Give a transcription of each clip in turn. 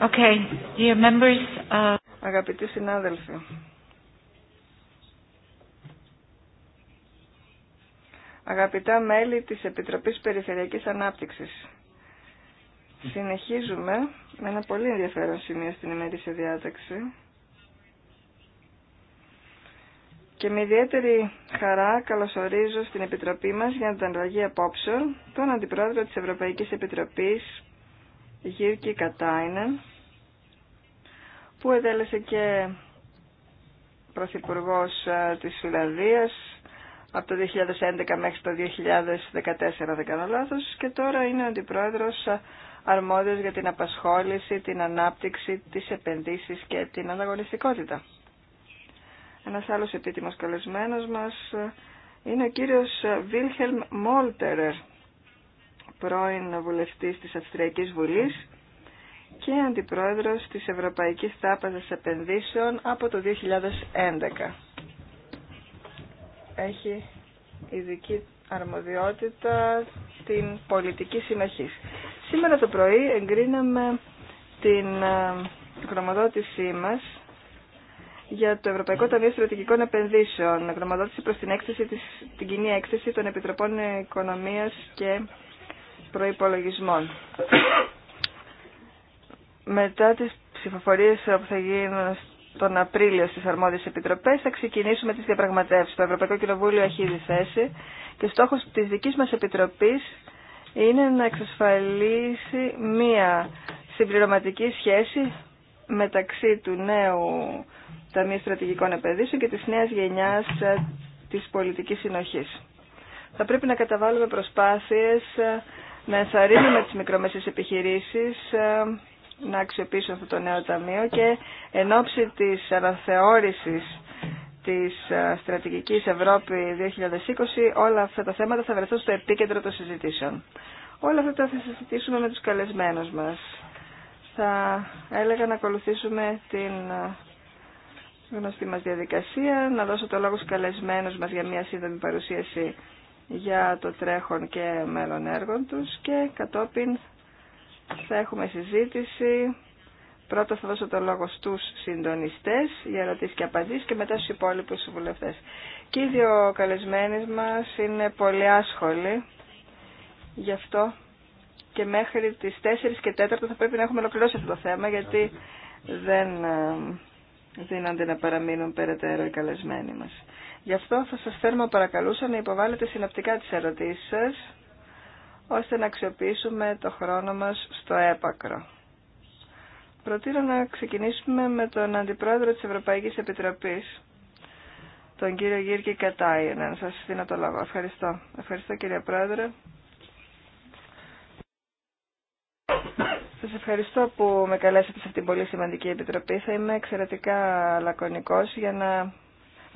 Okay, dear members, uh, Αγαπητοί συνάδελφοι, αγαπητά μέλη της Επιτροπής Περιφερειακής Ανάπτυξης, συνεχίζουμε με ένα πολύ ενδιαφέρον σημείο στην ημερήσια διάταξη και με ιδιαίτερη χαρά καλωσορίζω στην Επιτροπή μας για την ανταλλαγή απόψεων τον Αντιπρόεδρο της Ευρωπαϊκής Επιτροπής κατά Κατάινεν, που εντέλεσε και Πρωθυπουργό ε, της Φιλανδίας από το 2011 μέχρι το 2014, δεν κάνω λάθος, και τώρα είναι αντιπρόεδρος ε, αρμόδιος για την απασχόληση, την ανάπτυξη, τις επενδύσεις και την ανταγωνιστικότητα. Ένας άλλος επίτιμος καλεσμένος μας ε, είναι ο κύριος Βίλχελμ Μόλτερερ, πρώην βουλευτής της Αυστριακής Βουλής και αντιπρόεδρος της Ευρωπαϊκής Τάπαζας Επενδύσεων από το 2011. Έχει ειδική αρμοδιότητα την πολιτική συνοχή. Σήμερα το πρωί εγκρίναμε την ε, γνωμοδότησή μας για το Ευρωπαϊκό Ταμείο Στρατηγικών Επενδύσεων, γνωμοδότηση προς την, έκθεση, την κοινή έκθεση των Επιτροπών Οικονομίας και προϋπολογισμών. Μετά τις ψηφοφορίες που θα γίνουν τον Απρίλιο στις αρμόδιες επιτροπές θα ξεκινήσουμε τις διαπραγματεύσεις. Το Ευρωπαϊκό Κοινοβούλιο έχει ήδη θέση και στόχος της δικής μας επιτροπής είναι να εξασφαλίσει μία συμπληρωματική σχέση μεταξύ του νέου Ταμείου Στρατηγικών Επενδύσεων και της νέας γενιάς ε, της πολιτικής συνοχής. Θα πρέπει να καταβάλουμε προσπάθειες ε, να ενθαρρύνουμε τις μικρομεσαίες επιχειρήσεις ε, να αξιοποιήσουν αυτό το νέο ταμείο και εν ώψη της αναθεώρησης της ε, στρατηγικής Ευρώπη 2020 όλα αυτά τα θέματα θα βρεθούν στο επίκεντρο των συζητήσεων. Όλα αυτά θα συζητήσουμε με τους καλεσμένους μας. Θα έλεγα να ακολουθήσουμε την ε, γνωστή μας διαδικασία, να δώσω το λόγο στους καλεσμένους μας για μια σύντομη παρουσίαση για το τρέχον και μέλλον έργων τους και κατόπιν θα έχουμε συζήτηση. Πρώτα θα δώσω το λόγο στους συντονιστές για ερωτήσεις και απαντήσεις και μετά στους υπόλοιπους βουλευτές. Και οι δύο καλεσμένοι μας είναι πολύ άσχολοι, γι' αυτό και μέχρι τις 4 και 4 θα πρέπει να έχουμε ολοκληρώσει αυτό το θέμα γιατί δεν ε, δίνονται να παραμείνουν περαιτέρω οι καλεσμένοι μας. Γι' αυτό θα σας θέλουμε παρακαλούσα να υποβάλλετε συναπτικά τις ερωτήσεις σας, ώστε να αξιοποιήσουμε το χρόνο μας στο έπακρο. Προτείνω να ξεκινήσουμε με τον Αντιπρόεδρο της Ευρωπαϊκής Επιτροπής, τον κύριο Γύρκη να Σας δίνω το λόγο. Ευχαριστώ. Ευχαριστώ κύριε Πρόεδρε. Σας ευχαριστώ που με καλέσατε σε αυτήν την πολύ σημαντική επιτροπή. Θα είμαι εξαιρετικά λακωνικός για να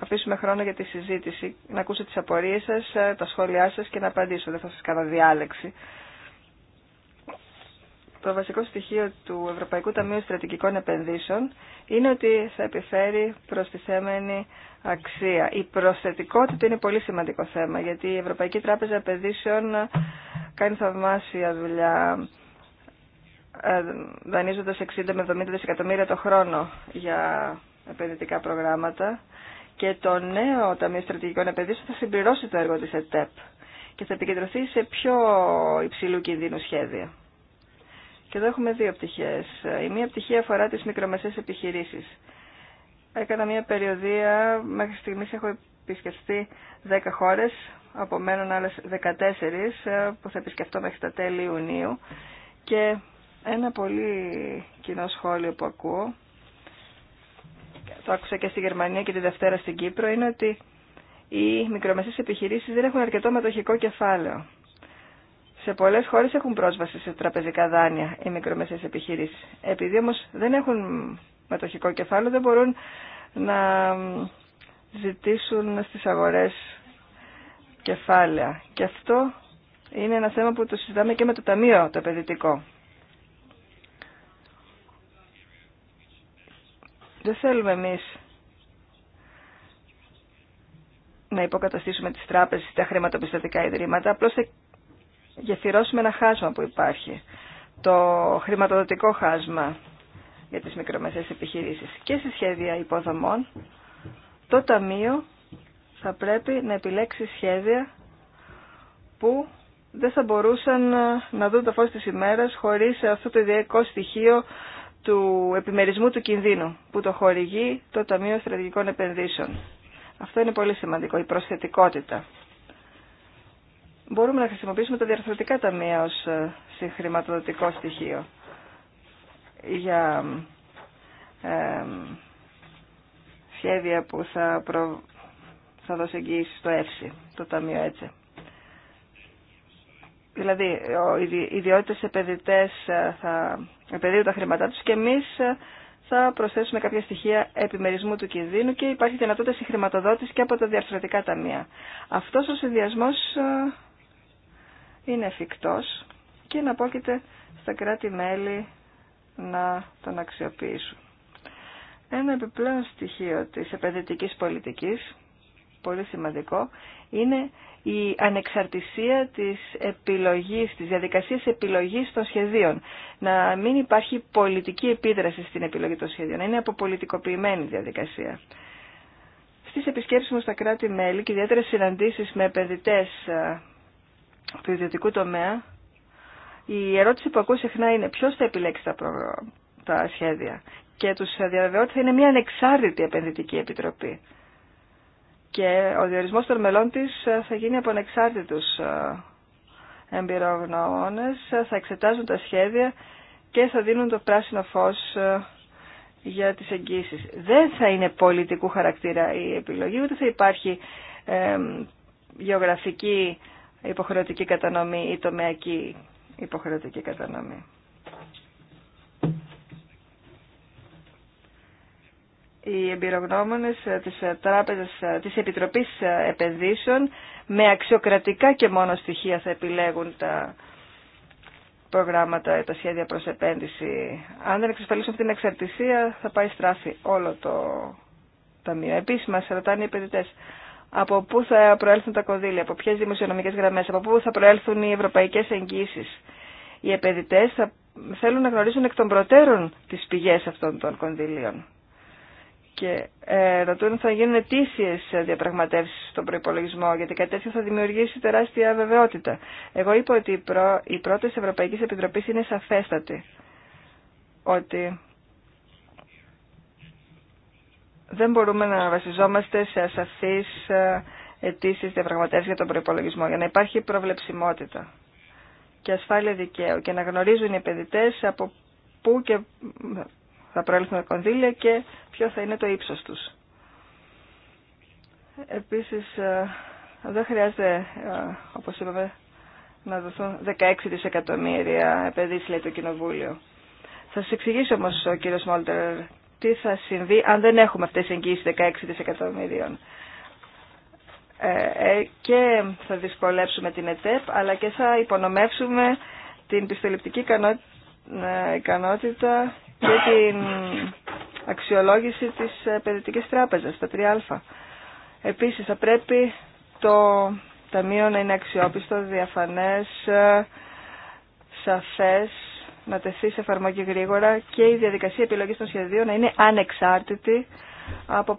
αφήσουμε χρόνο για τη συζήτηση, να ακούσω τις απορίες σας, ε, τα σχόλιά σας και να απαντήσω. Δεν θα σας κάνω διάλεξη. Το βασικό στοιχείο του Ευρωπαϊκού Ταμείου Στρατηγικών Επενδύσεων είναι ότι θα επιφέρει προστιθέμενη αξία. Η προσθετικότητα είναι πολύ σημαντικό θέμα, γιατί η Ευρωπαϊκή Τράπεζα Επενδύσεων ε, κάνει θαυμάσια δουλειά ε, δανείζοντας 60 με 70 δισεκατομμύρια το χρόνο για επενδυτικά προγράμματα και το νέο Ταμείο Στρατηγικών Επενδύσεων θα συμπληρώσει το έργο της ΕΤΕΠ και θα επικεντρωθεί σε πιο υψηλού κινδύνου σχέδια. Και εδώ έχουμε δύο πτυχές. Η μία πτυχή αφορά τις μικρομεσαίες επιχειρήσεις. Έκανα μία περιοδία, μέχρι στιγμής έχω επισκεφτεί 10 χώρες, απομένουν άλλες 14 ε, που θα επισκεφτώ μέχρι τα τέλη Ιουνίου. Και ένα πολύ κοινό σχόλιο που ακούω το άκουσα και στη Γερμανία και τη Δευτέρα στην Κύπρο, είναι ότι οι μικρομεσαίες επιχειρήσεις δεν έχουν αρκετό μετοχικό κεφάλαιο. Σε πολλέ χώρες έχουν πρόσβαση σε τραπεζικά δάνεια οι μικρομεσαίες επιχειρήσεις. Επειδή όμω δεν έχουν μετοχικό κεφάλαιο δεν μπορούν να ζητήσουν στι αγορέ κεφάλαια. Και αυτό είναι ένα θέμα που το συζητάμε και με το Ταμείο το Επενδυτικό. Δεν θέλουμε εμείς να υποκαταστήσουμε τις τράπεζες ή τα χρηματοπιστωτικά ιδρύματα, απλώς θα γεφυρώσουμε ένα χάσμα που υπάρχει, το χρηματοδοτικό χάσμα για τις μικρομεσαίες επιχειρήσεις και σε σχέδια υποδομών, το Ταμείο θα πρέπει να επιλέξει σχέδια που δεν θα μπορούσαν να δουν το φως της ημέρας χωρίς αυτό το ιδιαίτερο στοιχείο του επιμερισμού του κινδύνου που το χορηγεί το Ταμείο Στρατηγικών Επενδύσεων. Αυτό είναι πολύ σημαντικό, η προσθετικότητα. Μπορούμε να χρησιμοποιήσουμε τα διαρθρωτικά ταμεία ως ε, συγχρηματοδοτικό στοιχείο για ε, σχέδια που θα, θα δώσει εγγύηση στο ΕΦΣΙ, το Ταμείο έτσι δηλαδή οι ιδιότητες επενδυτές ε, θα επενδύουν τα χρήματά τους και εμείς ε, θα προσθέσουμε κάποια στοιχεία επιμερισμού του κινδύνου και υπάρχει δυνατότητα συγχρηματοδότηση και από τα διαρθρωτικά ταμεία. Αυτός ο συνδυασμός ε, είναι εφικτός και να απόκειται στα κράτη-μέλη να τον αξιοποιήσουν. Ένα επιπλέον στοιχείο της επενδυτικής πολιτικής, πολύ σημαντικό, είναι η ανεξαρτησία της επιλογής, της διαδικασίας επιλογής των σχεδίων. Να μην υπάρχει πολιτική επίδραση στην επιλογή των σχεδίων. Να Είναι αποπολιτικοποιημένη διαδικασία. Στις επισκέψεις μου στα κράτη-μέλη και ιδιαίτερες συναντήσεις με επενδυτές ε, του ιδιωτικού τομέα, η ερώτηση που ακούω συχνά είναι ποιος θα επιλέξει τα, τα σχέδια. Και τους διαβεβαιώ ότι θα είναι μια ανεξάρτητη επενδυτική επιτροπή και ο διορισμός των μελών της ε, θα γίνει από ανεξάρτητους ε, εμπειρογνώμονες, ε, θα εξετάζουν τα σχέδια και θα δίνουν το πράσινο φως για τις εγγύσεις. Δεν θα είναι πολιτικού χαρακτήρα η επιλογή, ούτε θα υπάρχει γεωγραφική υποχρεωτική κατανομή ή τομεακή υποχρεωτική κατανομή. οι εμπειρογνώμονες ε, της, ε, τράπεζας, ε, της Επιτροπής Επενδύσεων με αξιοκρατικά και μόνο στοιχεία θα επιλέγουν τα προγράμματα, τα σχέδια προς επένδυση. Αν δεν εξασφαλίσουν αυτή την εξαρτησία θα πάει στράφη όλο το ταμείο. Επίσης μας ρωτάνε οι επενδυτές από πού θα προέλθουν τα κονδύλια, από ποιες δημοσιονομικές γραμμές, από πού θα προέλθουν οι ευρωπαϊκές εγγύσεις. Οι επενδυτές θα θέλουν να γνωρίζουν εκ των προτέρων τις πηγές αυτών των κονδυλίων και ε, ρωτούν ότι θα γίνουν ετήσιε διαπραγματεύσει στον προπολογισμό, γιατί κάτι τέτοιο θα δημιουργήσει τεράστια αβεβαιότητα. Εγώ είπα ότι η, προ... Ευρωπαϊκή Επιτροπή είναι σαφέστατη. Ότι δεν μπορούμε να βασιζόμαστε σε ασαφεί ε, αιτήσει διαπραγματεύσει για τον προπολογισμό, για να υπάρχει προβλεψιμότητα και ασφάλεια δικαίου και να γνωρίζουν οι επενδυτέ από πού και θα προέλθουν τα κονδύλια και ποιο θα είναι το ύψος τους. Επίσης, ε, δεν χρειάζεται, ε, όπως είπαμε, να δοθούν 16 δισεκατομμύρια επενδύσεις, λέει το Κοινοβούλιο. Θα σας εξηγήσω όμως, ο κύριος Μόλτερ, τι θα συμβεί αν δεν έχουμε αυτές τις εγγύσεις 16 δισεκατομμύριων. Ε, και θα δυσκολέψουμε την ΕΤΕΠ, αλλά και θα υπονομεύσουμε την πιστοληπτική ικανότητα και την αξιολόγηση της ε, επενδυτικής τράπεζας, τα 3α. Επίσης θα πρέπει το ταμείο να είναι αξιόπιστο, διαφανές, ε, σαφές, να τεθεί σε εφαρμογή γρήγορα και η διαδικασία επιλογής των σχεδίων να είναι ανεξάρτητη από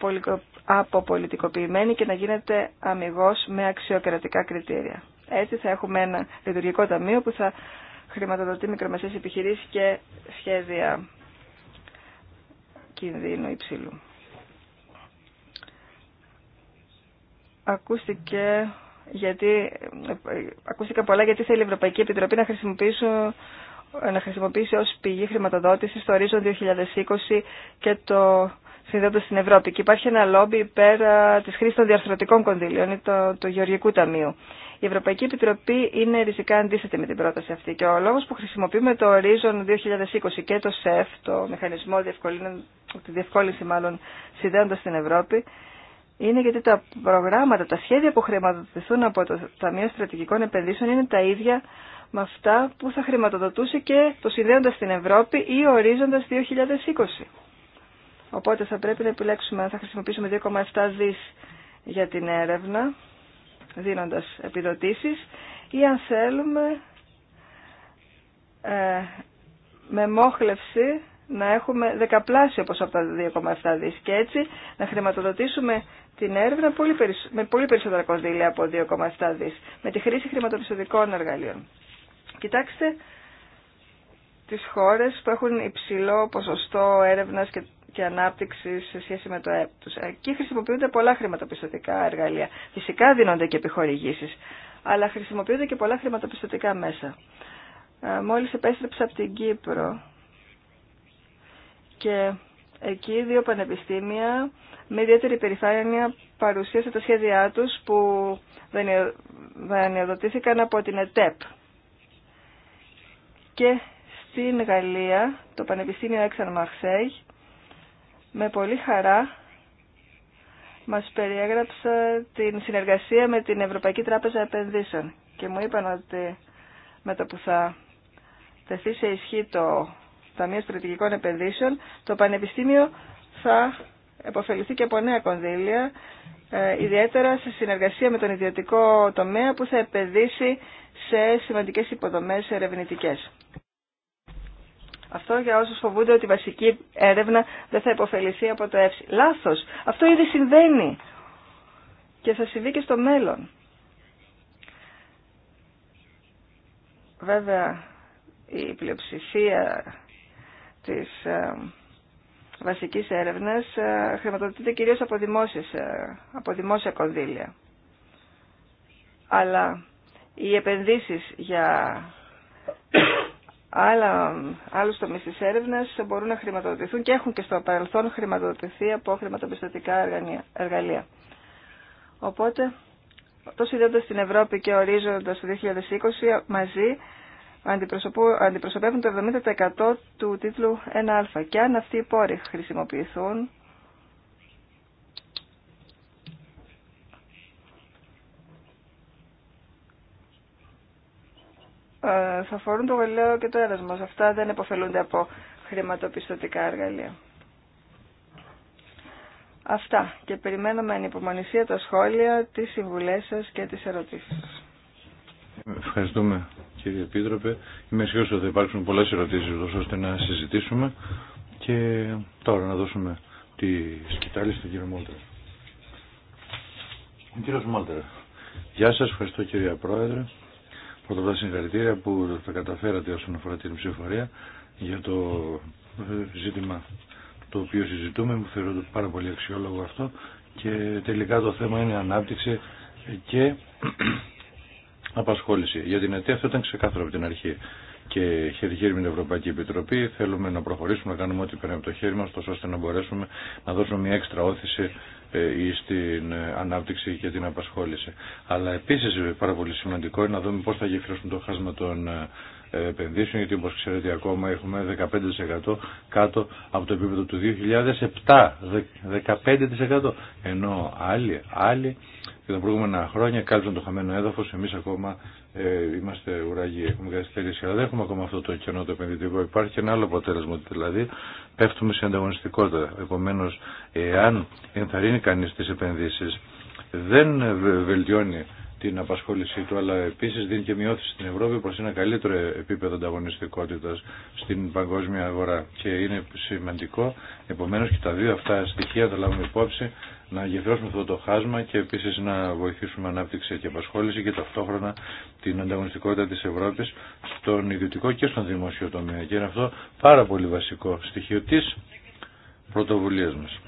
και να γίνεται αμυγός με αξιοκρατικά κριτήρια. Έτσι θα έχουμε ένα λειτουργικό ταμείο που θα χρηματοδοτεί μικρομεσαίες επιχειρήσεις και σχέδια κινδύνου υψηλού. Ακούστηκε γιατί, ακούστηκε πολλά γιατί θέλει η Ευρωπαϊκή Επιτροπή να χρησιμοποιήσω να χρησιμοποιήσει ως πηγή χρηματοδότησης το ορίζον 2020 και το συνδέοντας στην Ευρώπη. Και υπάρχει ένα λόμπι πέρα της χρήσης των διαρθρωτικών κονδύλιων ή του το Γεωργικού Ταμείου. Η Ευρωπαϊκή Επιτροπή είναι ριζικά αντίθετη με την πρόταση αυτή και ο λόγος που χρησιμοποιούμε το Horizon 2020 και το ΣΕΦ, το Μηχανισμό τη Διευκόλυνση μάλλον συνδέοντα στην Ευρώπη, είναι γιατί τα προγράμματα, τα σχέδια που χρηματοδοτηθούν από το Ταμείο Στρατηγικών Επενδύσεων είναι τα ίδια με αυτά που θα χρηματοδοτούσε και το συνδέοντα στην Ευρώπη ή Horizon 2020. Οπότε θα πρέπει να επιλέξουμε αν θα χρησιμοποιήσουμε 2,7 δις για την έρευνα δίνοντας επιδοτήσεις ή αν θέλουμε ε, με μόχλευση να έχουμε δεκαπλάσιο ποσό από τα 2,7 δις και έτσι να χρηματοδοτήσουμε την έρευνα με πολύ περισσότερα κονδύλια από 2,7 δις με τη χρήση χρηματοπιστωτικών εργαλείων. Κοιτάξτε τις χώρες που έχουν υψηλό ποσοστό έρευνας και και ανάπτυξη σε σχέση με το ΕΠ Εκεί χρησιμοποιούνται πολλά χρηματοπιστωτικά εργαλεία. Φυσικά δίνονται και επιχορηγήσει, αλλά χρησιμοποιούνται και πολλά χρηματοπιστωτικά μέσα. Ε, μόλις επέστρεψα από την Κύπρο και εκεί δύο πανεπιστήμια με ιδιαίτερη περηφάνεια παρουσίασαν τα σχέδιά τους που δανειοδοτήθηκαν από την ΕΤΕΠ. Και στην Γαλλία, το Πανεπιστήμιο Έξαν Μαρσέγ, με πολύ χαρά μας περιέγραψε την συνεργασία με την Ευρωπαϊκή Τράπεζα Επενδύσεων και μου είπαν ότι με το που θα τεθεί σε ισχύ το Ταμείο Στρατηγικών Επενδύσεων, το Πανεπιστήμιο θα επωφεληθεί και από νέα κονδύλια, ε, ιδιαίτερα σε συνεργασία με τον ιδιωτικό τομέα που θα επενδύσει σε σημαντικές υποδομές ερευνητικές. Αυτό για όσου φοβούνται ότι η βασική έρευνα δεν θα υποφεληθεί από το ΕΦΣΙ. Λάθο. Αυτό ήδη συμβαίνει και θα συμβεί και στο μέλλον. Βέβαια, η πλειοψηφία της ε, βασικής έρευνας ε, χρηματοδοτείται κυρίως από, ε, από δημόσια κονδύλια. Αλλά οι επενδύσεις για άλλα, άλλους τομείς της μπορούν να χρηματοδοτηθούν και έχουν και στο παρελθόν χρηματοδοτηθεί από χρηματοπιστωτικά εργαλεία. Οπότε, το συνδέοντας την Ευρώπη και ορίζοντας το 2020 μαζί αντιπροσωπεύουν το 70% του τίτλου 1α. Και αν αυτοί οι πόροι χρησιμοποιηθούν θα αφορούν το βελαιό και το έρασμο. Αυτά δεν επωφελούνται από χρηματοπιστωτικά εργαλεία. Αυτά και περιμένουμε με ανυπομονησία τα σχόλια, τις συμβουλές σας και τις ερωτήσεις σας. Ευχαριστούμε κύριε Επίτροπε. Είμαι σίγουρος ότι θα υπάρξουν πολλές ερωτήσεις ώστε να συζητήσουμε και τώρα να δώσουμε τη σκητάλη στον κύριο Μόλτερ. Κύριος Μόλτερ, γεια σας, ευχαριστώ κύριε Πρόεδρε. Πρώτα απ' συγχαρητήρια που τα καταφέρατε όσον αφορά την ψηφοφορία για το ε, ζήτημα το οποίο συζητούμε. Μου θεωρώ πάρα πολύ αξιόλογο αυτό και τελικά το θέμα είναι ανάπτυξη και απασχόληση. Για την αιτία αυτό ήταν ξεκάθαρο από την αρχή και χέρι χέρι με την Ευρωπαϊκή Επιτροπή θέλουμε να προχωρήσουμε, να κάνουμε ό,τι περνάει από το χέρι μας, ώστε να μπορέσουμε να δώσουμε μια έξτρα όθηση ε, στην ε, ανάπτυξη και την απασχόληση. Αλλά επίσης πάρα πολύ σημαντικό είναι να δούμε πώς θα γεφυρώσουμε το χάσμα των ε, επενδύσεων, γιατί όπως ξέρετε ακόμα έχουμε 15% κάτω από το επίπεδο του 2007, 15% ενώ άλλοι, άλλοι και τα προηγούμενα χρόνια κάλυψαν το χαμένο έδαφο. Εμεί ακόμα ε, είμαστε ουραγοί, έχουμε καθυστερήσει. Αλλά δεν έχουμε ακόμα αυτό το κενό το επενδυτικό. Υπάρχει και ένα άλλο αποτέλεσμα, δηλαδή πέφτουμε σε ανταγωνιστικότητα. Επομένω, εάν ενθαρρύνει κανεί τι επενδύσει, δεν ε, βελτιώνει την απασχόλησή του, αλλά επίση δίνει και μειώθηση στην Ευρώπη προ ένα καλύτερο επίπεδο ανταγωνιστικότητα στην παγκόσμια αγορά. Και είναι σημαντικό, επομένω, και τα δύο αυτά στοιχεία θα λάβουμε υπόψη να γεφυρώσουμε αυτό το χάσμα και επίσης να βοηθήσουμε ανάπτυξη και απασχόληση και ταυτόχρονα την ανταγωνιστικότητα της Ευρώπης στον ιδιωτικό και στον δημόσιο τομέα. Και είναι αυτό πάρα πολύ βασικό στοιχείο της πρωτοβουλίας μας.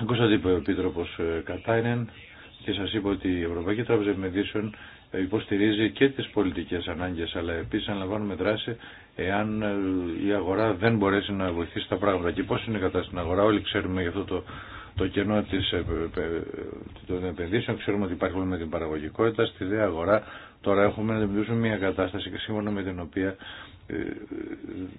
Ακούσατε είπε ο Επίτροπος ε, Κατάινεν και σας είπα ότι η Ευρωπαϊκή Τράπεζα Επιμεδίσεων ε, υποστηρίζει και τις πολιτικές ανάγκες αλλά επίσης αναλαμβάνουμε δράση εάν ε, η αγορά δεν μπορέσει να βοηθήσει τα πράγματα και πώς είναι η κατάσταση στην αγορά όλοι ξέρουμε για αυτό το το κενό της, ε, ε, των επενδύσεων. Ξέρουμε ότι υπάρχει με την παραγωγικότητα στη δε αγορά. Τώρα έχουμε να δημιουργήσουμε μια κατάσταση και σύμφωνα με την οποία ε,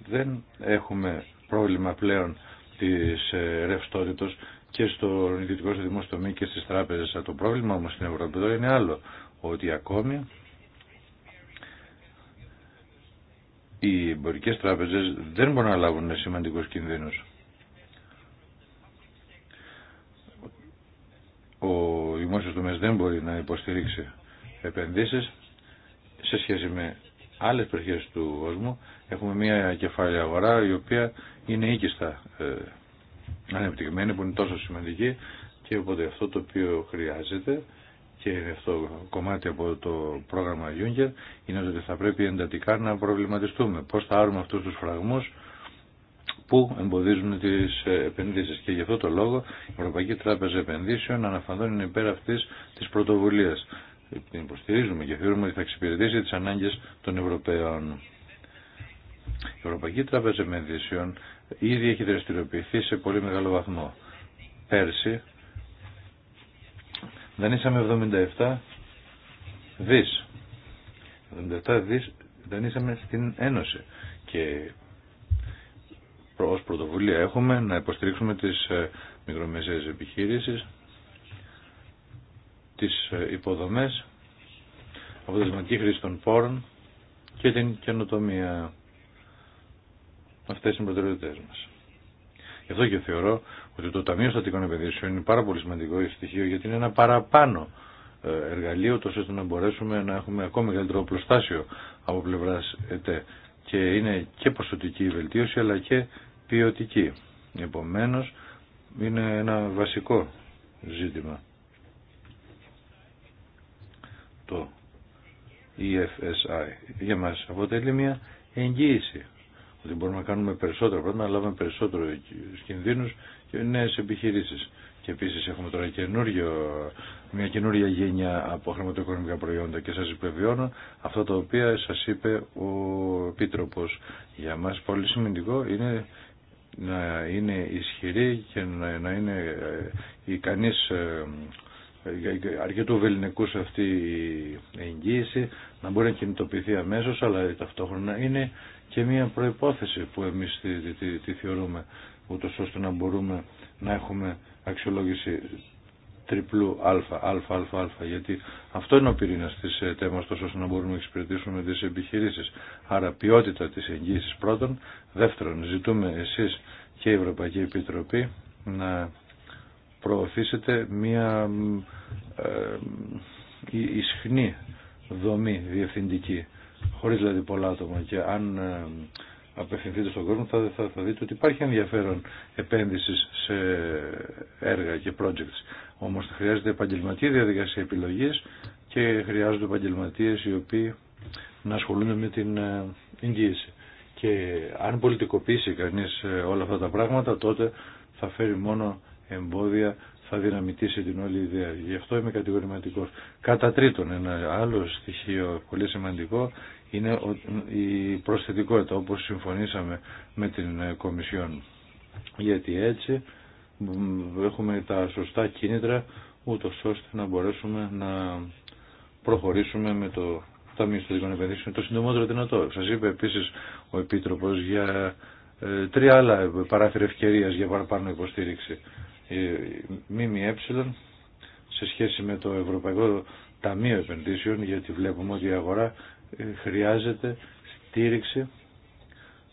δεν έχουμε πρόβλημα πλέον της ρευστότητος και στον ιδιωτικό στο δημόσιο τομέα και στις τράπεζες. Το πρόβλημα όμως στην Ευρώπη εδώ είναι άλλο, ότι ακόμη οι εμπορικές τράπεζες δεν μπορούν να λάβουν σημαντικούς κινδύνους. δεν μπορεί να υποστηρίξει επενδύσεις σε σχέση με άλλες περιοχές του κόσμου. Έχουμε μια κεφάλαια αγορά η οποία είναι οίκιστα ε, ανεπτυγμένη που είναι τόσο σημαντική και οπότε αυτό το οποίο χρειάζεται και αυτό κομμάτι από το πρόγραμμα Juncker είναι ότι θα πρέπει εντατικά να προβληματιστούμε πώς θα άρουμε αυτούς τους φραγμούς που εμποδίζουν τι επενδύσεις. Και γι' αυτό το λόγο η Ευρωπαϊκή Τράπεζα Επενδύσεων αναφαντώνει υπέρ αυτής της πρωτοβουλίας. Την υποστηρίζουμε και θεωρούμε ότι θα εξυπηρετήσει τις ανάγκες των Ευρωπαίων. Η Ευρωπαϊκή Τράπεζα Επενδύσεων ήδη έχει δραστηριοποιηθεί σε πολύ μεγάλο βαθμό. Πέρσι είσαμε 77 δις. 77 δις δανείσαμε στην Ένωση και Ω πρωτοβουλία έχουμε να υποστηρίξουμε τις ε, μικρομεσαίες επιχείρησεις, τις ε, υποδομές, αποτελεσματική χρήση των πόρων και την καινοτομία. αυτέ είναι οι προτεραιότητες μας. Γι' αυτό και θεωρώ ότι το Ταμείο Στατικών Επενδύσεων είναι πάρα πολύ σημαντικό στοιχείο γιατί είναι ένα παραπάνω ε, εργαλείο τόσο ώστε να μπορέσουμε να έχουμε ακόμα μεγαλύτερο πλωστάσιο από πλευρά ΕΤΕ και είναι και ποσοτική βελτίωση αλλά και ποιοτική. Επομένως, είναι ένα βασικό ζήτημα. Το EFSI για μας αποτελεί μια εγγύηση ότι μπορούμε να κάνουμε περισσότερο πρώτα, να λάβουμε περισσότερο κινδύνους και νέες επιχειρήσεις και επίσης έχουμε τώρα μια καινούργια γενιά από χρηματοοικονομικά προϊόντα και σας υπεβιώνω αυτό το οποίο σας είπε ο Επίτροπος για μας πολύ σημαντικό είναι να είναι ισχυρή και να είναι ε, ικανής ε, ε, αρκετού βεληνικού σε αυτή η εγγύηση, να μπορεί να κινητοποιηθεί αμέσως, αλλά ταυτόχρονα είναι και μια προϋπόθεση που εμείς τη, τη, θεωρούμε, ούτως ώστε να μπορούμε να έχουμε αξιολόγηση τριπλού αλφα, αλφα, αλφα, αλφα, γιατί αυτό είναι ο πυρήνας της ε, τέμας τόσο ώστε να μπορούμε να εξυπηρετήσουμε τις επιχειρήσεις. Άρα ποιότητα της εγγύησης πρώτον, δεύτερον ζητούμε εσείς και η Ευρωπαϊκή Επιτροπή να προωθήσετε μία ε, ισχνή δομή διευθυντική, χωρίς δηλαδή πολλά άτομα και αν ε, απευθυνθείτε στον κόσμο θα, θα, θα δείτε ότι υπάρχει ενδιαφέρον επένδυσης σε έργα και projects. Όμως χρειάζεται επαγγελματική διαδικασία επιλογής και χρειάζονται επαγγελματίε οι οποίοι να ασχολούνται με την ε, εγγύηση. Και αν πολιτικοποιήσει κανείς ε, όλα αυτά τα πράγματα τότε θα φέρει μόνο εμπόδια θα δυναμητήσει την όλη ιδέα. Γι' αυτό είμαι κατηγορηματικός. Κατά τρίτον, ένα άλλο στοιχείο πολύ σημαντικό είναι η προσθετικότητα όπως συμφωνήσαμε με την ε, Κομισιόν. Γιατί έτσι έχουμε τα σωστά κίνητρα ούτω ώστε να μπορέσουμε να προχωρήσουμε με το Ταμείο Στατικών Επενδύσεων το συντομότερο δυνατό. Σας είπε επίσης ο Επίτροπος για ε, τρία άλλα παράθυρα ευκαιρίας για παραπάνω υποστήριξη. Ε, ΜΜΕ σε σχέση με το Ευρωπαϊκό Ταμείο Επενδύσεων γιατί βλέπουμε ότι η αγορά ε, χρειάζεται στήριξη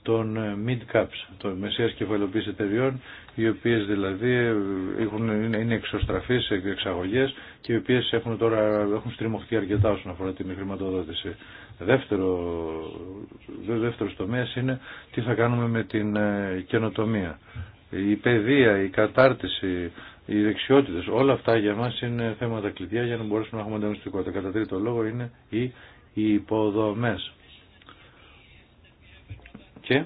των ε, mid-caps, των μεσαίας κεφαλοποίησης εταιριών, οι οποίες δηλαδή ε, έχουν, είναι εξωστραφείς σε εξαγωγές και οι οποίες έχουν τώρα έχουν στριμωχτεί αρκετά όσον αφορά την χρηματοδότηση. Δεύτερο, δεύτερος τομέας είναι τι θα κάνουμε με την καινοτομία. Η παιδεία, η κατάρτιση, οι δεξιότητε, όλα αυτά για μας είναι θέματα κλειδιά για να μπορέσουμε να έχουμε ανταγωνιστικότητα. Κατά τρίτο λόγο είναι η οι υποδομές. Και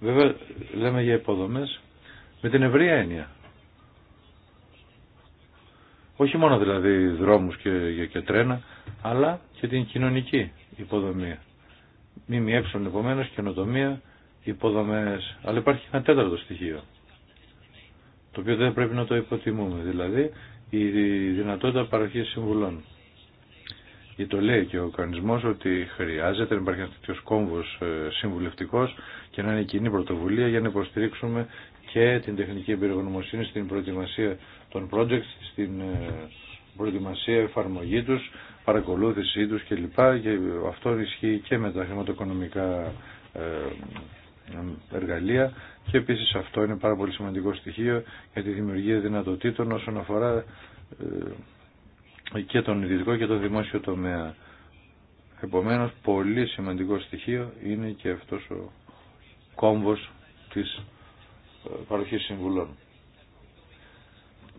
βέβαια λέμε για υποδομές με την ευρία έννοια. Όχι μόνο δηλαδή δρόμους και, και τρένα, αλλά και την κοινωνική υποδομή. μήμοι έξω επομένως, καινοτομία, υποδομές. Αλλά υπάρχει ένα τέταρτο στοιχείο, το οποίο δεν πρέπει να το υποτιμούμε, δηλαδή η δυνατότητα παροχής συμβουλών. Ή το λέει και ο κανονισμό ότι χρειάζεται να υπάρχει ένα τέτοιο κόμβο ε, συμβουλευτικό και να είναι κοινή πρωτοβουλία για να υποστηρίξουμε και την τεχνική εμπειρογνωμοσύνη στην προετοιμασία των projects, στην ε, προετοιμασία εφαρμογή του, παρακολούθησή του κλπ. Και αυτό ισχύει και με τα χρηματοοικονομικά ε, εργαλεία και επίσης αυτό είναι πάρα πολύ σημαντικό στοιχείο για τη δημιουργία δυνατοτήτων όσον αφορά και τον ιδιωτικό και τον δημόσιο τομέα. Επομένως, πολύ σημαντικό στοιχείο είναι και αυτός ο κόμβος της ε, παροχής συμβουλών.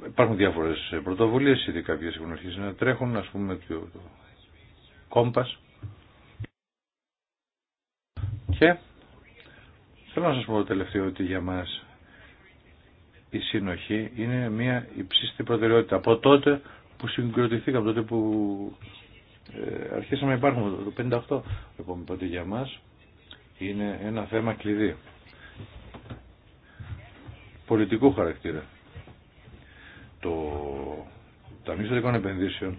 Υπάρχουν διάφορες πρωτοβουλίες, ήδη κάποιες έχουν να τρέχουν, ας πούμε το κόμπας. Και θέλω να σας πω το τελευταίο ότι για μας η συνοχή είναι μια υψίστη προτεραιότητα. Από τότε που συγκροτηθήκαμε τότε που ε, αρχίσαμε να υπάρχουμε το 58 λοιπόν τότε για μας είναι ένα θέμα κλειδί πολιτικού χαρακτήρα το Ταμείο Στατικών Επενδύσεων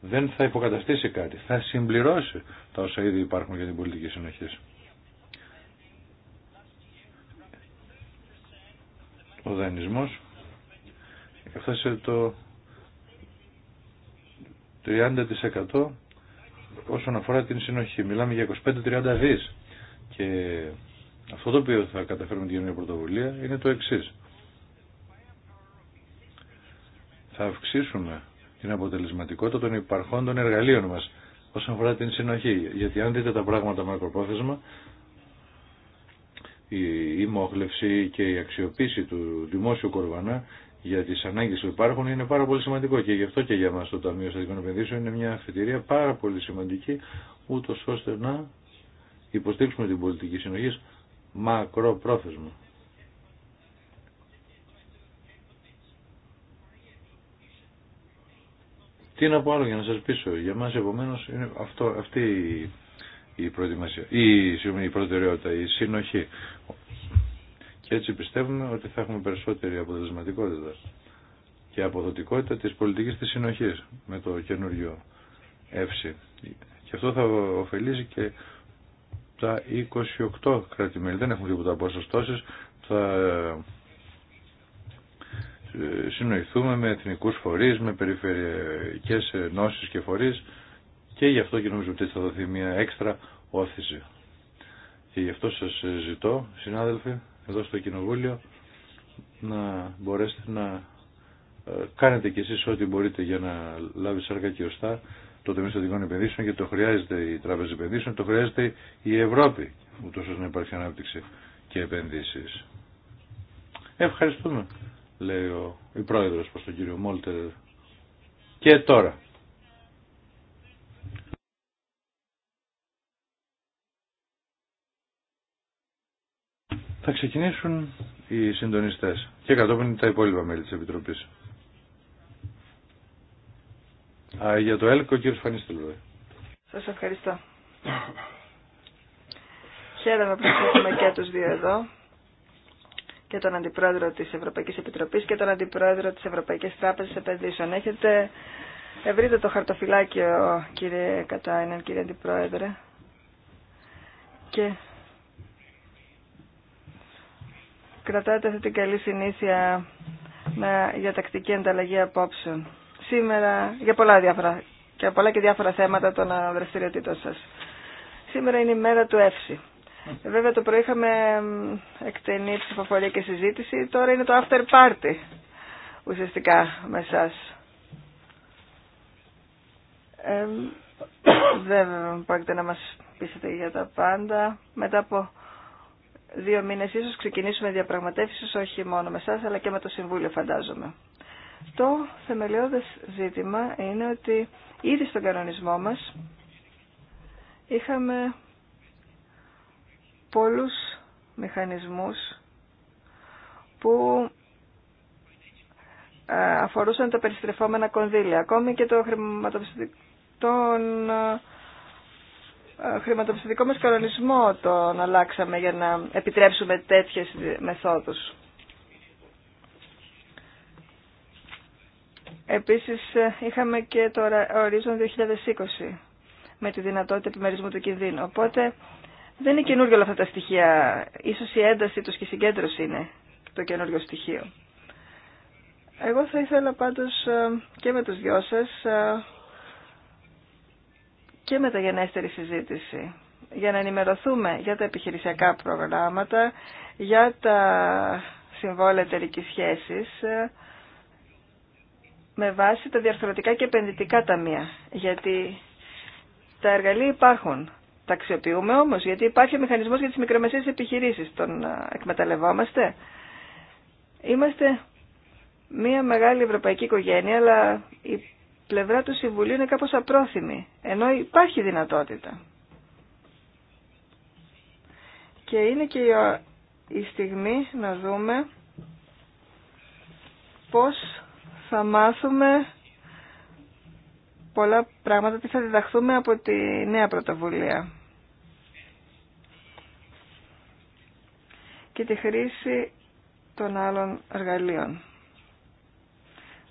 δεν θα υποκαταστήσει κάτι θα συμπληρώσει τα όσα ήδη υπάρχουν για την πολιτική συνοχή ο δανεισμός έφτασε το 30% όσον αφορά την συνοχή. Μιλάμε για 25-30 δις. Και αυτό το οποίο θα καταφέρουμε την γεννή πρωτοβουλία είναι το εξής. Θα αυξήσουμε την αποτελεσματικότητα των υπαρχών των εργαλείων μας όσον αφορά την συνοχή. Γιατί αν δείτε τα πράγματα μακροπρόθεσμα, η μόχλευση και η αξιοποίηση του δημόσιου κορβανά για τι ανάγκε που υπάρχουν είναι πάρα πολύ σημαντικό και γι' αυτό και για μα το Ταμείο Στατικών Επενδύσεων είναι μια αφιτηρία πάρα πολύ σημαντική ούτω ώστε να υποστήριξουμε την πολιτική συνοχή μακροπρόθεσμα. Τι να πω άλλο για να σας πείσω. Για μας επομένως είναι αυτό, αυτή η προετοιμασία, η, η προτεραιότητα, η συνοχή. Και έτσι πιστεύουμε ότι θα έχουμε περισσότερη αποτελεσματικότητα και αποδοτικότητα της πολιτικής της συνοχής με το καινούριο ΕΦΣΥ. Και αυτό θα ωφελήσει και τα 28 κρατη Δεν έχουν τίποτα ποσοστώσεις. Θα ε, συνοηθούμε με εθνικούς φορείς, με περιφερειακές ενώσεις και φορείς και γι' αυτό και νομίζω ότι θα δοθεί μια έξτρα όθηση. Και γι' αυτό σας ζητώ, συνάδελφοι, εδώ στο Κοινοβούλιο να μπορέσετε να ε, κάνετε κι εσείς ό,τι μπορείτε για να λάβει σάρκα και ωστά το Ταμείο Στατικών Επενδύσεων και το χρειάζεται η Τράπεζα Επενδύσεων, το χρειάζεται η Ευρώπη ούτως ώστε να υπάρχει ανάπτυξη και επενδύσεις. Ευχαριστούμε, λέει ο, η πρόεδρος προς τον κύριο Μόλτερ. Και τώρα. Θα ξεκινήσουν οι συντονιστές και κατόπιν τα υπόλοιπα μέλη της Επιτροπής. Α, για το ΕΛΚΟ, κύριο Φανίστελο. Σας ευχαριστώ. Χαίρομαι που έχουμε και τους δύο εδώ και τον Αντιπρόεδρο της Ευρωπαϊκής Επιτροπής και τον Αντιπρόεδρο της Ευρωπαϊκής Τράπεζας Επενδύσεων. Έχετε ευρείτε το χαρτοφυλάκιο, κύριε Κατάινεν, κύριε Αντιπρόεδρε. Και κρατάτε αυτή την καλή συνήθεια να, για τακτική ανταλλαγή απόψεων. Σήμερα, για πολλά διάφορα και πολλά και διάφορα θέματα των ε, δραστηριοτήτων σας. Σήμερα είναι η μέρα του ΕΦΣΥ. Βέβαια το πρωί είχαμε εκτενή ψηφοφορία και συζήτηση, τώρα είναι το after party ουσιαστικά με εσά. Ε, δεν πρόκειται να μας πείσετε για τα πάντα. Μετά από δύο μήνε ίσως ξεκινήσουμε διαπραγματεύσεις όχι μόνο με εσά, αλλά και με το Συμβούλιο φαντάζομαι. Το θεμελιώδες ζήτημα είναι ότι ήδη στον κανονισμό μας είχαμε πολλούς μηχανισμούς που ε, αφορούσαν τα περιστρεφόμενα κονδύλια, ακόμη και το χρηματοπιστωτικό των ε, ε, χρηματοπιστωτικό μας κανονισμό τον αλλάξαμε για να επιτρέψουμε τέτοιες μεθόδους. Επίσης ε, είχαμε και το ορίζον 2020 με τη δυνατότητα επιμερισμού του κινδύνου. Οπότε δεν είναι καινούργια όλα αυτά τα στοιχεία. Ίσως η ένταση τους και η συγκέντρωση είναι το καινούργιο στοιχείο. Εγώ θα ήθελα πάντως ε, και με τους δυο σας και μεταγενέστερη συζήτηση για να ενημερωθούμε για τα επιχειρησιακά προγράμματα, για τα συμβόλαια εταιρικής σχέσης ε, με βάση τα διαρθρωτικά και επενδυτικά ταμεία. Γιατί τα εργαλεία υπάρχουν. Τα αξιοποιούμε όμως, γιατί υπάρχει ο μηχανισμό για τις μικρομεσαίες επιχειρήσεις. Τον ε, εκμεταλλευόμαστε. Είμαστε μια μεγάλη ευρωπαϊκή οικογένεια, αλλά πλευρά του Συμβουλίου είναι κάπως απρόθυμη, ενώ υπάρχει δυνατότητα. Και είναι και η στιγμή να δούμε πώς θα μάθουμε πολλά πράγματα, τι θα διδαχθούμε από τη νέα πρωτοβουλία. Και τη χρήση των άλλων εργαλείων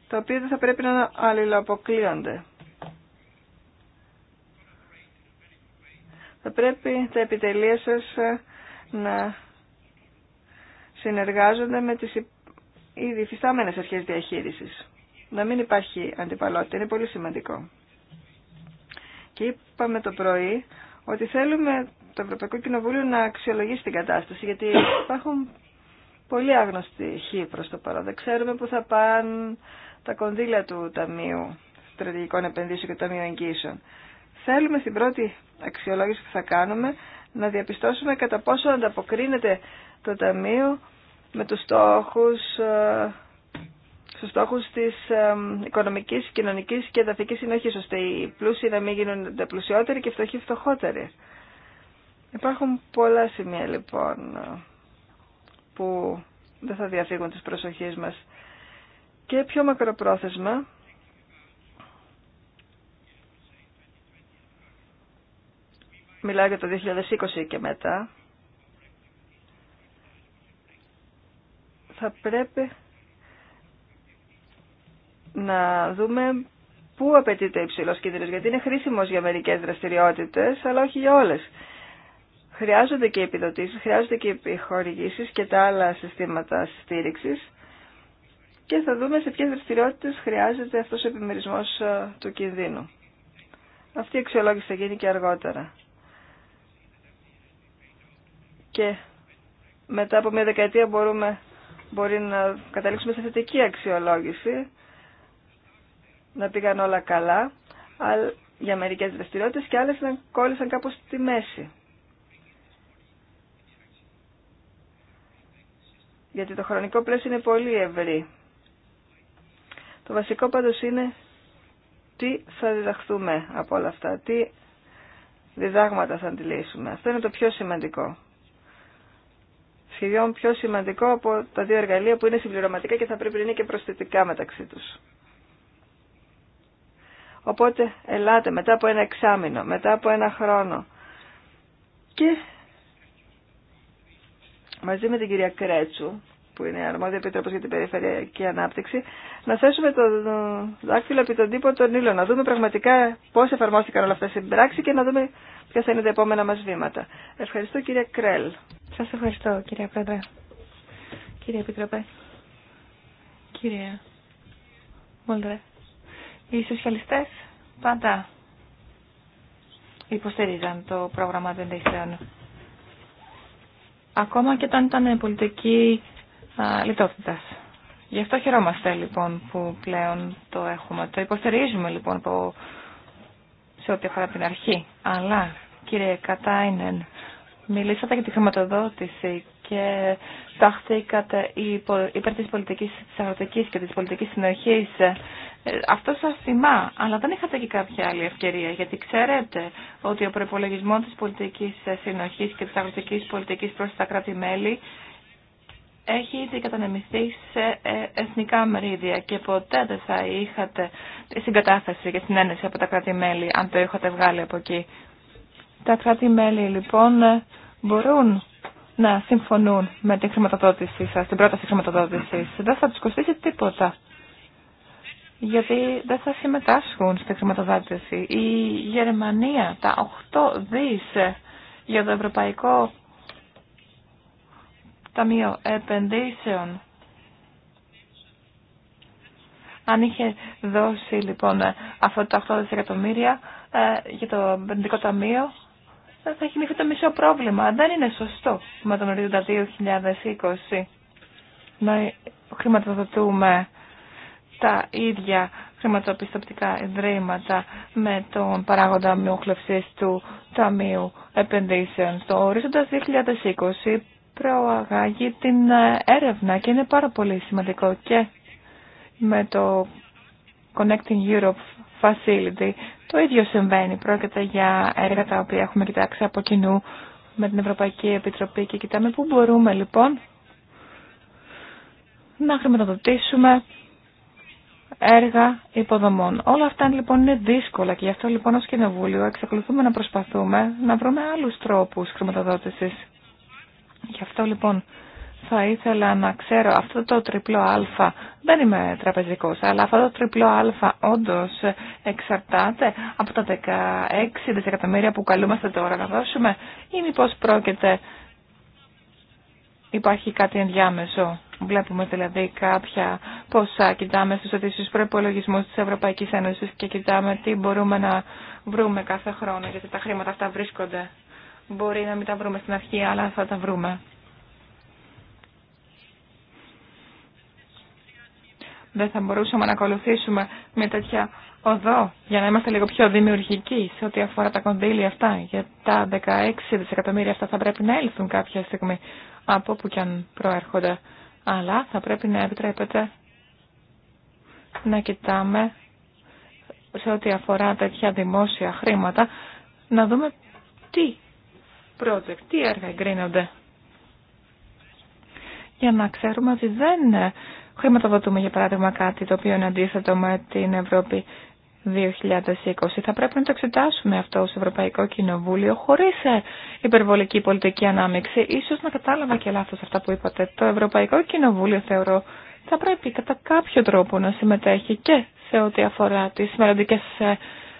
τα οποία δεν θα πρέπει να αλληλοαποκλείονται. Θα πρέπει τα επιτελεία σας ε, να συνεργάζονται με τις ήδη φυστάμενες αρχές διαχείρισης. Να μην υπάρχει αντιπαλότητα, είναι πολύ σημαντικό. Και είπαμε το πρωί ότι θέλουμε το Ευρωπαϊκό Κοινοβούλιο να αξιολογήσει την κατάσταση, γιατί υπάρχουν πολύ άγνωστοι χοί προς το παρόν. Δεν ξέρουμε πού θα πάνε τα κονδύλια του Ταμείου Στρατηγικών Επενδύσεων και του Ταμείου Εγγύσεων. Θέλουμε στην πρώτη αξιολόγηση που θα κάνουμε να διαπιστώσουμε κατά πόσο ανταποκρίνεται το Ταμείο με τους στόχους, ε, στους στόχους της οικονομικής, κοινωνικής και εδαφικής συνοχής, ώστε οι πλούσιοι να μην γίνονται πλουσιότεροι και οι φτωχοί φτωχότεροι. Υπάρχουν πολλά σημεία λοιπόν που δεν θα διαφύγουν τις προσοχές μας και πιο μακροπρόθεσμα μιλάω για το 2020 και μετά θα πρέπει να δούμε πού απαιτείται υψηλό κίνδυνο, γιατί είναι χρήσιμο για μερικέ δραστηριότητε, αλλά όχι για όλε. Χρειάζονται και επιδοτήσει, χρειάζονται και επιχορηγήσει και τα άλλα συστήματα στήριξη, και θα δούμε σε ποιες δραστηριότητες χρειάζεται αυτός ο επιμερισμός ε, του κινδύνου. Αυτή η αξιολόγηση θα γίνει και αργότερα. Και μετά από μια δεκαετία μπορούμε, μπορεί να καταλήξουμε σε θετική αξιολόγηση, να πήγαν όλα καλά για μερικές δραστηριότητες και άλλες να κόλλησαν κάπως στη μέση. Γιατί το χρονικό πλαίσιο είναι πολύ ευρύ το βασικό πάντως είναι τι θα διδαχθούμε από όλα αυτά, τι διδάγματα θα αντιλήσουμε. Αυτό είναι το πιο σημαντικό. Σχεδόν πιο σημαντικό από τα δύο εργαλεία που είναι συμπληρωματικά και θα πρέπει να είναι και προσθετικά μεταξύ τους. Οπότε ελάτε μετά από ένα εξάμεινο, μετά από ένα χρόνο και μαζί με την κυρία Κρέτσου που είναι αρμόδια επιτρόπος για την περιφερειακή ανάπτυξη, να θέσουμε το δάκτυλο επί τον τύπο των ήλων, να δούμε πραγματικά πώ εφαρμόστηκαν όλα αυτά στην πράξη και να δούμε ποια θα είναι τα επόμενα μα βήματα. Ευχαριστώ κύριε Κρέλ. Σα ευχαριστώ κύριε Πρόεδρε. Κύριε Επιτροπέ. Κύριε Μολδρέ. Οι σοσιαλιστέ πάντα υποστηρίζαν το πρόγραμμα των Ακόμα και όταν ήταν πολιτική λιτότητας. Γι' αυτό χαιρόμαστε λοιπόν που πλέον το έχουμε. Το υποστηρίζουμε λοιπόν σε ό,τι αφορά την αρχή. Αλλά κύριε Κατάινεν, μιλήσατε για τη χρηματοδότηση και ταχθήκατε υπέρ της πολιτικής της αγροτικής και της πολιτικής συνοχής. Ε, αυτό σας θυμά, αλλά δεν είχατε και κάποια άλλη ευκαιρία, γιατί ξέρετε ότι ο προπολογισμό της πολιτικής συνοχής και της αγροτικής πολιτικής προς τα κράτη-μέλη έχει ήδη κατανεμηθεί σε ε, εθνικά μερίδια και ποτέ δεν θα είχατε συγκατάθεση και συνένεση από τα κράτη-μέλη αν το είχατε βγάλει από εκεί. Τα κράτη-μέλη λοιπόν ε, μπορούν να συμφωνούν με την χρηματοδότησή σας, την πρόταση χρηματοδότησης. Δεν θα τους κοστίσει τίποτα. Γιατί δεν θα συμμετάσχουν στη χρηματοδότηση. Η Γερμανία, τα 8 δις για το Ευρωπαϊκό Ταμείο Επενδύσεων. Αν είχε δώσει λοιπόν αυτά τα 8 δισεκατομμύρια ε, για το Επενδυτικό Ταμείο, ε, θα έχει λυθεί το μισό πρόβλημα. Δεν είναι σωστό με τον ορίζοντα 2020 να χρηματοδοτούμε τα ίδια χρηματοπιστωτικά ιδρύματα με τον παράγοντα μειόκλευσης του Ταμείου Επενδύσεων. Στο ορίζοντα 2020 προαγάγει την ε, έρευνα και είναι πάρα πολύ σημαντικό και με το Connecting Europe Facility. Το ίδιο συμβαίνει. Πρόκειται για έργα τα οποία έχουμε κοιτάξει από κοινού με την Ευρωπαϊκή Επιτροπή και κοιτάμε πού μπορούμε λοιπόν να χρηματοδοτήσουμε έργα υποδομών. Όλα αυτά λοιπόν είναι δύσκολα και γι' αυτό λοιπόν ως Κοινοβούλιο εξακολουθούμε να προσπαθούμε να βρούμε άλλους τρόπους χρηματοδότησης Γι' αυτό λοιπόν θα ήθελα να ξέρω αυτό το τριπλό α, δεν είμαι τραπεζικός, αλλά αυτό το τριπλό α όντως εξαρτάται από τα 16 δισεκατομμύρια που καλούμαστε τώρα να δώσουμε ή μήπως πρόκειται, υπάρχει κάτι ενδιάμεσο. Βλέπουμε δηλαδή κάποια ποσά, κοιτάμε στους αιτήσεις προπολογισμού της Ευρωπαϊκής Ένωσης και κοιτάμε τι μπορούμε να βρούμε κάθε χρόνο, γιατί τα χρήματα αυτά βρίσκονται Μπορεί να μην τα βρούμε στην αρχή, αλλά θα τα βρούμε. Δεν θα μπορούσαμε να ακολουθήσουμε με τέτοια οδό για να είμαστε λίγο πιο δημιουργικοί σε ό,τι αφορά τα κονδύλια αυτά. Για τα 16 δισεκατομμύρια αυτά θα πρέπει να έλθουν κάποια στιγμή από όπου και αν προέρχονται. Αλλά θα πρέπει να επιτρέπεται να κοιτάμε σε ό,τι αφορά τέτοια δημόσια χρήματα, να δούμε τι project, τι έργα εγκρίνονται. Για να ξέρουμε ότι δεν χρηματοδοτούμε για παράδειγμα κάτι το οποίο είναι αντίθετο με την Ευρώπη 2020. Θα πρέπει να το εξετάσουμε αυτό ως Ευρωπαϊκό Κοινοβούλιο χωρίς ε, υπερβολική πολιτική ανάμειξη. Ίσως να κατάλαβα και λάθος αυτά που είπατε. Το Ευρωπαϊκό Κοινοβούλιο θεωρώ θα πρέπει κατά κάποιο τρόπο να συμμετέχει και σε ό,τι αφορά τις σημαντικές ε,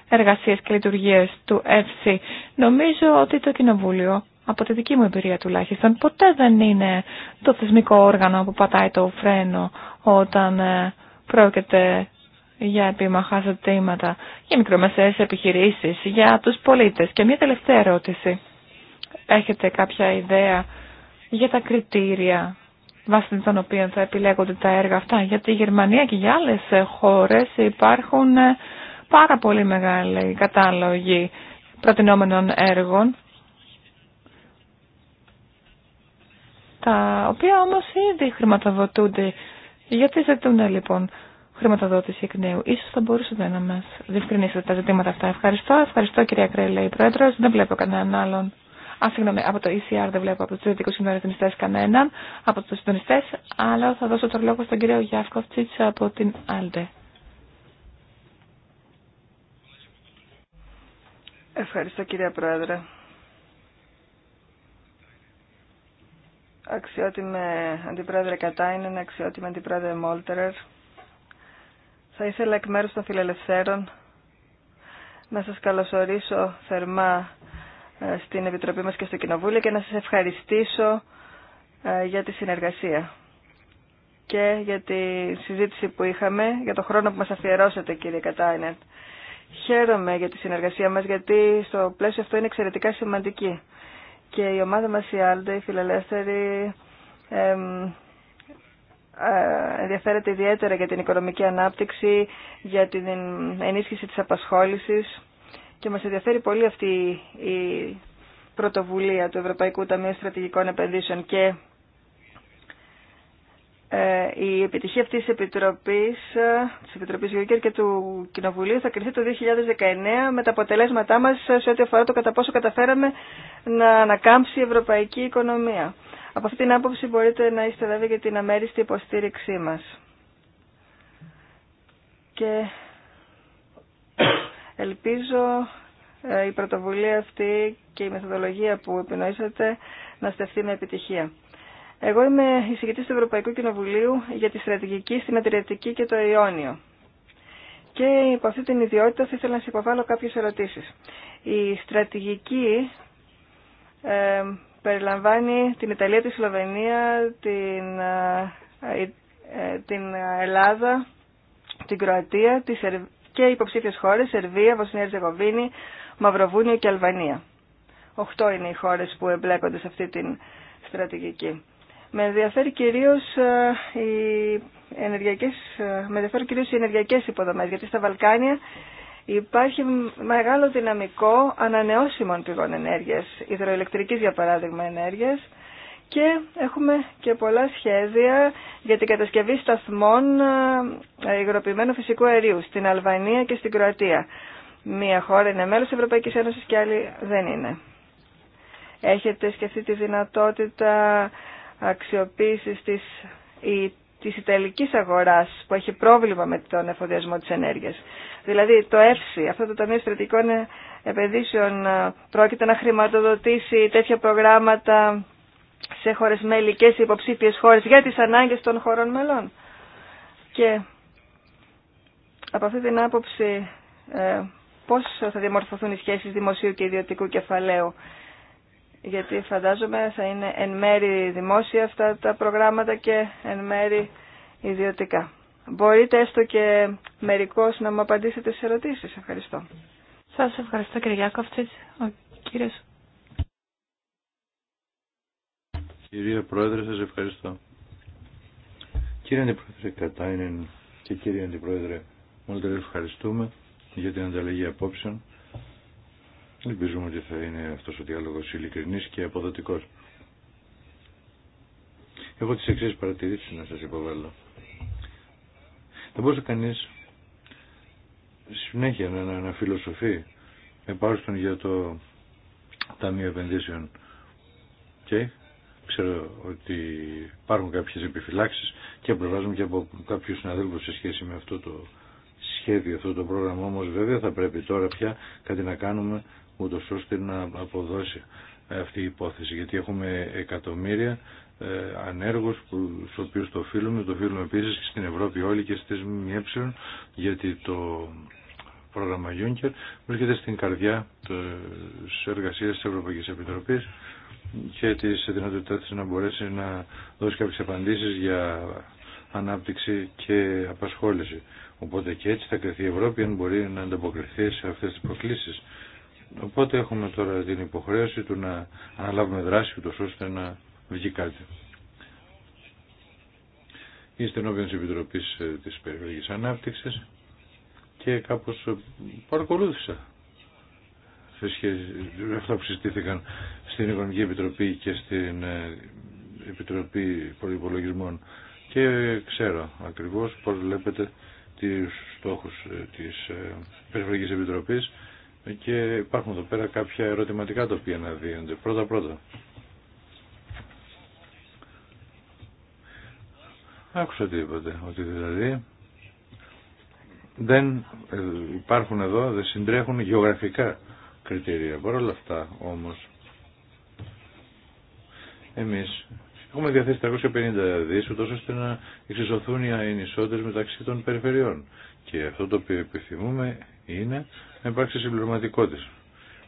εργασίες και λειτουργίες του FC. Νομίζω ότι το Κοινοβούλιο, από τη δική μου εμπειρία τουλάχιστον, ποτέ δεν είναι το θεσμικό όργανο που πατάει το φρένο όταν ε, πρόκειται για επίμαχα ζητήματα, για μικρομεσαίες επιχειρήσεις, για τους πολίτες. Και μια τελευταία ερώτηση. Έχετε κάποια ιδέα για τα κριτήρια βάσει των οποίων θα επιλέγονται τα έργα αυτά. γιατί η Γερμανία και για άλλες χώρες υπάρχουν ε, πάρα πολύ μεγάλη κατάλογη προτινόμενων έργων, τα οποία όμως ήδη χρηματοδοτούνται. Γιατί ζητούν λοιπόν χρηματοδότηση εκ νέου. Ίσως θα μπορούσατε να μας διευκρινίσετε τα ζητήματα αυτά. Ευχαριστώ. Ευχαριστώ κυρία Κρέλα, η Πρόεδρος. Δεν βλέπω κανέναν άλλον. Α, συγγνώμη, από το ECR δεν βλέπω από του Δυτικού Συντονιστέ κανέναν, από του συντονιστέ, αλλά θα δώσω το λόγο στον κύριο Γιάνκοφτσιτ από την ΑΛΤΕ. Ευχαριστώ κυρία Πρόεδρε. Αξιότιμη Αντιπρόεδρε Κατάινεν, αξιότιμη Αντιπρόεδρε Μόλτερερ. Θα ήθελα εκ μέρους των φιλελευθέρων να σας καλωσορίσω θερμά ε, στην Επιτροπή μας και στο Κοινοβούλιο και να σας ευχαριστήσω ε, για τη συνεργασία και για τη συζήτηση που είχαμε, για το χρόνο που μας αφιερώσατε κύριε Κατάινεν. Χαίρομαι για τη συνεργασία μας γιατί στο πλαίσιο αυτό είναι εξαιρετικά σημαντική. Και η ομάδα μας η Άλντε, η Φιλελεύθερη, ενδιαφέρεται ιδιαίτερα για την οικονομική ανάπτυξη, για την ενίσχυση της απασχόλησης και μας ενδιαφέρει πολύ αυτή η πρωτοβουλία του Ευρωπαϊκού Ταμείου Στρατηγικών Επενδύσεων και ε, η επιτυχία αυτής της Επιτροπής, ε, της Επιτροπής Γιούγκερ και του Κοινοβουλίου θα κριθεί το 2019 με τα αποτελέσματά μας σε ό,τι αφορά το κατά πόσο καταφέραμε να ανακάμψει η ευρωπαϊκή οικονομία. Από αυτή την άποψη μπορείτε να είστε βέβαιοι για την αμέριστη υποστήριξή μας. Και ελπίζω ε, η πρωτοβουλία αυτή και η μεθοδολογία που επινοήσατε να στεφθεί με επιτυχία. Εγώ είμαι εισηγητής του Ευρωπαϊκού Κοινοβουλίου για τη στρατηγική στην Αδριατική και το Ιόνιο. Και υπό αυτή την ιδιότητα θα ήθελα να σας υποβάλω κάποιες ερωτήσεις. Η στρατηγική ε, περιλαμβάνει την Ιταλία, τη Σλοβενία, την, ε, ε, την Ελλάδα, την Κροατία τη και υποψήφιες χώρες, Σερβία, Βοσνία, Ζεγοβίνη, Μαυροβούνιο και Αλβανία. Οχτώ είναι οι χώρες που εμπλέκονται σε αυτή την στρατηγική. Με ενδιαφέρει κυρίως ε, οι ενεργειακές, ε, με ενδιαφέρει κυρίως οι ενεργειακές υποδομές, γιατί στα Βαλκάνια υπάρχει μεγάλο δυναμικό ανανεώσιμων πηγών ενέργειας, υδροελεκτρικής για παράδειγμα ενέργειας, και έχουμε και πολλά σχέδια για την κατασκευή σταθμών ε, υγροποιημένου φυσικού αερίου στην Αλβανία και στην Κροατία. Μία χώρα είναι μέλος της Ευρωπαϊκής Ένωσης και άλλη δεν είναι. Έχετε σκεφτεί τη δυνατότητα αξιοποίησης της, η, της Ιταλικής αγοράς που έχει πρόβλημα με τον εφοδιασμό της ενέργειας. Δηλαδή το ΕΦΣΙ, αυτό το Ταμείο Στρατικών Επενδύσεων, ε, πρόκειται να χρηματοδοτήσει τέτοια προγράμματα σε χώρες μέλη και σε υποψήφιες χώρες για τις ανάγκες των χωρών μελών. Και από αυτή την άποψη ε, πώς θα διαμορφωθούν οι σχέσεις δημοσίου και ιδιωτικού κεφαλαίου γιατί φαντάζομαι θα είναι εν μέρη δημόσια αυτά τα προγράμματα και εν μέρη ιδιωτικά. Μπορείτε έστω και μερικώς να μου απαντήσετε σε ερωτήσεις. Ευχαριστώ. Σας ευχαριστώ κύριε Γιάκοφτσιτς, Ο κύριος... Κυρία Πρόεδρε, σας ευχαριστώ. Κύριε Αντιπρόεδρε Κατάινεν και κύριε Αντιπρόεδρε, μόλις ευχαριστούμε για την ανταλλαγή απόψεων. Ελπίζουμε ότι θα είναι αυτός ο διάλογος ειλικρινής και αποδοτικός. Έχω τις εξής παρατηρήσεις να σας υποβάλλω. Δεν μπορούσε κανείς συνέχεια να, να, να φιλοσοφεί τον για το Ταμείο Επενδύσεων και ξέρω ότι υπάρχουν κάποιες επιφυλάξεις και προβάζουμε και από κάποιους συναδέλφους σε σχέση με αυτό το σχέδιο, αυτό το πρόγραμμα όμως βέβαια θα πρέπει τώρα πια κάτι να κάνουμε ούτως ώστε να αποδώσει αυτή η υπόθεση γιατί έχουμε εκατομμύρια ε, ανέργους που, στους οποίους το οφείλουμε, το οφείλουμε επίσης και στην Ευρώπη όλοι και στις ΜΜΕ, γιατί το πρόγραμμα Juncker βρίσκεται στην καρδιά της εργασίας της Ευρωπαϊκής Επιτροπής και της δυνατότητά της να μπορέσει να δώσει κάποιες απαντήσεις για ανάπτυξη και απασχόληση. Οπότε και έτσι θα κρυθεί η Ευρώπη αν μπορεί να ανταποκριθεί σε αυτές τις προκλήσεις. Οπότε έχουμε τώρα την υποχρέωση του να αναλάβουμε δράση ούτως ώστε να βγει κάτι. Είστε ενώπιον της Επιτροπής ε, της Περιφερειακής Ανάπτυξης και κάπως ε, παρακολούθησα σε σχέση αυτά που συστήθηκαν στην Οικονομική Επιτροπή και στην ε, Επιτροπή Προϋπολογισμών και ξέρω ακριβώς πώς βλέπετε τους στόχους της Περιφερειακής Επιτροπής και υπάρχουν εδώ πέρα κάποια ερωτηματικά τα οποία αναδύονται. Πρώτα πρώτα. Άκουσα τι είπατε, ότι δηλαδή δεν ε, υπάρχουν εδώ, δεν συντρέχουν γεωγραφικά κριτήρια. Παρ' όλα αυτά όμως εμείς έχουμε διαθέσει 350 δις ούτως ώστε να εξισωθούν οι ανισότητες μεταξύ των περιφερειών. Και αυτό το οποίο επιθυμούμε είναι να υπάρξει συμπληρωματικότητα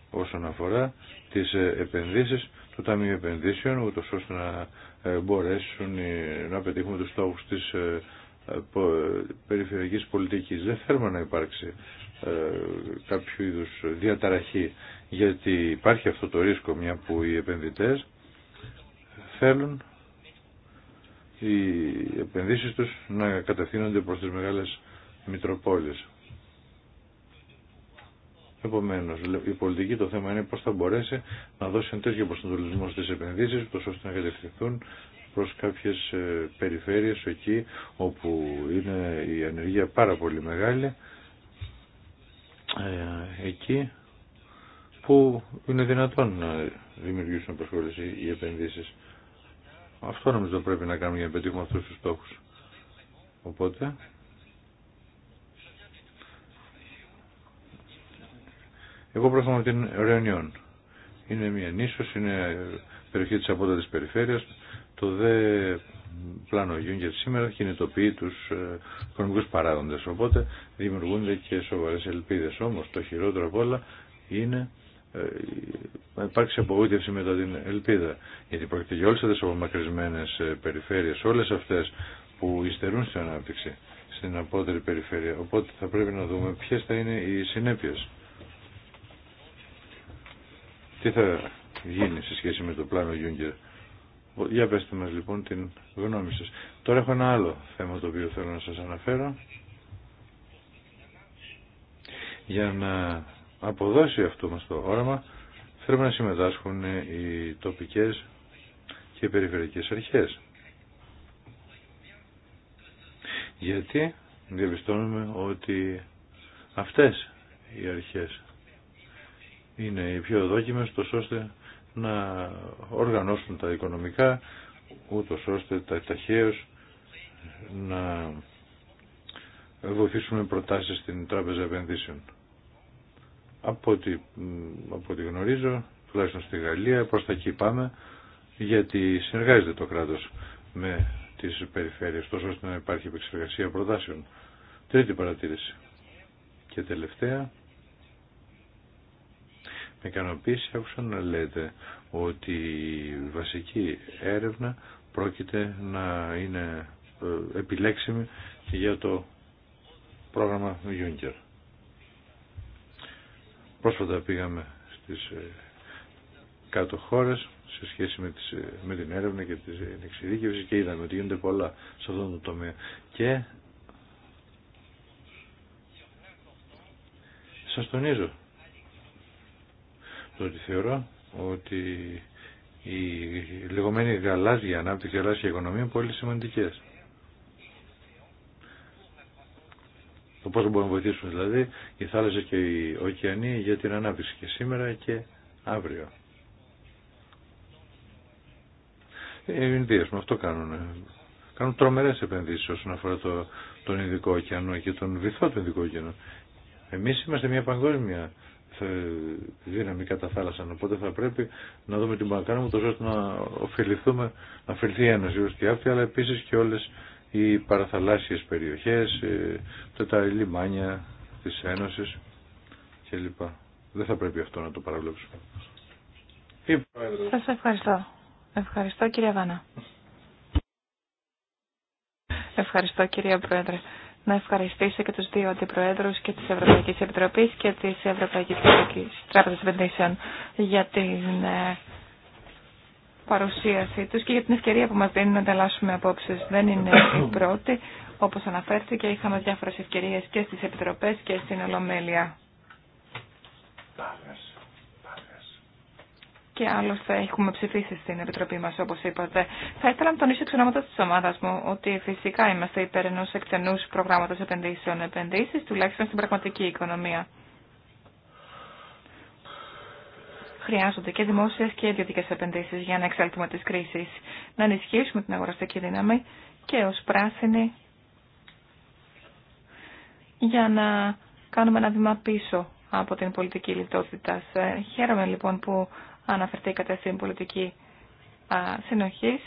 όσον αφορά τις ε, επενδύσεις του Ταμείου Επενδύσεων, ούτως ώστε να ε, μπορέσουν να πετύχουν τους στόχους της ε, περιφερειακής πολιτικής. Δεν θέλουμε να υπάρξει κάποιο είδους διαταραχή, γιατί υπάρχει αυτό το ρίσκο, μια που οι επενδυτές θέλουν οι επενδύσεις τους να κατευθύνονται προς τις μεγάλες Μητροπόλεις. Επομένω, η πολιτική το θέμα είναι πώ θα μπορέσει να δώσει ένα τέτοιο προσανατολισμό στι επενδύσει, ώστε να κατευθυνθούν προ κάποιε περιφέρειε εκεί όπου είναι η ανεργία πάρα πολύ μεγάλη. Ε, εκεί που είναι δυνατόν να δημιουργήσουν προσχόληση οι επενδύσεις. Αυτό νομίζω πρέπει να κάνουμε για να πετύχουμε αυτούς τους στόχους. Οπότε Εγώ προχωρώ από την Ρεωνιόν. Είναι μια νήσος, είναι περιοχή της απότατη περιφέρειας. Το δε πλάνο Γιούγκερ σήμερα κινητοποιεί τους ε, οικονομικούς παράγοντες. Οπότε δημιουργούνται και σοβαρές ελπίδες. Όμως το χειρότερο απ' όλα είναι ε, να υπάρξει απογοήτευση μετά την ελπίδα. Γιατί πρόκειται για όλε αυτέ τι απομακρυσμένε ε, περιφέρειε, όλε αυτέ που υστερούν στην ανάπτυξη, στην απότερη περιφέρεια. Οπότε θα πρέπει να δούμε ποιε θα είναι οι συνέπειε τι θα γίνει σε σχέση με το πλάνο Γιούγκερ. Για πέστε μας λοιπόν την γνώμη σας. Τώρα έχω ένα άλλο θέμα το οποίο θέλω να σας αναφέρω. Για να αποδώσει αυτό μας το όραμα θέλουμε να συμμετάσχουν οι τοπικές και οι περιφερειακές αρχές. Γιατί διαπιστώνουμε ότι αυτές οι αρχές είναι οι πιο δόκιμες, τόσο ώστε να οργανώσουν τα οικονομικά, ούτως ώστε τα ταχαίως να βοηθήσουμε προτάσεις στην Τράπεζα Επενδύσεων. Από ό,τι, από ό,τι γνωρίζω, τουλάχιστον στη Γαλλία, προς τα εκεί πάμε, γιατί συνεργάζεται το κράτος με τις περιφέρειες, τόσο ώστε να υπάρχει επεξεργασία προτάσεων. Τρίτη παρατήρηση. Και τελευταία, με ικανοποίηση άκουσα να λέτε ότι η βασική έρευνα πρόκειται να είναι ε, επιλέξιμη για το πρόγραμμα Juncker. Πρόσφατα πήγαμε στις ε, κάτω χώρες σε σχέση με, τις, ε, με την έρευνα και την εξειδίκευση και είδαμε ότι γίνονται πολλά σε αυτόν τον τομέα. Και σας τονίζω το ότι θεωρώ ότι η λεγόμενη γαλάζια ανάπτυξη, η γαλάζια οικονομία είναι πολύ σημαντικέ. Το πώ μπορούμε να βοηθήσουμε δηλαδή οι θάλασσε και οι ωκεανοί για την ανάπτυξη και σήμερα και αύριο. Ε, οι Ινδίε με αυτό κάνουν. Ε, κάνουν τρομερέ επενδύσει όσον αφορά τον Ειδικό ωκεανό και τον βυθό του Ειδικού ωκεανού. Εμεί είμαστε μια παγκόσμια δύναμη κατά θάλασσα. Οπότε θα πρέπει να δούμε την μπορούμε να κάνουμε, τόσο ώστε να ωφεληθούμε, να ωφεληθεί η Ένωση στη αυτή, αλλά επίσης και όλες οι παραθαλάσσιες περιοχές, ε, τα λιμάνια τη Ένωση κλπ. Δεν θα πρέπει αυτό να το παραβλέψουμε. Σα ευχαριστώ. Ευχαριστώ κύριε Βάνα. Ευχαριστώ κυρία Πρόεδρε να ευχαριστήσω και τους δύο αντιπροέδρους και της Ευρωπαϊκής Επιτροπής και της Ευρωπαϊκής Τράπεζας Επενδύσεων για την ε, παρουσίασή τους και για την ευκαιρία που μας δίνουν να ανταλλάσσουμε απόψεις. Δεν είναι η πρώτη, όπως αναφέρθηκε, είχαμε διάφορες ευκαιρίες και στις Επιτροπές και στην Ολομέλεια και άλλωστε έχουμε ψηφίσει στην Επιτροπή μας όπως είπατε. Θα ήθελα να τονίσω εξ ονόματος της ομάδας μου ότι φυσικά είμαστε υπέρ ενός εκτενούς προγράμματος επενδύσεων επενδύσεις, τουλάχιστον στην πραγματική οικονομία. Χρειάζονται και δημόσιε και ιδιωτικέ επενδύσεις για να εξέλθουμε τι κρίσεις, να ενισχύσουμε την αγοραστική δύναμη και ω πράσινη για να κάνουμε ένα βήμα πίσω από την πολιτική λιτότητα. Χαίρομαι λοιπόν που αναφερθήκατε στην πολιτική συνοχής.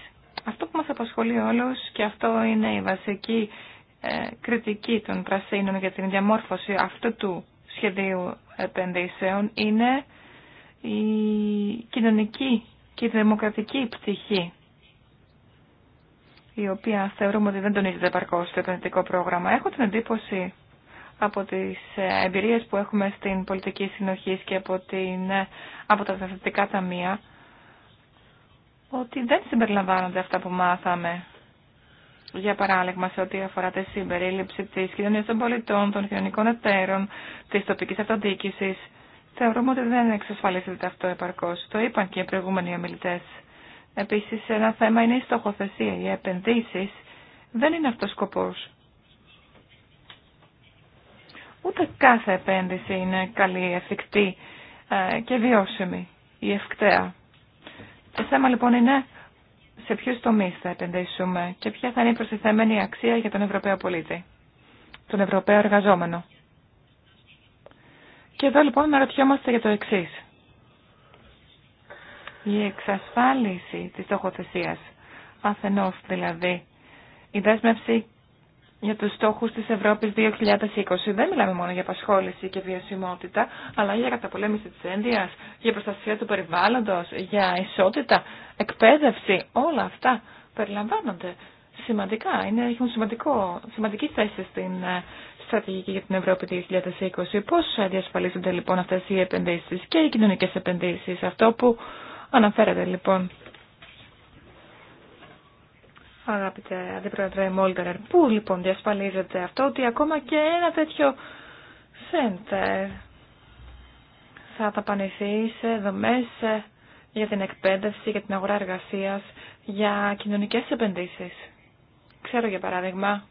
Αυτό που μας απασχολεί όλους και αυτό είναι η βασική ε, κριτική των πρασίνων για την διαμόρφωση αυτού του σχεδίου επενδύσεων είναι η κοινωνική και η δημοκρατική πτυχή η οποία θεωρούμε ότι δεν τονίζεται επαρκώς στο επενδυτικό πρόγραμμα. Έχω την εντύπωση από τις ε, εμπειρίες που έχουμε στην πολιτική συνοχή και από, την, ε, από τα δραστηριστικά ταμεία ότι δεν συμπεριλαμβάνονται αυτά που μάθαμε. Για παράδειγμα, σε ό,τι αφορά τη συμπερίληψη τη κοινωνία των πολιτών, των κοινωνικών εταίρων, τη τοπική αυτοδιοίκηση, θεωρούμε ότι δεν εξασφαλίζεται αυτό επαρκώ. Το είπαν και οι προηγούμενοι ομιλητέ. Επίση, ένα θέμα είναι η στοχοθεσία. Οι επενδύσει δεν είναι αυτό ο σκοπό. Ούτε κάθε επένδυση είναι καλή, εφικτή ε, και βιώσιμη ή ευκταία. Το θέμα λοιπόν είναι σε ποιους τομείς θα επενδύσουμε και ποια θα είναι η προστιθέμενη αξία για τον Ευρωπαίο πολίτη, τον Ευρωπαίο εργαζόμενο. Και εδώ λοιπόν να ρωτιόμαστε για το εξή. Η εξασφάλιση της τοχοθεσίας, αφενός δηλαδή, η δέσμευση για τους στόχους της Ευρώπης 2020. Δεν μιλάμε μόνο για απασχόληση και βιωσιμότητα, αλλά για καταπολέμηση της ένδυας, για προστασία του περιβάλλοντος, για ισότητα, εκπαίδευση. Όλα αυτά περιλαμβάνονται σημαντικά. Είναι, έχουν σημαντικό, σημαντική θέση στην ε, στρατηγική για την Ευρώπη 2020. Πώς διασφαλίζονται λοιπόν αυτές οι επενδύσεις και οι κοινωνικές επενδύσεις. Αυτό που αναφέρεται λοιπόν Αγαπητέ Αντιπρόεδρε Μόλτερερ, πού λοιπόν διασφαλίζεται αυτό ότι ακόμα και ένα τέτοιο σέντερ θα ταπανηθεί σε δομές ε, για την εκπαίδευση, για την αγορά εργασίας, για κοινωνικές επενδύσεις. Ξέρω για παράδειγμα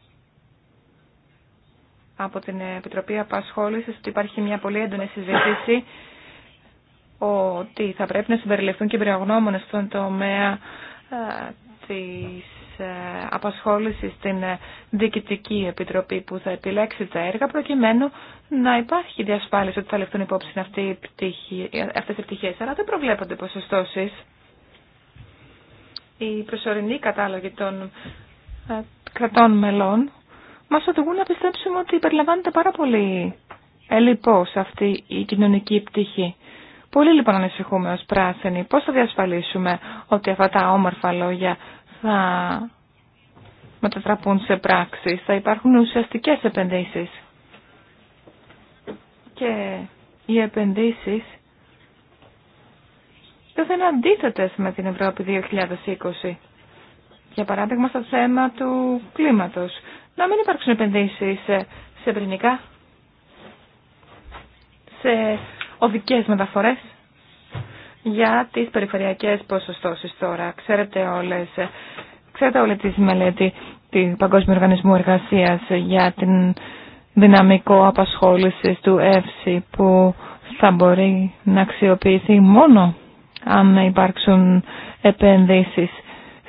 από την Επιτροπή Απασχόλησης ότι υπάρχει μια πολύ έντονη συζήτηση ότι θα πρέπει να συμπεριληφθούν και οι στον τομέα ε, της ε, απασχόληση στην ε, Διοικητική Επιτροπή που θα επιλέξει τα έργα προκειμένου να υπάρχει διασφάλιση ότι θα λεφτούν υπόψη ε, αυτές οι πτυχέ. Αλλά δεν προβλέπονται ποσοστώσεις. Οι προσωρινοί κατάλογοι των κρατών μελών μας οδηγούν να πιστέψουμε ότι περιλαμβάνεται πάρα πολύ ελλειπώς αυτή η κοινωνική πτυχή. Πολύ λοιπόν ανησυχούμε ως πράσινοι. Πώς θα διασφαλίσουμε ότι αυτά τα όμορφα λόγια θα μετατραπούν σε πράξεις, θα υπάρχουν ουσιαστικές επενδύσεις. Και οι επενδύσεις δεν είναι αντίθετες με την Ευρώπη 2020. Για παράδειγμα στο θέμα του κλίματος. Να μην υπάρξουν επενδύσεις σε πυρηνικά, σε οδικές μεταφορές, για τις περιφερειακές ποσοστώσεις τώρα. Ξέρετε όλες, ξέρετε όλες τις μελέτη του Παγκόσμιου Οργανισμού Εργασίας για την δυναμικό απασχόλησης του ΕΦΣΥ που θα μπορεί να αξιοποιηθεί μόνο αν υπάρξουν επενδύσεις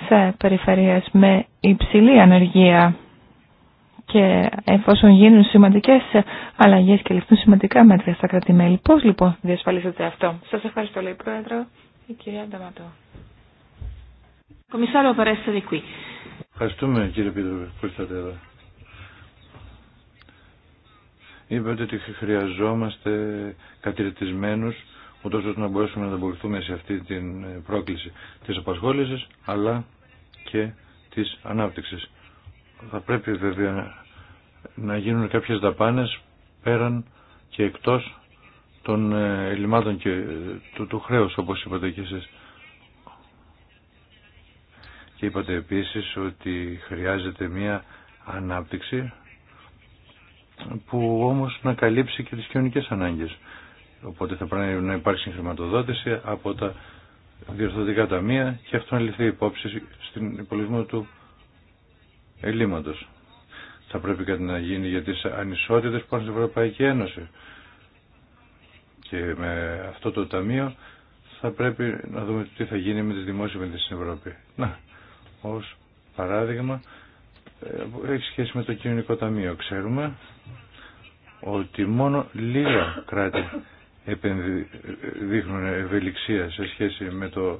σε περιφερειές με υψηλή ανεργία. Και εφόσον γίνουν σημαντικές αλλαγές και ληφθούν σημαντικά μέτρα στα κράτη-μέλη, πώς λοιπόν διασφαλίσετε αυτό. Σας ευχαριστώ, λέει Πρόεδρο, η κυρία Νταματώ. Κομισάριο Ευχαριστούμε κύριε Πίτρο που ήρθατε εδώ. Είπατε ότι χρειαζόμαστε κατηρτισμένους ούτως ώστε να μπορέσουμε να ανταποκριθούμε σε αυτή την πρόκληση της απασχόλησης αλλά και της ανάπτυξης θα πρέπει βέβαια να γίνουν κάποιες δαπάνες πέραν και εκτός των ε, ελλημάτων και ε, του, του χρέους όπως είπατε και εσείς. Και είπατε επίσης ότι χρειάζεται μία ανάπτυξη που όμως να καλύψει και τις κοινωνικές ανάγκες. Οπότε θα πρέπει να υπάρξει χρηματοδότηση από τα διορθωτικά ταμεία και αυτό να λυθεί υπόψη στην υπολογισμό του ελλείμματος. Θα πρέπει κάτι να γίνει για τις ανισότητες που στην Ευρωπαϊκή Ένωση. Και με αυτό το ταμείο θα πρέπει να δούμε τι θα γίνει με τις δημόσιες επενδύσεις στην Ευρώπη. Να, ως παράδειγμα, ε, έχει σχέση με το κοινωνικό ταμείο. Ξέρουμε ότι μόνο λίγα κράτη δείχνουν ευελιξία σε σχέση με το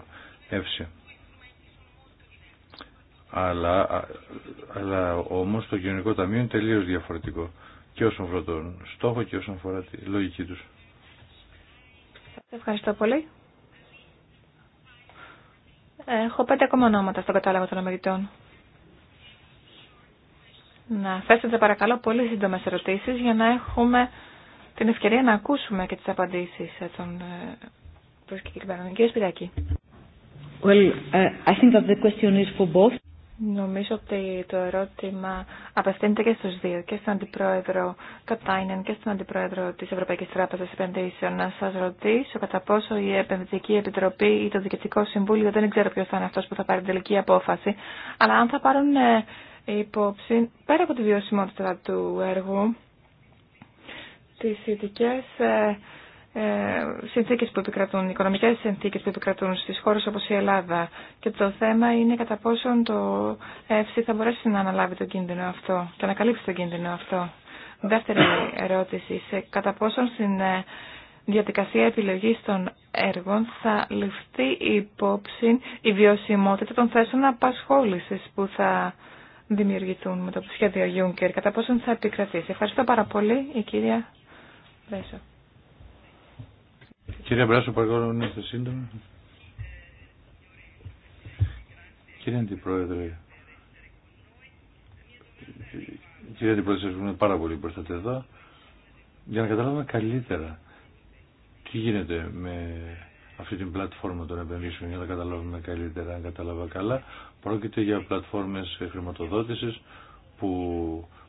ΕΦΣΙ. Αλλά, αλλά όμως το κοινωνικό ταμείο είναι τελείως διαφορετικό και όσον αφορά τον στόχο και όσον αφορά τη λογική τους. Ευχαριστώ πολύ. Έχω πέντε ακόμα ονόματα στον κατάλογο των ομιλητών. Να θέσετε παρακαλώ πολύ σύντομες ερωτήσεις για να έχουμε την ευκαιρία να ακούσουμε και τις απαντήσεις ε, των ε, προσκεκλημένων. Κύριε Σπυράκη. Well, uh, I think that the question is for both. Νομίζω ότι το ερώτημα απευθύνεται και στους δύο, και στον Αντιπρόεδρο Κατάινεν και στον Αντιπρόεδρο της Ευρωπαϊκής Τράπεζας Επενδύσεων. Να σας ρωτήσω κατά πόσο η Επενδυτική Επιτροπή ή το Διοικητικό Συμβούλιο, δεν ξέρω ποιος θα είναι αυτός που θα πάρει την τελική απόφαση, αλλά αν θα πάρουν ε, υπόψη, πέρα από τη βιωσιμότητα του έργου, τις ειδικές ε, ε, συνθήκες που επικρατούν, οικονομικές συνθήκες που επικρατούν στις χώρες όπως η Ελλάδα. Και το θέμα είναι κατά πόσον το ΕΦΣΥ θα μπορέσει να αναλάβει τον κίνδυνο αυτό και να καλύψει τον κίνδυνο αυτό. Δεύτερη ερώτηση, σε κατά πόσον στην ε, διαδικασία επιλογής των έργων θα ληφθεί υπόψη η βιωσιμότητα των θέσεων απασχόλησης που θα δημιουργηθούν με το σχέδιο Juncker. Κατά πόσον θα επικρατήσει. Ευχαριστώ πάρα πολύ η κυρία Βέσο. Κύριε Μπράσο, παρακαλώ να είστε σύντομα. Κύριε Αντιπρόεδρε, κύριε Αντιπρόεδρε, σας πάρα πολύ που ήρθατε εδώ για να καταλάβουμε καλύτερα τι γίνεται με αυτή την πλατφόρμα των επενδύσεων για να καταλάβουμε καλύτερα, αν κατάλαβα καλά. Πρόκειται για πλατφόρμες χρηματοδότησης που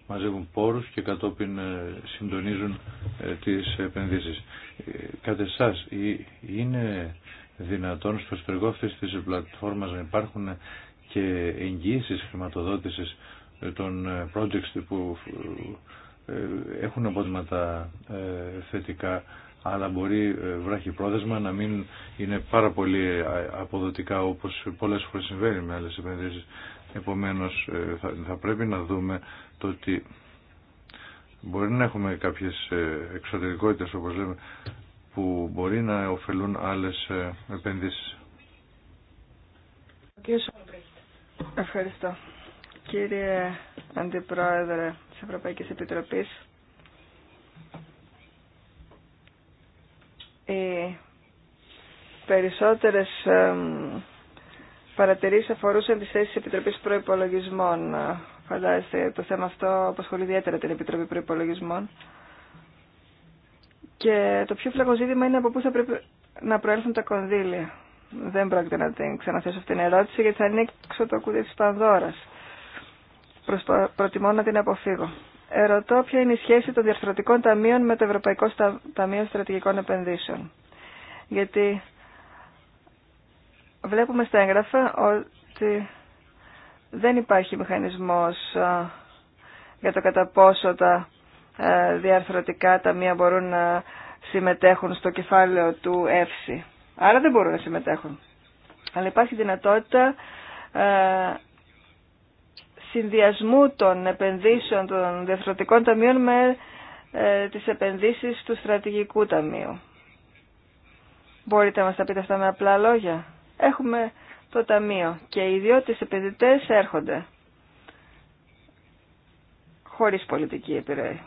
μαζεύουν πόρους και κατόπιν ε, συντονίζουν ε, τις επενδύσεις. Ε, κατ' εσάς, είναι δυνατόν στο εσωτερικό αυτής της πλατφόρμας να υπάρχουν και εγγυήσεις χρηματοδότησης των projects που έχουν απότματα θετικά αλλά μπορεί βράχει πρόθεσμα να μην είναι πάρα πολύ αποδοτικά όπως πολλές φορές συμβαίνει με άλλες επενδύσεις. Επομένως ε, θα, πρέπει να δούμε το ότι μπορεί να έχουμε κάποιες ε, εξωτερικότητες όπως λέμε που μπορεί να ωφελούν άλλες ε, επενδύσεις. Ευχαριστώ. Κύριε Αντιπρόεδρε της Ευρωπαϊκής Επιτροπής, οι περισσότερες παρατηρήσει αφορούσαν τι θέσει τη επιτροπή προπολογισμών. Φαντάζεστε, το θέμα αυτό απασχολεί ιδιαίτερα την Επιτροπή προπολογισμών. Και το πιο ζήτημα είναι από πού θα πρέπει να προέλθουν τα κονδύλια. Δεν πρόκειται να την ξαναθέσω αυτήν την ερώτηση γιατί θα ανοίξω το κούδι τη Πανδώρα. Προσπα... Προτιμώ να την αποφύγω. Ερωτώ ποια είναι η σχέση των διαρθρωτικών ταμείων με το Ευρωπαϊκό Ταμείο Στρατηγικών Επενδύσεων. Γιατί Βλέπουμε στα έγγραφα ότι δεν υπάρχει μηχανισμός ε, για το κατά πόσο τα ε, διαρθρωτικά ταμεία μπορούν να συμμετέχουν στο κεφάλαιο του ΕΦΣΥ. Άρα δεν μπορούν να συμμετέχουν. Αλλά υπάρχει δυνατότητα ε, συνδυασμού των επενδύσεων των διαρθρωτικών ταμείων με τις επενδύσεις του στρατηγικού ταμείου. Μπορείτε να μας τα πείτε αυτά με απλά λόγια έχουμε το ταμείο και οι ιδιώτες επενδυτές έρχονται χωρίς πολιτική επιρροή,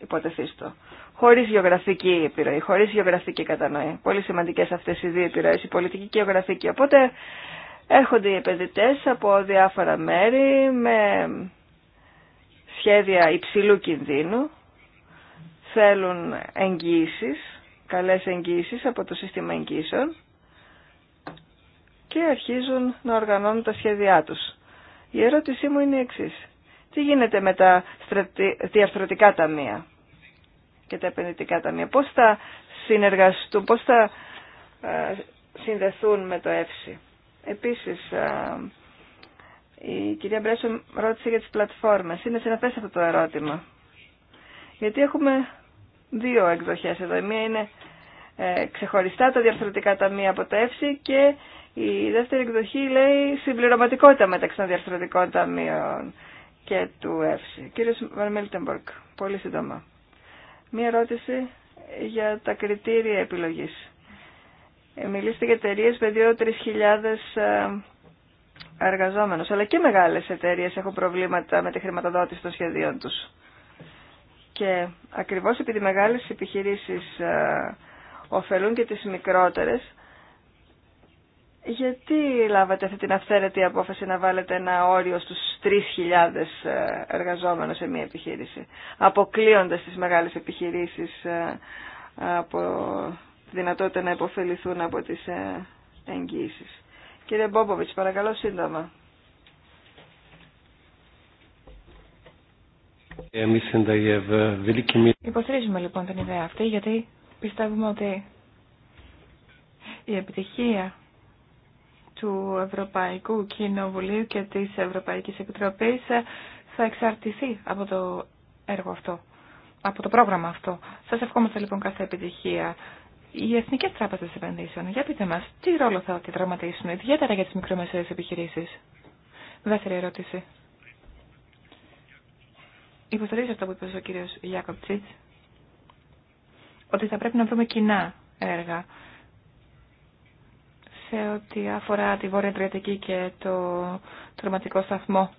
υποτεθήστο, χωρίς γεωγραφική επιρροή, χωρίς γεωγραφική κατανοή. Πολύ σημαντικές αυτές οι δύο επιρροές, η πολιτική και η γεωγραφική. Οπότε έρχονται οι επενδυτές από διάφορα μέρη με σχέδια υψηλού κινδύνου, θέλουν εγγύησεις, καλές εγγύησεις από το σύστημα εγγύσεων και αρχίζουν να οργανώνουν τα σχέδιά τους. Η ερώτησή μου είναι η εξή. Τι γίνεται με τα διαρθρωτικά ταμεία και τα επενδυτικά ταμεία. Πώς θα συνεργαστούν, πώς θα ε, συνδεθούν με το ΕΦΣΥ. Επίσης, ε, η κυρία Μπρέσο ρώτησε για τις πλατφόρμες. Είναι συναφές αυτό το ερώτημα. Γιατί έχουμε δύο εκδοχές εδώ. Η μία είναι ε, ξεχωριστά τα διαρθρωτικά ταμεία από το ΕΦΣΥ και η δεύτερη εκδοχή λέει συμπληρωματικότητα μεταξύ των διαρθρωτικών ταμείων και του ΕΦΣΥ. Κύριος Βαρμίλτεμπορκ, πολύ σύντομα. Μία ερώτηση για τα κριτήρια επιλογής. Ε, μιλήστε για εταιρείε με 2-3 ε, εργαζόμενους, αλλά και μεγάλες εταιρείε έχουν προβλήματα με τη χρηματοδότηση των σχεδίων τους. Και ακριβώς επειδή μεγάλες επιχειρήσεις ε, ωφελούν και τις μικρότερες, γιατί λάβατε αυτή την αυθαίρετη απόφαση να βάλετε ένα όριο στους 3.000 ε, εργαζόμενους σε μία επιχείρηση, αποκλείοντας τις μεγάλες επιχειρήσεις ε, από τη δυνατότητα να υποφεληθούν από τις ε, εγγύησεις. Κύριε Μπόμποβιτς, παρακαλώ σύντομα. Υποστηρίζουμε λοιπόν την ιδέα αυτή γιατί πιστεύουμε ότι η επιτυχία του Ευρωπαϊκού Κοινοβουλίου και της Ευρωπαϊκής Επιτροπής ε, θα εξαρτηθεί από το έργο αυτό, από το πρόγραμμα αυτό. Σας ευχόμαστε λοιπόν κάθε επιτυχία. Οι Εθνικέ Τράπεζε Επενδύσεων, για πείτε μα, τι ρόλο θα δραματίσουν ιδιαίτερα για τι μικρομεσαίε επιχειρήσει. Δεύτερη ερώτηση. Υποστηρίζω αυτό που είπε ο κύριο Γιάκοπτσιτ, ότι θα πρέπει να βρούμε κοινά έργα σε ό,τι αφορά τη Βόρεια Τριατική και το τροματικό σταθμό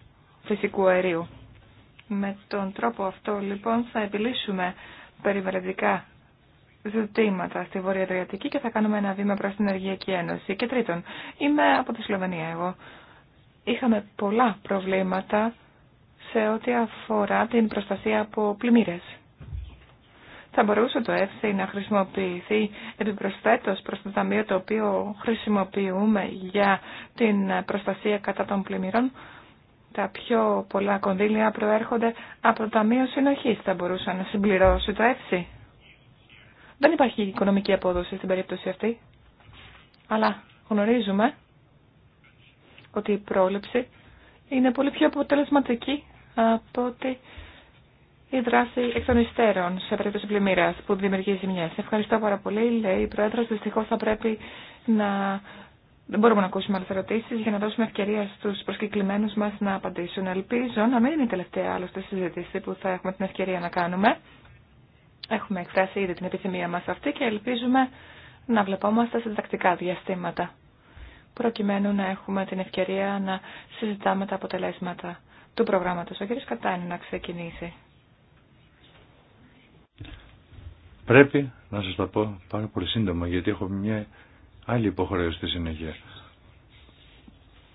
φυσικού αερίου. Με τον τρόπο αυτό λοιπόν θα επιλύσουμε περιβαλλοντικά ζητήματα στη Βόρεια Τριατική και θα κάνουμε ένα βήμα προς την Ενεργειακή Ένωση. Και τρίτον, είμαι από τη Σλοβενία εγώ. Είχαμε πολλά προβλήματα σε ό,τι αφορά την προστασία από πλημμύρες θα μπορούσε το ΕΦΣΙ να χρησιμοποιηθεί επιπροσθέτως προς το ταμείο το οποίο χρησιμοποιούμε για την προστασία κατά των πλημμυρών. Τα πιο πολλά κονδύλια προέρχονται από το Ταμείο Συνοχής. Θα μπορούσε να συμπληρώσει το ΕΦΣΙ. Δεν υπάρχει οικονομική απόδοση στην περίπτωση αυτή. Αλλά γνωρίζουμε ότι η πρόληψη είναι πολύ πιο αποτελεσματική από ότι η δράση εκ των υστέρων σε περίπτωση πλημμύρα που δημιουργεί ζημιέ. Ευχαριστώ πάρα πολύ, λέει η Πρόεδρο. Δυστυχώ θα πρέπει να. Δεν μπορούμε να ακούσουμε άλλε ερωτήσει για να δώσουμε ευκαιρία στου προσκεκλημένου μα να απαντήσουν. Ελπίζω να μην είναι η τελευταία άλλωστε συζήτηση που θα έχουμε την ευκαιρία να κάνουμε. Έχουμε εκφράσει ήδη την επιθυμία μα αυτή και ελπίζουμε να βλεπόμαστε σε τακτικά διαστήματα προκειμένου να έχουμε την ευκαιρία να συζητάμε τα αποτελέσματα του προγράμματος. Ο κ. Κατάνη να ξεκινήσει. Πρέπει να σας τα πω πάρα πολύ σύντομα γιατί έχω μια άλλη υποχρέωση στη συνέχεια.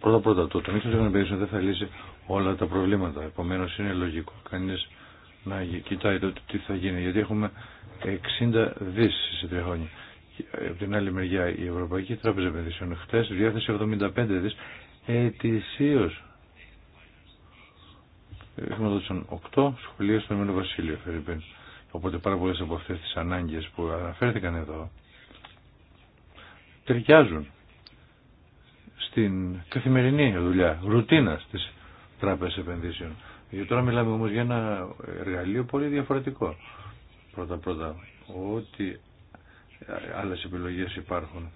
Πρώτα πρώτα το μήκος των επενδύσεων δεν θα λύσει όλα τα προβλήματα. Επομένως είναι λογικό κανείς να κοιτάει το τι θα γίνει. Γιατί έχουμε 60 δις σε τρία χρόνια. Ε, από την άλλη μεριά η Ευρωπαϊκή Τράπεζα Επενδύσεων χτες διάθεσε 75 δις ετησίως. Έχουμε 8 σχολεία στο Μέλλον Βασίλειο, Οπότε πάρα πολλέ από αυτές τις ανάγκες που αναφέρθηκαν εδώ ταιριάζουν στην καθημερινή δουλειά, ρουτίνα τη Τράπεζα επενδύσεων. Γιατί τώρα μιλάμε όμως για ένα εργαλείο πολύ διαφορετικό. Πρώτα-πρώτα, ότι άλλε επιλογέ υπάρχουν.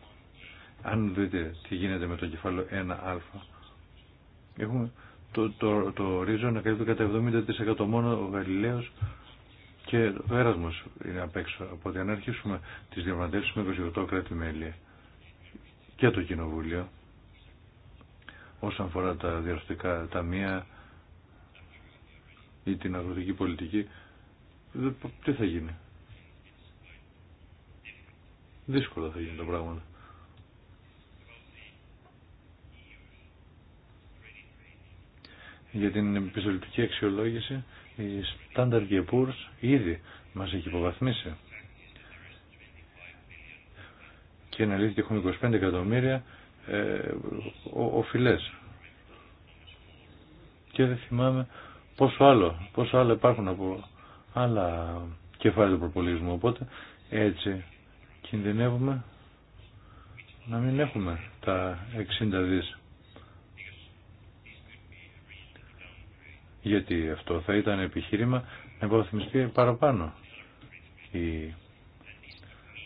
Αν δείτε τι γίνεται με το κεφάλαιο 1α, έχουμε το, το, το, το ρίζο να καλύπτει κατά 70% μόνο ο Γαλιλαίος και ο έρασμο είναι απ' έξω. Από αν αρχίσουμε τι διαπραγματεύσει με 28 κράτη-μέλη και το Κοινοβούλιο, όσον αφορά τα τα ταμεία ή την αγροτική πολιτική, τι θα γίνει. Δύσκολα θα γίνει το πράγματα. Για την επιστολική αξιολόγηση η Standard Poor's ήδη μας έχει υποβαθμίσει. Και είναι αλήθεια έχουμε 25 εκατομμύρια ε, ο, οφειλές. Και δεν θυμάμαι πόσο άλλο, πόσο άλλο υπάρχουν από άλλα κεφάλαια του προπολισμού. Οπότε έτσι κινδυνεύουμε να μην έχουμε τα 60 δις γιατί αυτό θα ήταν επιχείρημα να υποθυμιστεί παραπάνω η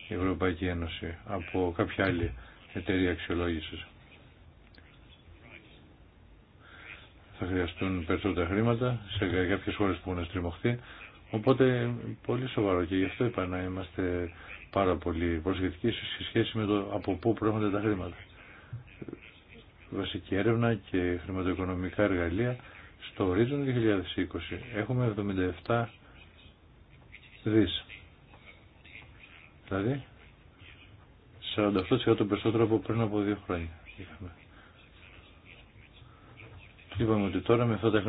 Ευρωπαϊκή Ένωση από κάποια άλλη εταιρεία αξιολόγησης. Θα χρειαστούν περισσότερα χρήματα σε κάποιες χώρες που έχουν στριμωχθεί, οπότε πολύ σοβαρό και γι' αυτό είπα να είμαστε πάρα πολύ προσεκτικοί σε σχέση με το από πού προέρχονται τα χρήματα. Βασική έρευνα και χρηματοοικονομικά εργαλεία στο ορίζον 2020 έχουμε 77 δις. Δηλαδή 48% περισσότερο από πριν από δύο χρόνια είχαμε. Είπαμε ότι τώρα με αυτά τα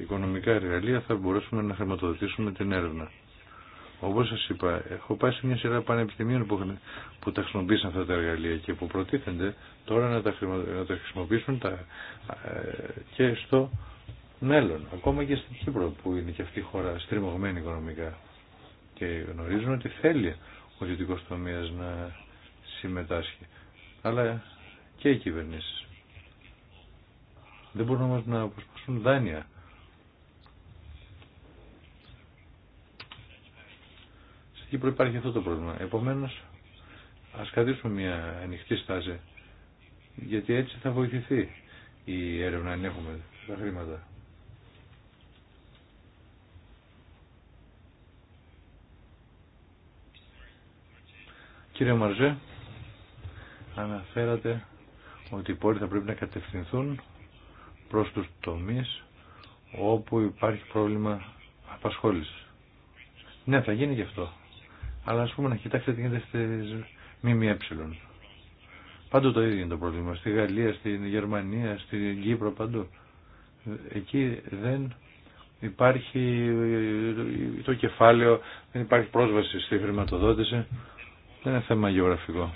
οικονομικά εργαλεία θα μπορέσουμε να χρηματοδοτήσουμε την έρευνα. Όπως σας είπα, έχω πάει σε μια σειρά πανεπιστημίων που, που τα χρησιμοποίησαν αυτά τα εργαλεία και που προτίθενται τώρα να τα, χρησιμοποιήσουν τα, ε, και στο μέλλον, ακόμα και στην Κύπρο που είναι και αυτή η χώρα στριμωγμένη οικονομικά και γνωρίζουν ότι θέλει ο ιδιωτικό τομέα να συμμετάσχει, αλλά και οι κυβερνήσει. Δεν μπορούν όμω να προσπαθούν δάνεια. Στην Κύπρο υπάρχει αυτό το πρόβλημα. Επομένω, α κρατήσουμε μια ανοιχτή στάση, γιατί έτσι θα βοηθηθεί η έρευνα αν έχουμε τα χρήματα. Κύριε Μαρζέ, αναφέρατε ότι οι πόροι θα πρέπει να κατευθυνθούν προς τους τομείς όπου υπάρχει πρόβλημα απασχόλησης. Ναι, θα γίνει και αυτό. Αλλά ας πούμε να κοιτάξετε τι γίνεται στις ΜΜΕ. Πάντοτε το ίδιο είναι το πρόβλημα. Στη Γαλλία, στην Γερμανία, στην Κύπρο, παντού. Εκεί δεν υπάρχει το κεφάλαιο, δεν υπάρχει πρόσβαση στη χρηματοδότηση. Δεν είναι θέμα γεωγραφικό.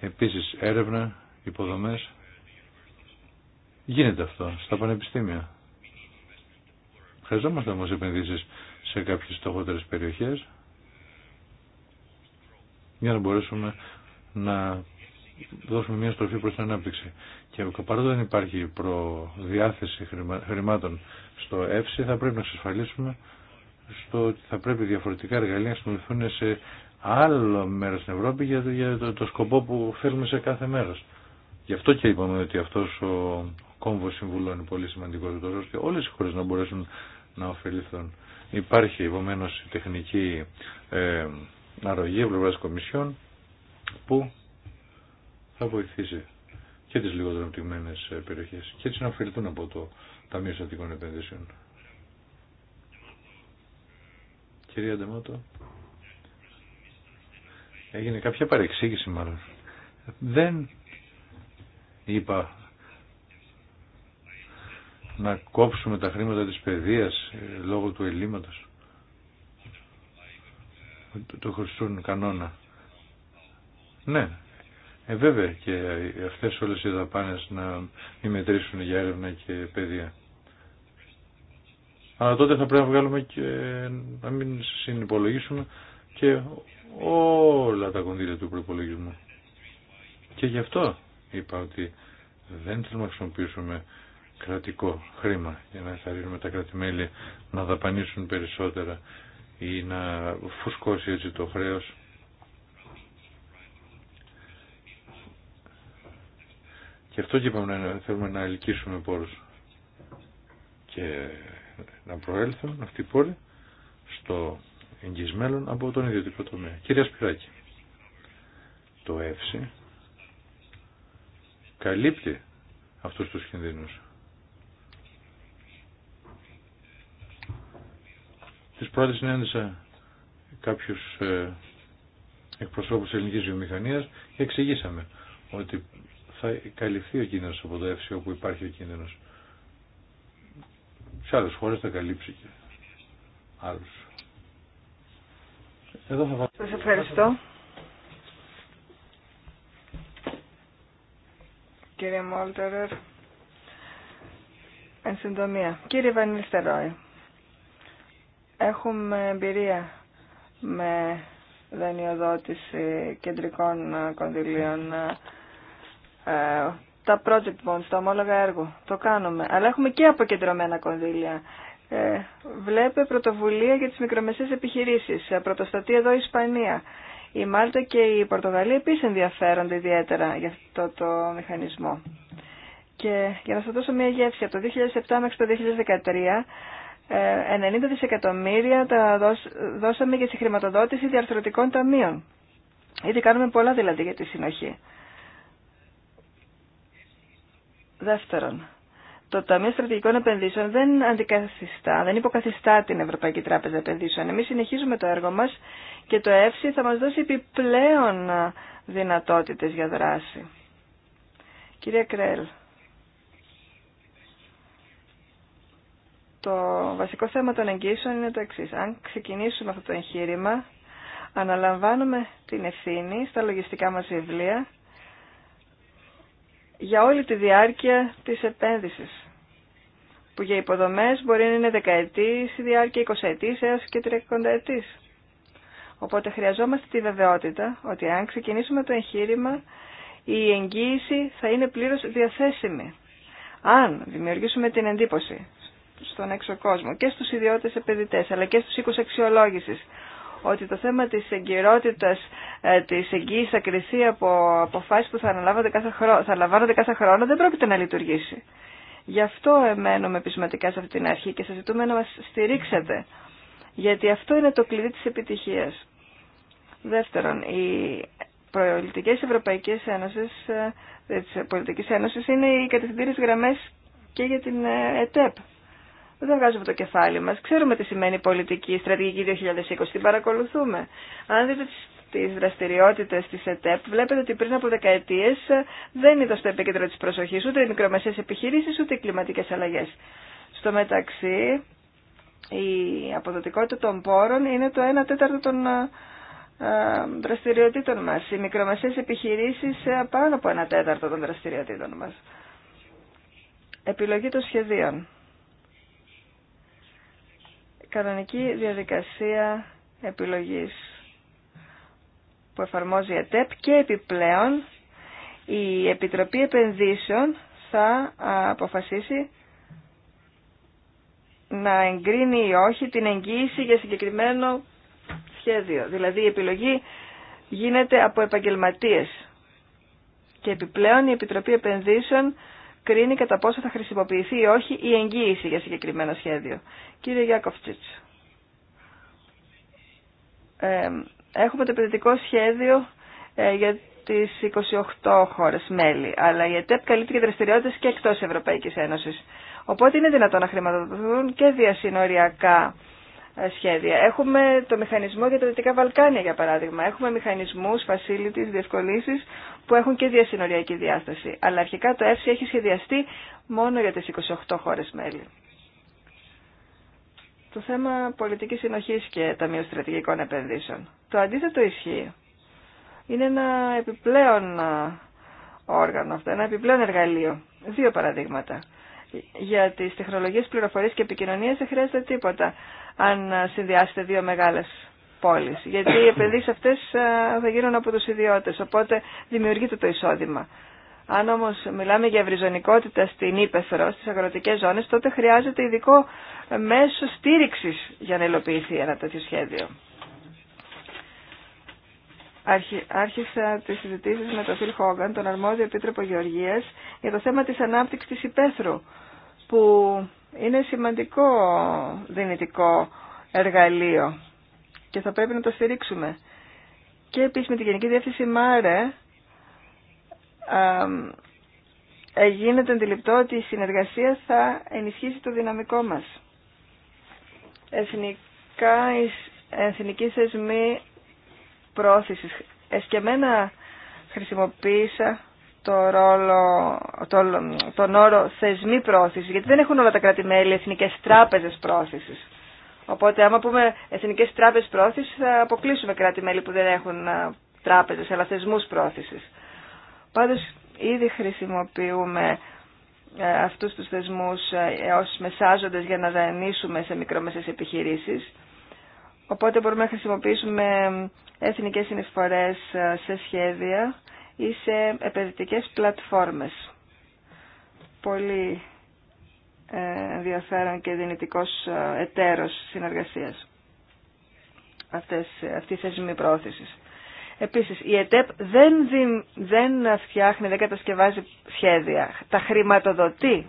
Επίσης έρευνα, υποδομές. Γίνεται αυτό στα πανεπιστήμια. Χρειαζόμαστε όμως επενδύσεις σε κάποιες στοχότερες περιοχές για να μπορέσουμε να δώσουμε μια στροφή προς την ανάπτυξη. Και παρά δεν υπάρχει προδιάθεση χρημάτων στο ΕΦΣΙ, θα πρέπει να εξασφαλίσουμε στο ότι θα πρέπει διαφορετικά εργαλεία να χρησιμοποιηθούν σε άλλο μέρος στην Ευρώπη για, για το, σκοπό που θέλουμε σε κάθε μέρος. Γι' αυτό και είπαμε ότι αυτός ο κόμβος συμβουλών είναι πολύ σημαντικός, ρόλο και όλες οι χώρες να μπορέσουν να ωφεληθούν. Υπάρχει επομένω η τεχνική ε, αρρωγή ευρωπαϊκής κομισιών που θα βοηθήσει και τις λιγότερο αναπτυγμένες ε, περιοχές και έτσι να ωφεληθούν από το Ταμείο Στατικών Επενδύσεων. Κυρία Ντεμάτο. Έγινε κάποια παρεξήγηση μάλλον. Δεν είπα να κόψουμε τα χρήματα της παιδείας ε, λόγω του ελλείμματος. Το χρηστούν κανόνα. Ναι, ε, βέβαια και αυτές όλες οι δαπάνες να μην μετρήσουν για έρευνα και παιδεία. Αλλά τότε θα πρέπει να βγάλουμε και να μην συνυπολογίσουμε και όλα τα κονδύλια του προπολογισμού. Και γι' αυτό είπα ότι δεν θέλουμε να χρησιμοποιήσουμε κρατικό χρήμα για να εθαρρύνουμε τα κρατημέλη να δαπανίσουν περισσότερα ή να φουσκώσει έτσι το χρέος. Και αυτό και είπαμε να θέλουμε να ελκύσουμε πόρους και να προέλθουν αυτοί οι πόροι στο εγγυσμένων από τον ιδιωτικό τομέα. Κυρία Σπυράκη, το ΕΦΣΙ καλύπτει αυτούς τους κινδύνους. Τις πρώτες συνέντησα κάποιους ε, εκπροσώπους της ελληνικής βιομηχανίας και εξηγήσαμε ότι θα καλυφθεί ο κίνδυνος από το ΕΦΣΙ όπου υπάρχει ο κίνδυνος. Σε άλλες χώρες θα καλύψει και άλλους. Εδώ θα... Σας ευχαριστώ. Κύριε Μόλτερερ, εν συντομία. Κύριε Βανίλστερόι, έχουμε εμπειρία με δανειοδότηση κεντρικών κονδυλίων ε, τα project bonds, τα ομόλογα έργου. Το κάνουμε. Αλλά έχουμε και αποκεντρωμένα κονδύλια ε, βλέπε πρωτοβουλία για τις μικρομεσαίες επιχειρήσεις. Ε, πρωτοστατεί εδώ η Ισπανία. Η Μάλτα και η Πορτογαλία επίσης ενδιαφέρονται ιδιαίτερα για αυτό το μηχανισμό. Και για να σας δώσω μια γεύση, από το 2007 μέχρι το 2013 90 ε, δισεκατομμύρια τα δώσαμε για τη χρηματοδότηση διαρθρωτικών ταμείων. Ήδη κάνουμε πολλά δηλαδή για τη συνοχή. Δεύτερον, το Ταμείο Στρατηγικών Επενδύσεων δεν αντικαθιστά, δεν υποκαθιστά την Ευρωπαϊκή Τράπεζα Επενδύσεων. Εμείς συνεχίζουμε το έργο μας και το ΕΦΣΙ θα μας δώσει επιπλέον δυνατότητες για δράση. Κυρία Κρέλ, το βασικό θέμα των εγγύσεων είναι το εξής. Αν ξεκινήσουμε αυτό το εγχείρημα, αναλαμβάνουμε την ευθύνη στα λογιστικά μας βιβλία για όλη τη διάρκεια της επένδυσης που για υποδομές μπορεί να είναι δεκαετή η διάρκεια 20 ετής έως και 30 ετής. Οπότε χρειαζόμαστε τη βεβαιότητα ότι αν ξεκινήσουμε το εγχείρημα η εγγύηση θα είναι πλήρως διαθέσιμη. Αν δημιουργήσουμε την εντύπωση στον έξω κόσμο και στους ιδιώτες επενδυτές αλλά και στους οίκους αξιολόγησης ότι το θέμα της εγκυρότητας ε, της εγγύης θα κρυθεί από αποφάσεις που θα, κάθε χρόνο, θα λαμβάνονται κάθε χρόνο δεν πρόκειται να λειτουργήσει. Γι' αυτό εμένουμε πεισματικά σε αυτή την αρχή και σας ζητούμε να μας στηρίξετε. Γιατί αυτό είναι το κλειδί της επιτυχίας. Δεύτερον, οι πολιτικές ευρωπαϊκές Ένωσες, ε, της Πολιτικής Ένωσης είναι οι κατευθυντήριες γραμμές και για την ε, ΕΤΕΠ. Δεν βγάζουμε το κεφάλι μας. Ξέρουμε τι σημαίνει η πολιτική, στρατηγική 2020, την παρακολουθούμε. Αν δείτε τις τις δραστηριότητες της ΕΤΕΠ, βλέπετε ότι πριν από δεκαετίες δεν ήταν στο επίκεντρο της προσοχής ούτε οι μικρομεσαίες επιχειρήσεις ούτε οι κλιματικές αλλαγές. Στο μεταξύ, η αποδοτικότητα των πόρων είναι το 1 τέταρτο των ε, δραστηριοτήτων μας. Οι μικρομεσαίες επιχειρήσεις ε, πάνω από 1 τέταρτο των δραστηριοτήτων μας. Επιλογή των σχεδίων. Κανονική διαδικασία επιλογής που εφαρμόζει η ΕΤΕΠ και επιπλέον η Επιτροπή Επενδύσεων θα αποφασίσει να εγκρίνει ή όχι την εγγύηση για συγκεκριμένο σχέδιο. Δηλαδή η επιλογή γίνεται από επαγγελματίες και επιπλέον η Επιτροπή Επενδύσεων κρίνει κατά πόσο θα χρησιμοποιηθεί ή όχι η εγγύηση για συγκεκριμένο σχέδιο. Κύριε Γιάκοφτσιτς, ε, Έχουμε το επενδυτικό σχέδιο ε, για τις 28 χώρε μέλη, αλλά η ΕΤΕΠ καλύπτει και δραστηριότητες και εκτός Ευρωπαϊκής Ένωσης. Οπότε είναι δυνατόν να χρηματοδοτούν και διασυνοριακά ε, σχέδια. Έχουμε το μηχανισμό για τα Δυτικά Βαλκάνια, για παράδειγμα. Έχουμε μηχανισμούς, facilities, διευκολύνσεις που έχουν και διασυνοριακή διάσταση. Αλλά αρχικά το ΕΦΣΙ έχει σχεδιαστεί μόνο για τι 28 χώρε μέλη. Το θέμα πολιτικής συνοχής και Ταμείου Στρατηγικών Επενδύσεων. Το αντίθετο ισχύει. Είναι ένα επιπλέον όργανο αυτό, ένα επιπλέον εργαλείο. Δύο παραδείγματα. Για τι τεχνολογίες πληροφορίας και επικοινωνίας δεν χρειάζεται τίποτα αν συνδυάσετε δύο μεγάλες πόλεις. Γιατί οι επενδύσει αυτές θα γίνουν από του ιδιώτες, οπότε δημιουργείται το εισόδημα. Αν όμω μιλάμε για ευρυζωνικότητα στην Ήπεθρο, στι αγροτικέ ζώνε, τότε χρειάζεται ειδικό μέσο στήριξη για να υλοποιηθεί ένα τέτοιο σχέδιο. Άρχισα τι συζητήσει με τον Φιλ Χόγκαν, τον αρμόδιο επίτροπο Γεωργία, για το θέμα τη ανάπτυξη τη Ήπεθρου, που είναι σημαντικό δυνητικό εργαλείο και θα πρέπει να το στηρίξουμε. Και επίση με την Γενική Διεύθυνση ΜΑΡΕ ε, γίνεται αντιληπτό ότι η συνεργασία θα ενισχύσει το δυναμικό μας. Εθνικά, εθνικοί θεσμοί πρόθεσης. Εσκεμένα χρησιμοποίησα το ρόλο, το, τον όρο θεσμοί πρόθεσης, γιατί δεν έχουν όλα τα κράτη-μέλη εθνικές τράπεζες πρόθεσης. Οπότε άμα πούμε εθνικές τράπεζες πρόθεσης θα αποκλείσουμε κράτη-μέλη που δεν έχουν τράπεζες, αλλά θεσμούς πρόθεσης. Πάντως ήδη χρησιμοποιούμε ε, αυτούς τους θεσμούς ε, ως μεσάζοντες για να δανείσουμε σε μικρομεσαίες επιχειρήσεις. Οπότε μπορούμε να χρησιμοποιήσουμε εθνικές συνεισφορές ε, σε σχέδια ή σε επενδυτικές πλατφόρμες. Πολύ ενδιαφέρον και δυνητικός εταίρος συνεργασίας αυτές, αυτή η θεσμή πρόθεσης. Επίσης, η ΕΤΕΠ δεν, δεν φτιάχνει, δεν κατασκευάζει σχέδια. Τα χρηματοδοτεί.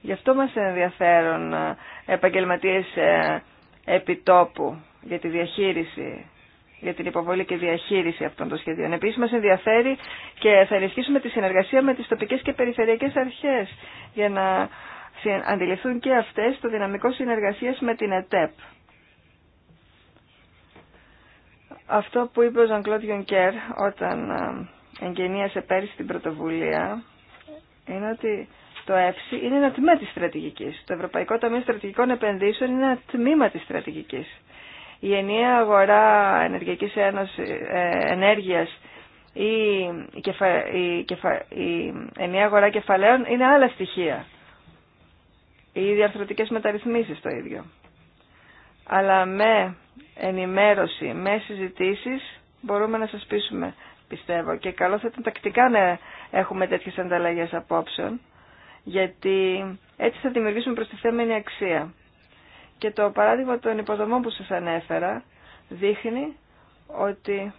Γι' αυτό μας ενδιαφέρουν ε, επαγγελματίες ε, επιτόπου για τη διαχείριση για την υποβολή και διαχείριση αυτών των σχεδίων. Επίσης μας ενδιαφέρει και θα ενισχύσουμε τη συνεργασία με τις τοπικές και περιφερειακές αρχές για να αντιληφθούν και αυτές το δυναμικό συνεργασίας με την ΕΤΕΠ. Αυτό που είπε ο Ζανκλώτ Γιονκέρ όταν ε, εγγενίασε πέρυσι την πρωτοβουλία είναι ότι το ΕΦΣΙ είναι ένα τμήμα της στρατηγικής. Το Ευρωπαϊκό Ταμείο Στρατηγικών Επενδύσεων είναι ένα τμήμα της στρατηγικής. Η ενιαία αγορά ενεργειακής ένωσης, ε, ενέργειας ή η, η, η ενιαία αγορά κεφαλαίων είναι άλλα στοιχεία. Οι διαρθρωτικές μεταρρυθμίσεις το ίδιο. Αλλά με ενημέρωση, με συζητήσει μπορούμε να σας πείσουμε, πιστεύω. Και καλό θα ήταν τακτικά να έχουμε τέτοιες ανταλλαγές απόψεων, γιατί έτσι θα δημιουργήσουμε προστιθέμενη αξία. Και το παράδειγμα των υποδομών που σας ανέφερα δείχνει ότι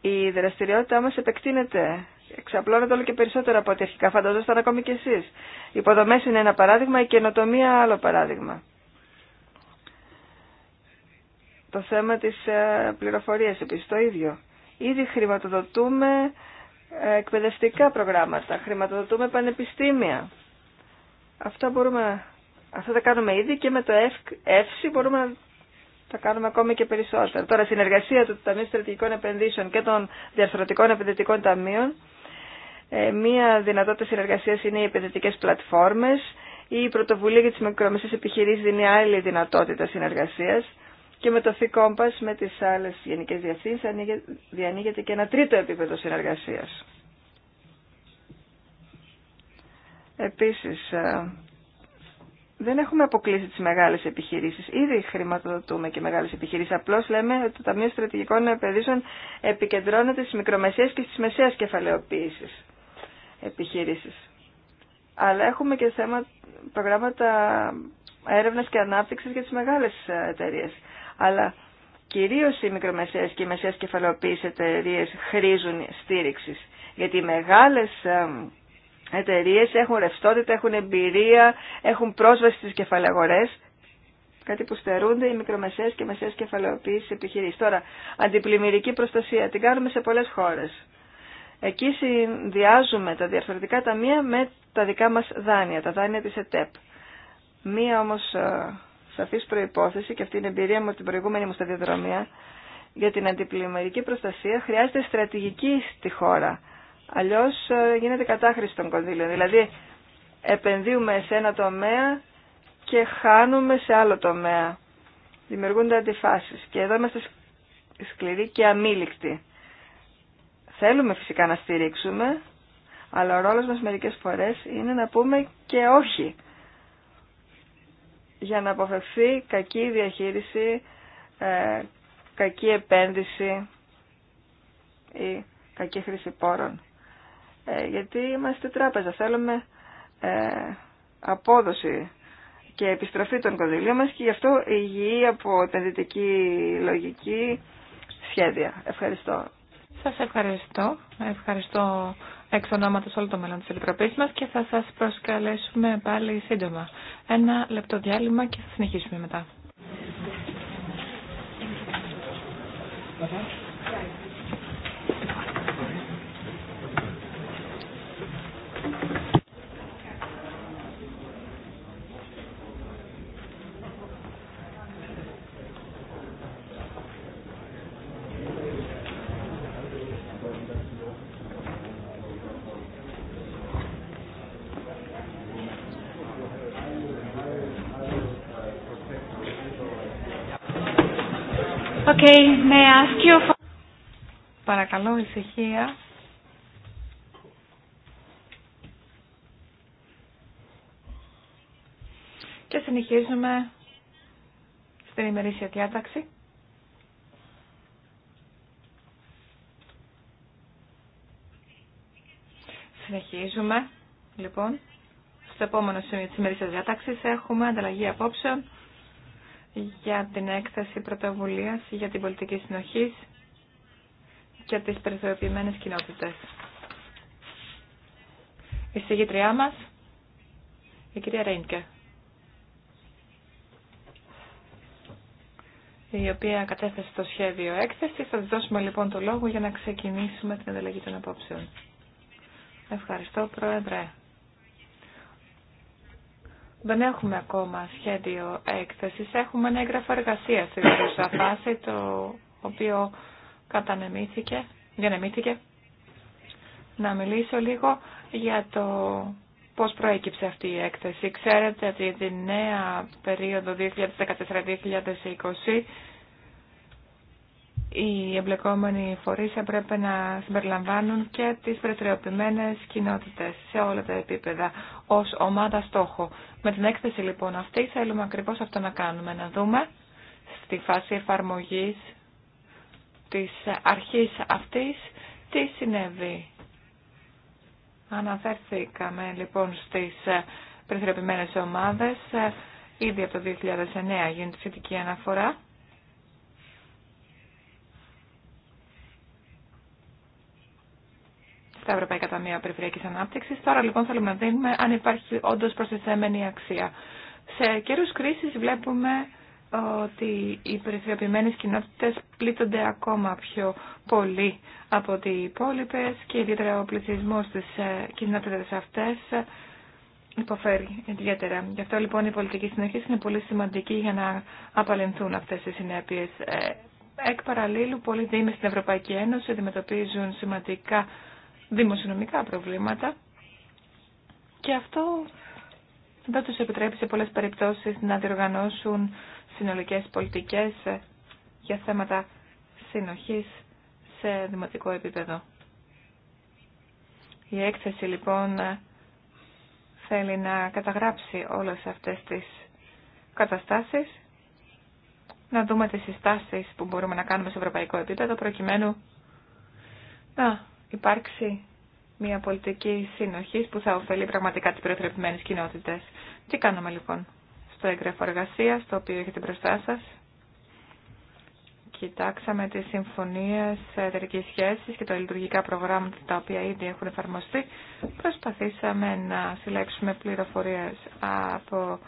η δραστηριότητά μας επεκτείνεται εξαπλώνεται όλο και περισσότερο από ό,τι αρχικά φανταζόσασταν ακόμη κι εσείς. υποδομές είναι ένα παράδειγμα, η καινοτομία άλλο παράδειγμα. Το θέμα της ε, πληροφορίας επίσης το ίδιο. Ήδη χρηματοδοτούμε ε, εκπαιδευτικά προγράμματα, χρηματοδοτούμε πανεπιστήμια. Αυτά, μπορούμε, αυτά τα κάνουμε ήδη και με το ΕΦΣΥ μπορούμε να τα κάνουμε ακόμη και περισσότερα. Τώρα, συνεργασία του Ταμείου Στρατηγικών Επενδύσεων και των Διαρθρωτικών Επενδυτικών Ταμείων. Ε, μία δυνατότητα συνεργασία είναι οι επενδυτικέ πλατφόρμες. Η πρωτοβουλία για τι μικρομεσαίε επιχειρήσει δίνει άλλη δυνατότητα συνεργασία. Και με το Compass, με τι άλλε γενικέ διευθύνσει, διανοίγεται και ένα τρίτο επίπεδο συνεργασία. Επίση, ε, δεν έχουμε αποκλείσει τι μεγάλε επιχείρησει. Ήδη χρηματοδοτούμε και μεγάλε επιχειρήσει. Απλώ λέμε ότι το Ταμείο Στρατηγικών Επενδύσεων επικεντρώνεται στι μικρομεσαίε και στι μεσαίε κεφαλαιοποίησει επιχειρήσει. Αλλά έχουμε και θέμα, προγράμματα έρευνα και ανάπτυξη για τι μεγάλε εταιρείε αλλά κυρίως οι μικρομεσαίες και οι μεσαίες κεφαλαιοποίησεις εταιρείε χρήζουν στήριξη. Γιατί οι μεγάλες εταιρείε έχουν ρευστότητα, έχουν εμπειρία, έχουν πρόσβαση στις κεφαλαγορές, κάτι που στερούνται οι μικρομεσαίες και μεσαίες κεφαλαιοποιήσει επιχειρήσεις. Τώρα, αντιπλημμυρική προστασία, την κάνουμε σε πολλές χώρες. Εκεί συνδυάζουμε τα διαφορετικά ταμεία με τα δικά μας δάνεια, τα δάνεια της ΕΤΕΠ. Μία όμως ε, σαφής προϋπόθεση, και αυτή είναι η εμπειρία μου από την προηγούμενη μου σταδιοδρομία, για την αντιπλημμυρική προστασία χρειάζεται στρατηγική στη χώρα. Αλλιώς ε, γίνεται κατάχρηση των κονδύλων. Δηλαδή επενδύουμε σε ένα τομέα και χάνουμε σε άλλο τομέα. Δημιουργούνται αντιφάσεις. Και εδώ είμαστε σκληροί και αμήλικτοι. Θέλουμε φυσικά να στηρίξουμε, αλλά ο ρόλος μας μερικές φορές είναι να πούμε και όχι για να αποφευθεί κακή διαχείριση, ε, κακή επένδυση ή κακή χρήση πόρων. Ε, γιατί είμαστε τράπεζα, θέλουμε ε, απόδοση και επιστροφή των κονδυλίων μας και γι' αυτό υγιή από επενδυτική λογική σχέδια. Ευχαριστώ. Σας ευχαριστώ. Ευχαριστώ εξ ονόματος όλων των μελών της Επιτροπής μας και θα σας προσκαλέσουμε πάλι σύντομα. Ένα λεπτό διάλειμμα και θα συνεχίσουμε μετά. Παρακαλώ, ησυχία. Και συνεχίζουμε στην ημερήσια διάταξη. Συνεχίζουμε, λοιπόν. Στο επόμενο σημείο της ημερήσιας διάταξης έχουμε ανταλλαγή απόψεων για την έκθεση πρωτοβουλίας για την πολιτική συνοχή και τις περιθωριοποιημένες κοινότητες. Η συγγήτριά μας, η κυρία Ρέινκε, η οποία κατέθεσε το σχέδιο έκθεση. Θα δώσουμε λοιπόν το λόγο για να ξεκινήσουμε την ανταλλαγή των απόψεων. Ευχαριστώ, Πρόεδρε. Δεν έχουμε ακόμα σχέδιο έκθεσης, έχουμε ένα έγγραφο εργασία στη δημιουργούσα το οποίο κατανεμήθηκε, διανεμήθηκε. Να μιλήσω λίγο για το πώς προέκυψε αυτή η έκθεση. Ξέρετε ότι τη νέα περίοδο 2014-2020 οι εμπλεκόμενοι φορείς θα πρέπει να συμπεριλαμβάνουν και τις προτεραιοποιημένες κοινότητες σε όλα τα επίπεδα ως ομάδα στόχο. Με την έκθεση λοιπόν αυτή θέλουμε ακριβώς αυτό να κάνουμε, να δούμε στη φάση εφαρμογής της αρχής αυτής τι συνέβη. Αναφέρθηκαμε λοιπόν στις προτεραιοποιημένες ομάδες, ήδη από το 2009 γίνεται σχετική αναφορά. τα Ευρωπαϊκά Ταμεία Περιφερειακής Ανάπτυξης. Τώρα λοιπόν θέλουμε να δίνουμε αν υπάρχει όντως προστιθέμενη αξία. Σε καιρούς κρίσης βλέπουμε ε, ότι οι περιθωριοποιημένες κοινότητες πλήττονται ακόμα πιο πολύ από ότι οι υπόλοιπε και ιδιαίτερα ο πληθυσμό στις ε, κοινότητες αυτές ε, υποφέρει ιδιαίτερα. Γι' αυτό λοιπόν η πολιτική συνοχή είναι πολύ σημαντική για να απαλληλθούν αυτές οι συνέπειες. Εκ παραλλήλου, πολλοί δήμοι στην Ευρωπαϊκή Ένωση αντιμετωπίζουν σημαντικά δημοσιονομικά προβλήματα και αυτό δεν τους επιτρέπει σε πολλές περιπτώσεις να διοργανώσουν συνολικές πολιτικές για θέματα συνοχής σε δημοτικό επίπεδο. Η έκθεση λοιπόν θέλει να καταγράψει όλες αυτές τις καταστάσεις, να δούμε τις συστάσεις που μπορούμε να κάνουμε σε ευρωπαϊκό επίπεδο προκειμένου να υπάρξει μια πολιτική συνοχή που θα ωφελεί πραγματικά τι προεθρεπημένε κοινότητε. Τι κάνουμε λοιπόν στο έγγραφο εργασία, το οποίο έχετε μπροστά σα. Κοιτάξαμε τι συμφωνίε εταιρική σχέση και τα λειτουργικά προγράμματα τα οποία ήδη έχουν εφαρμοστεί. Προσπαθήσαμε να συλλέξουμε πληροφορίε από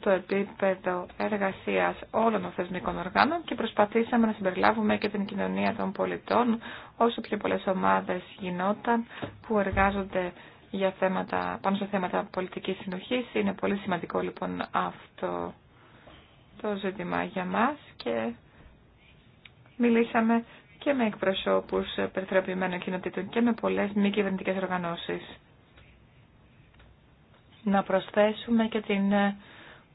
το επίπεδο εργασίας όλων των θεσμικών οργάνων και προσπαθήσαμε να συμπεριλάβουμε και την κοινωνία των πολιτών όσο πιο πολλές ομάδες γινόταν που εργάζονται για θέματα, πάνω σε θέματα πολιτικής συνοχής. Είναι πολύ σημαντικό λοιπόν αυτό το ζήτημα για μας και μιλήσαμε και με εκπροσώπους περιθωριοποιημένων κοινοτήτων και με πολλές μη κυβερνητικές οργανώσεις. Να προσθέσουμε και την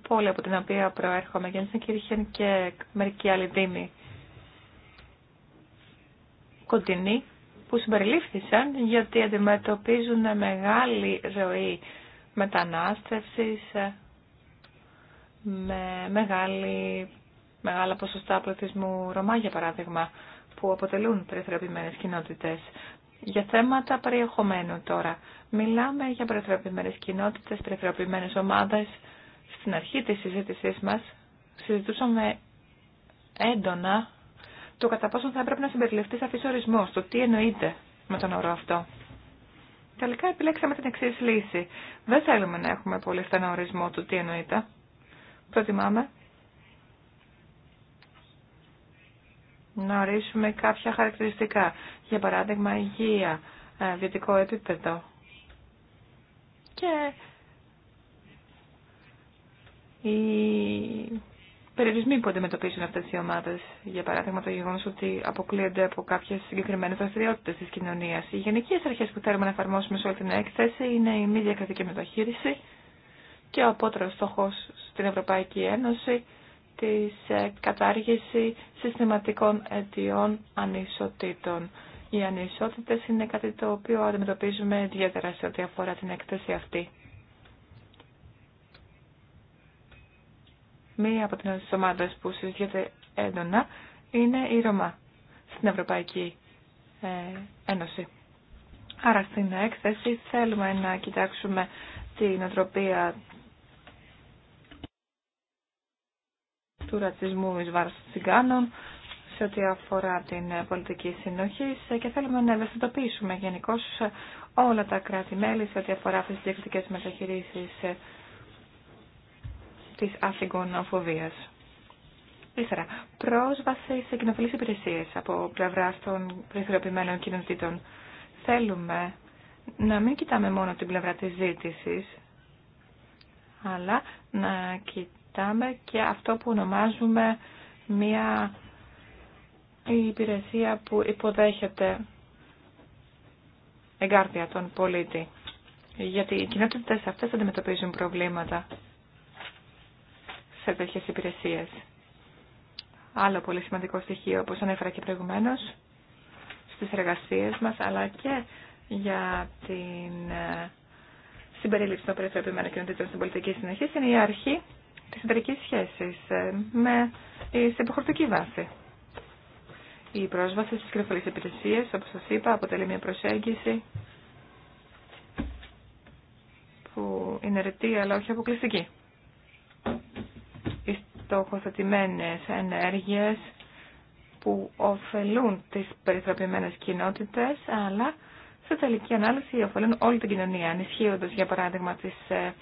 πόλη από την οποία προέρχομαι, Γέννησεν Κυρίχεν και μερικοί άλλοι δήμοι κοντινοί που συμπεριλήφθησαν γιατί αντιμετωπίζουν μεγάλη ροή μετανάστευσης ε, με μεγάλη, μεγάλα ποσοστά πληθυσμού Ρωμά για παράδειγμα που αποτελούν περιθωριοποιημένες κοινότητες. Για θέματα περιεχομένου τώρα. Μιλάμε για περιθωριοποιημένες κοινότητες, περιθωριοποιημένες ομάδες στην αρχή της συζήτησής μας συζητούσαμε έντονα το κατά πόσο θα έπρεπε να συμπεριληφθεί σαφής ορισμός, το τι εννοείται με τον όρο αυτό. Τελικά επιλέξαμε την εξή λύση. Δεν θέλουμε να έχουμε πολύ στενό ορισμό του τι εννοείται. Προτιμάμε να ορίσουμε κάποια χαρακτηριστικά. Για παράδειγμα, υγεία, ε, βιωτικό επίπεδο. Και οι περιορισμοί που αντιμετωπίζουν αυτέ οι ομάδε. Για παράδειγμα, το γεγονό ότι αποκλείονται από κάποιε συγκεκριμένε δραστηριότητε τη κοινωνία. Οι γενικέ αρχέ που θέλουμε να εφαρμόσουμε σε όλη την έκθεση είναι η μη διακρατική μεταχείριση και ο απότερο στόχο στην Ευρωπαϊκή Ένωση τη ε, κατάργηση συστηματικών αιτιών ανισοτήτων. Οι ανισότητε είναι κάτι το οποίο αντιμετωπίζουμε ιδιαίτερα σε ό,τι αφορά την έκθεση αυτή. Μία από τις ομάδες που συζητιέται έντονα είναι η Ρωμά στην Ευρωπαϊκή ε, Ένωση. Άρα στην έκθεση θέλουμε να κοιτάξουμε την οτροπία του ρατσισμού εις βάρος τσιγκάνων σε ό,τι αφορά την πολιτική συνοχή και θέλουμε να ευαισθητοποιήσουμε γενικώ όλα τα κράτη-μέλη σε ό,τι αφορά αυτές τις διεκτικές μεταχειρήσεις ε, της αφιγκονοφοβίας. Ύστερα, πρόσβαση σε κοινοφιλείς υπηρεσίες από πλευρά των πληθυροποιημένων κοινωνιτήτων. Θέλουμε να μην κοιτάμε μόνο την πλευρά της ζήτησης, αλλά να κοιτάμε και αυτό που ονομάζουμε μια υπηρεσία που υποδέχεται εγκάρδια τον πολίτη. Γιατί οι κοινότητες αυτές αντιμετωπίζουν προβλήματα σε τέτοιε υπηρεσίες. Άλλο πολύ σημαντικό στοιχείο, όπω ανέφερα και προηγουμένω στις εργασίε μας, αλλά και για την ε, συμπερίληψη των περιφερειών επιμενοκοινωτήτων στην πολιτική συνεχή, είναι η αρχή της εταιρική σχέσης ε, με, ε, σε υποχρεωτική βάση. Η πρόσβαση στι κρυφολείς υπηρεσίες, όπως σα είπα, αποτελεί μια προσέγγιση που είναι ρετή αλλά όχι αποκλειστική στοχοθετημένες ενέργειες που ωφελούν τις περιθωριοποιημένες κοινότητες, αλλά σε τελική ανάλυση ωφελούν όλη την κοινωνία, ανισχύοντας για παράδειγμα τις ε,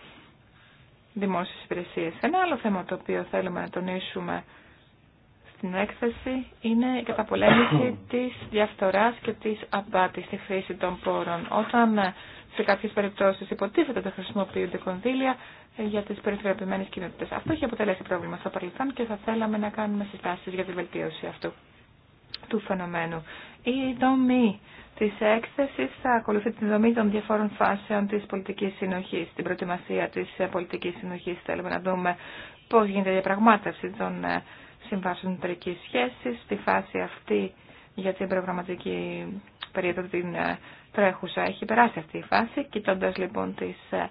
δημόσιες υπηρεσίες. Ένα άλλο θέμα το οποίο θέλουμε να τονίσουμε στην έκθεση είναι η καταπολέμηση της διαφθοράς και της απάτης στη χρήση των πόρων. Όταν ε, σε κάποιες περιπτώσεις υποτίθεται ότι χρησιμοποιούνται κονδύλια ε, για τις περιθωριοποιημένες κοινότητες. Αυτό έχει αποτελέσει πρόβλημα στο παρελθόν και θα θέλαμε να κάνουμε συστάσεις για τη βελτίωση αυτού του φαινομένου. Η δομή της έκθεσης θα ακολουθεί την δομή των διαφόρων φάσεων της πολιτικής συνοχής. Την προετοιμασία της ε, πολιτικής συνοχής θέλουμε να δούμε πώς γίνεται η διαπραγμάτευση των συμβάσεων εταιρική σχέση. Στη φάση αυτή για την προγραμματική περίοδο την ε, τρέχουσα έχει περάσει αυτή η φάση. Κοιτώντα λοιπόν τι ε,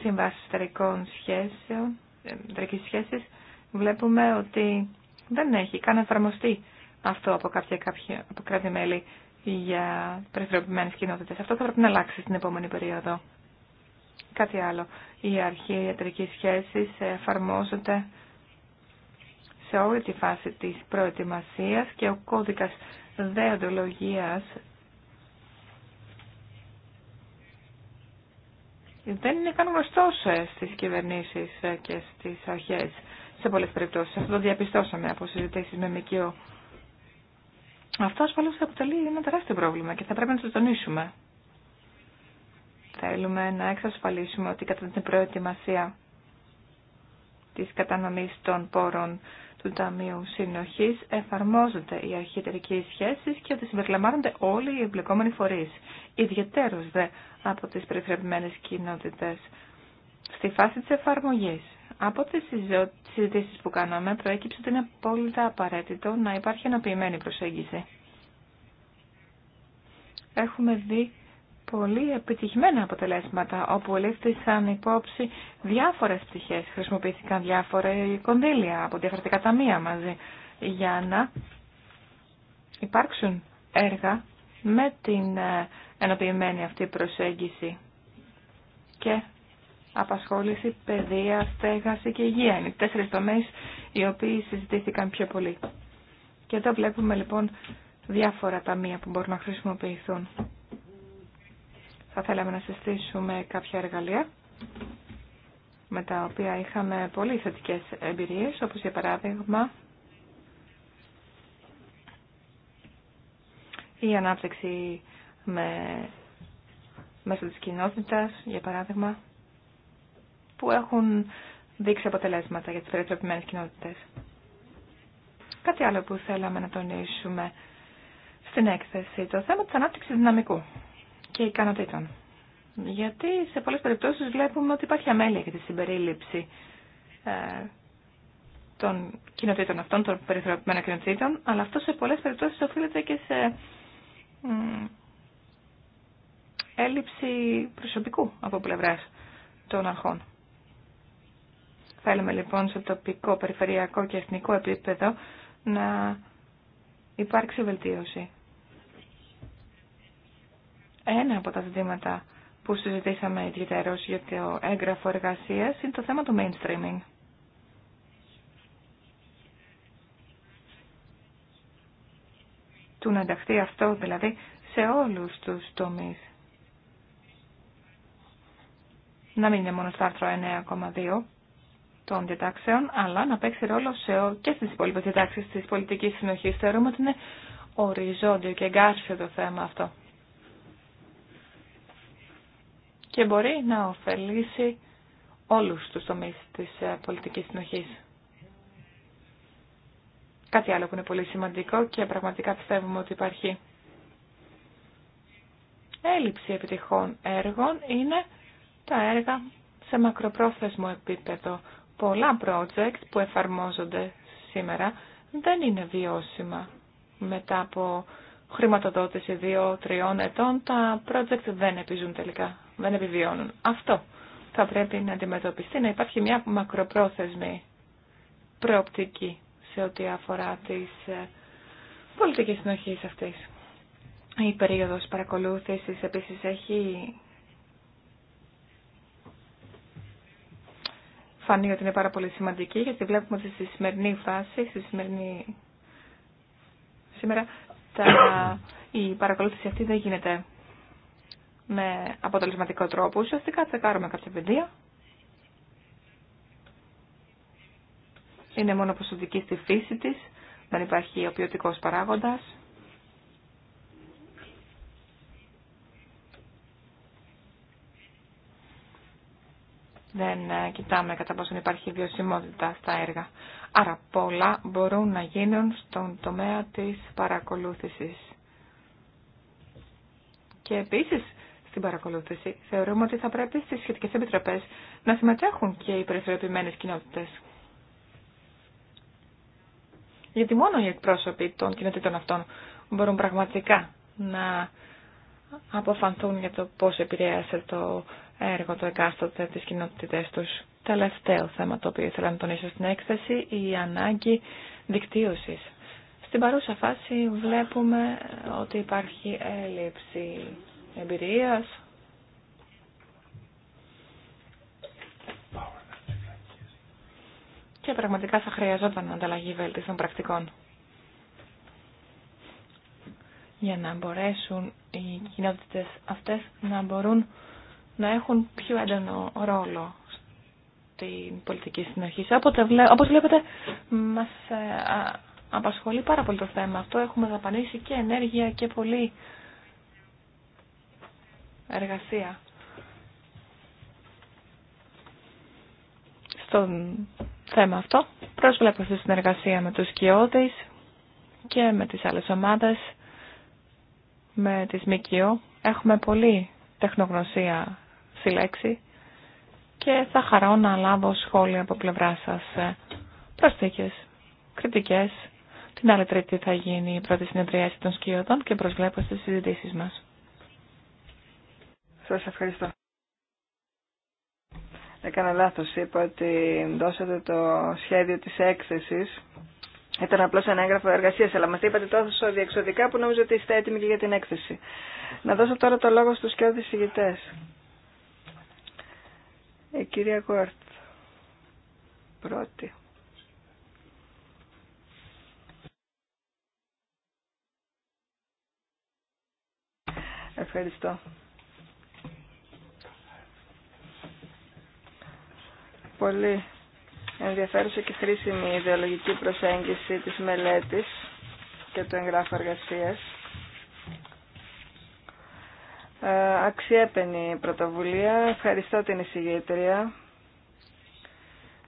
συμβάσει εταιρικών σχέσεων, ε, εταιρικής σχέσης, βλέπουμε ότι δεν έχει καν εφαρμοστεί αυτό από κάποια, κάποια από κράτη-μέλη για περιθωριοποιημένες κοινότητες. Αυτό θα πρέπει να αλλάξει στην επόμενη περίοδο. Κάτι άλλο. Η αρχή ιατρικής σχέσης εφαρμόζεται σε όλη τη φάση της προετοιμασίας και ο κώδικας δεοντολογίας δεν είναι καν γνωστό ε, στις κυβερνήσεις ε, και στις αρχές σε πολλές περιπτώσεις. Αυτό το διαπιστώσαμε από συζητήσεις με ΜΚΟ. Αυτό ασφαλώς αποτελεί ένα τεράστιο πρόβλημα και θα πρέπει να το τονίσουμε. Θέλουμε να εξασφαλίσουμε ότι κατά την προετοιμασία της κατανομής των πόρων του Ταμείου συνοχή εφαρμόζονται οι αρχιετερικοί σχέσεις και ότι συμπεριλαμβάνονται όλοι οι εμπλεκόμενοι φορείς, ιδιαιτέρω δε από τις περιφερειμένες κοινότητε. στη φάση της εφαρμογής. Από τις συζητήσει που κάναμε προέκυψε ότι είναι απόλυτα απαραίτητο να υπάρχει ενοποιημένη προσέγγιση. Έχουμε δει πολύ επιτυχημένα αποτελέσματα, όπου λήφθησαν υπόψη διάφορες πτυχές, χρησιμοποιήθηκαν διάφορα κονδύλια από διαφορετικά ταμεία μαζί, για να υπάρξουν έργα με την ε, ενοποιημένη αυτή προσέγγιση και απασχόληση, παιδεία, στέγαση και υγεία. Είναι τέσσερις τομείς οι οποίοι συζητήθηκαν πιο πολύ. Και εδώ βλέπουμε λοιπόν διάφορα ταμεία που μπορούν να χρησιμοποιηθούν. Θα θέλαμε να συστήσουμε κάποια εργαλεία με τα οποία είχαμε πολύ θετικέ εμπειρίες, όπως για παράδειγμα η ανάπτυξη με, μέσω της κοινότητας, για παράδειγμα, που έχουν δείξει αποτελέσματα για τις περιτροπημένες κοινότητες. Κάτι άλλο που θέλαμε να τονίσουμε στην έκθεση, το θέμα της ανάπτυξης δυναμικού και ικανοτήτων. Γιατί σε πολλές περιπτώσεις βλέπουμε ότι υπάρχει αμέλεια για τη συμπερίληψη ε, των κοινοτήτων αυτών, των περιθωριοποιημένων κοινοτήτων, αλλά αυτό σε πολλές περιπτώσεις οφείλεται και σε έλλειψη προσωπικού από πλευράς των αρχών. Θέλουμε λοιπόν σε τοπικό, περιφερειακό και εθνικό επίπεδο να υπάρξει βελτίωση. Ένα από τα ζητήματα που συζητήσαμε ιδιαίτερω για το έγγραφο εργασία είναι το θέμα του mainstreaming. Του να ενταχθεί αυτό δηλαδή σε όλους τους τομείς. Να μην είναι μόνο στο άρθρο 9,2 των διατάξεων, αλλά να παίξει ρόλο σε, και στις υπόλοιπες διατάξει της πολιτικής συνοχής. Θεωρούμε ότι είναι οριζόντιο και εγκάρσιο το θέμα αυτό. και μπορεί να ωφελήσει όλους τους τομείς της ε, πολιτικής συνοχής. Κάτι άλλο που είναι πολύ σημαντικό και πραγματικά πιστεύουμε ότι υπάρχει έλλειψη επιτυχών έργων είναι τα έργα σε μακροπρόθεσμο επίπεδο. Πολλά project που εφαρμόζονται σήμερα δεν είναι βιώσιμα. Μετά από χρηματοδότηση δύο-τριών ετών τα project δεν επιζούν τελικά δεν επιβιώνουν. Αυτό θα πρέπει να αντιμετωπιστεί, να υπάρχει μια μακροπρόθεσμη προοπτική σε ό,τι αφορά τις ε, πολιτικές συνοχής αυτής. Η περίοδος παρακολούθησης επίσης έχει φανεί ότι είναι πάρα πολύ σημαντική γιατί βλέπουμε ότι στη σημερινή φάση, στη σημερινή... σήμερα τα... η παρακολούθηση αυτή δεν γίνεται με αποτελεσματικό τρόπο. Ουσιαστικά τσεκάρουμε κάποια παιδεία. Είναι μόνο προσωπική στη φύση της. Δεν υπάρχει ο ποιοτικός παράγοντας. Δεν ε, κοιτάμε κατά πόσον υπάρχει βιωσιμότητα στα έργα. Άρα πολλά μπορούν να γίνουν στον τομέα της παρακολούθησης. Και επίσης στην παρακολούθηση, θεωρούμε ότι θα πρέπει στις σχετικές επιτροπές να συμμετέχουν και οι περιφερειοποιημένες κοινότητες. Γιατί μόνο οι εκπρόσωποι των κοινότητων αυτών μπορούν πραγματικά να αποφανθούν για το πώς επηρέασε το έργο το εκάστοτε της κοινότητες τους. Τελευταίο θέμα το οποίο ήθελα να τονίσω στην έκθεση, η ανάγκη δικτύωσης. Στην παρούσα φάση βλέπουμε ότι υπάρχει έλλειψη Εμπειρία. Και πραγματικά θα χρειαζόταν ανταλλαγή βέλτιστων πρακτικών για να μπορέσουν οι κοινότητες αυτές να μπορούν να έχουν πιο έντονο ρόλο στην πολιτική συνοχή. Όπως βλέπετε, μας ε, απασχολεί πάρα πολύ το θέμα αυτό. Έχουμε δαπανίσει και ενέργεια και πολύ εργασία στον θέμα αυτό. Προσβλέπω στη συνεργασία με τους κιότες και με τις άλλες ομάδες, με τις ΜΚΙΟ. Έχουμε πολύ τεχνογνωσία στη λέξη και θα χαρώ να λάβω σχόλια από πλευρά σας ε, προσθήκες, κριτικές. Την άλλη τρίτη θα γίνει η πρώτη συνεδρίαση των Σκιώδων και προσβλέπω στις συζητήσεις μας. Σα ευχαριστώ. Έκανα λάθο είπα ότι δώσατε το σχέδιο τη έκθεση. Ήταν απλώ ένα έγγραφο εργασίας, αλλά μα είπατε τόσο διεξοδικά που νομίζω ότι είστε έτοιμοι και για την έκθεση. Να δώσω τώρα το λόγο στους και ηγητέ. Η κυρία Κόρτ, πρώτη. Ευχαριστώ. πολύ ενδιαφέρουσα και χρήσιμη η ιδεολογική προσέγγιση της μελέτης και του εγγράφου εργασίας. Ε, αξιέπαινη πρωτοβουλία. Ευχαριστώ την εισηγήτρια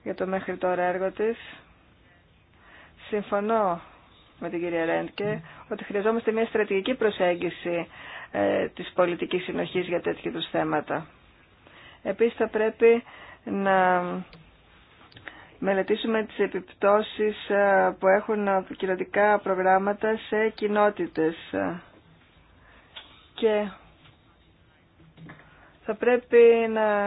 για το μέχρι τώρα έργο της. Συμφωνώ με την κυρία Ρέντκε ότι χρειαζόμαστε μια στρατηγική προσέγγιση ε, της πολιτικής συνοχής για τέτοιου θέματα. Επίσης θα πρέπει να μελετήσουμε τις επιπτώσεις ε, που έχουν κοινωτικά προγράμματα σε κοινότητες. Και θα πρέπει να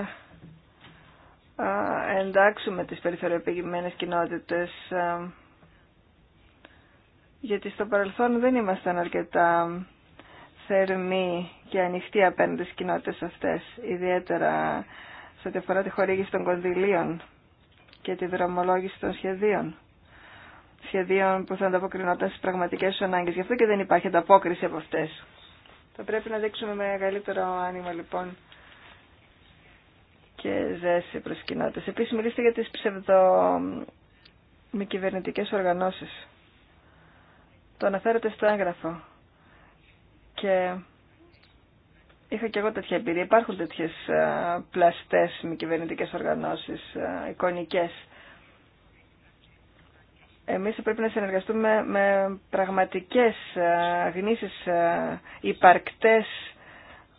ε, εντάξουμε τις περιφερειοποιημένες κοινότητες ε, γιατί στο παρελθόν δεν ήμασταν αρκετά θερμοί και ανοιχτοί απέναντι στις κοινότητες αυτές, ιδιαίτερα σε ό,τι αφορά τη χορήγηση των κονδυλίων και τη δρομολόγηση των σχεδίων. Σχεδίων που θα ανταποκρινόταν στι πραγματικέ του ανάγκε. Γι' αυτό και δεν υπάρχει ανταπόκριση από αυτέ. Θα πρέπει να δείξουμε μεγαλύτερο άνοιγμα λοιπόν και ζέση προ κοινότητε. Επίση, μιλήστε για τι ψευδο μη οργανώσει. Το αναφέρετε στο έγγραφο. Και Είχα και εγώ τέτοια εμπειρία. Υπάρχουν τέτοιε πλαστέ μη κυβερνητικέ οργανώσει ε, εικονικέ. Εμεί πρέπει να συνεργαστούμε με πραγματικέ, ε, γνήσει, ε, υπαρκτέ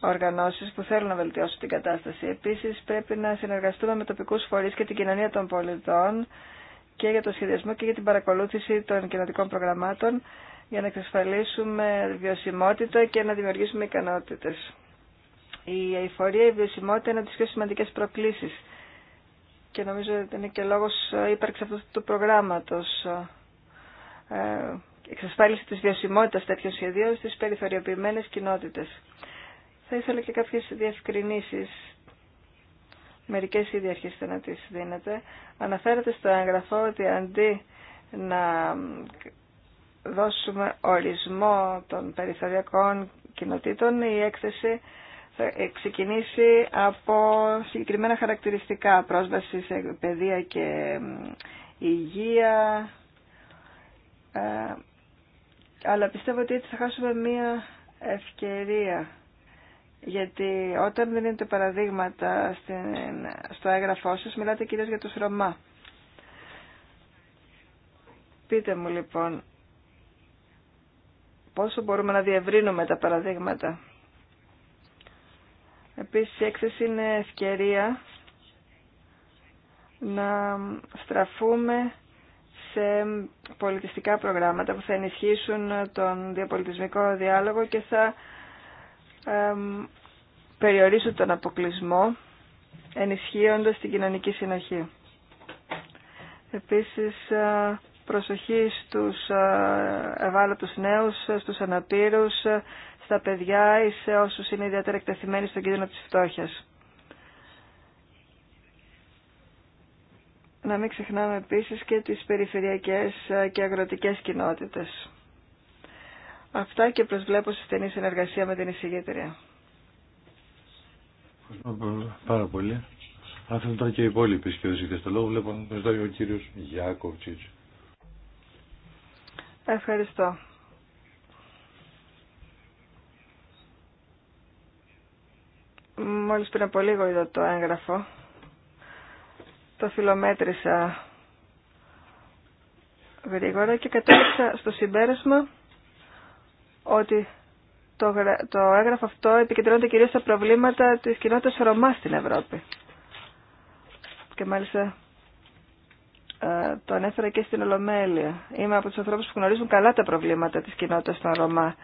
οργανώσεις που θέλουν να βελτιώσουν την κατάσταση. Επίσης πρέπει να συνεργαστούμε με τοπικούς φορείς και την κοινωνία των πολιτών και για το σχεδιασμό και για την παρακολούθηση των κοινωτικών προγραμμάτων για να εξασφαλίσουμε βιωσιμότητα και να δημιουργήσουμε ικανότητες η αηφορία, η βιωσιμότητα είναι από τις πιο σημαντικές προκλήσεις και νομίζω ότι είναι και λόγος ε, ύπαρξη αυτού του προγράμματος ε, ε, εξασφάλιση της βιωσιμότητας τέτοιων σχεδίων στις περιθωριοποιημένες κοινότητες. Θα ήθελα και κάποιες διευκρινήσεις. Μερικές ήδη αρχίσετε να τις δίνετε. Αναφέρατε στο έγγραφο ότι αντί να δώσουμε ορισμό των περιθωριακών κοινοτήτων, η έκθεση θα ξεκινήσει από συγκεκριμένα χαρακτηριστικά, πρόσβαση σε παιδεία και υγεία, ε, αλλά πιστεύω ότι έτσι θα χάσουμε μία ευκαιρία. Γιατί όταν δίνετε παραδείγματα στην, στο έγγραφό σας, μιλάτε κυρίως για τους Ρωμά. Πείτε μου λοιπόν, πόσο μπορούμε να διευρύνουμε τα παραδείγματα Επίσης η έκθεση είναι ευκαιρία να στραφούμε σε πολιτιστικά προγράμματα που θα ενισχύσουν τον διαπολιτισμικό διάλογο και θα περιορίσουν τον αποκλεισμό ενισχύοντας την κοινωνική συνοχή. Επίσης ε, προσοχή στους ε, ευάλωτους νέους, ε, στους αναπήρους, στα παιδιά ή σε όσους είναι ιδιαίτερα εκτεθειμένοι στον κίνδυνο της φτώχειας. Να μην ξεχνάμε επίσης και τις περιφερειακές και αγροτικές κοινότητες. Αυτά και προσβλέπω σε στενή συνεργασία με την εισηγήτρια. Πάρα πολύ. Αν τώρα και οι υπόλοιποι σκέψεις το λόγο, βλέπω να ζητάει ο κύριος Γιάκοβτσιτς. Ευχαριστώ. Μόλις πριν από λίγο είδα το έγγραφο. Το φιλομέτρησα γρήγορα και κατέληξα στο συμπέρασμα ότι το, το έγγραφο αυτό επικεντρώνεται κυρίως στα προβλήματα της κοινότητας Ρωμά στην Ευρώπη. Και μάλιστα ε, το ανέφερα και στην Ολομέλεια. Είμαι από τους ανθρώπους που γνωρίζουν καλά τα προβλήματα της κοινότητας των Ρωμά.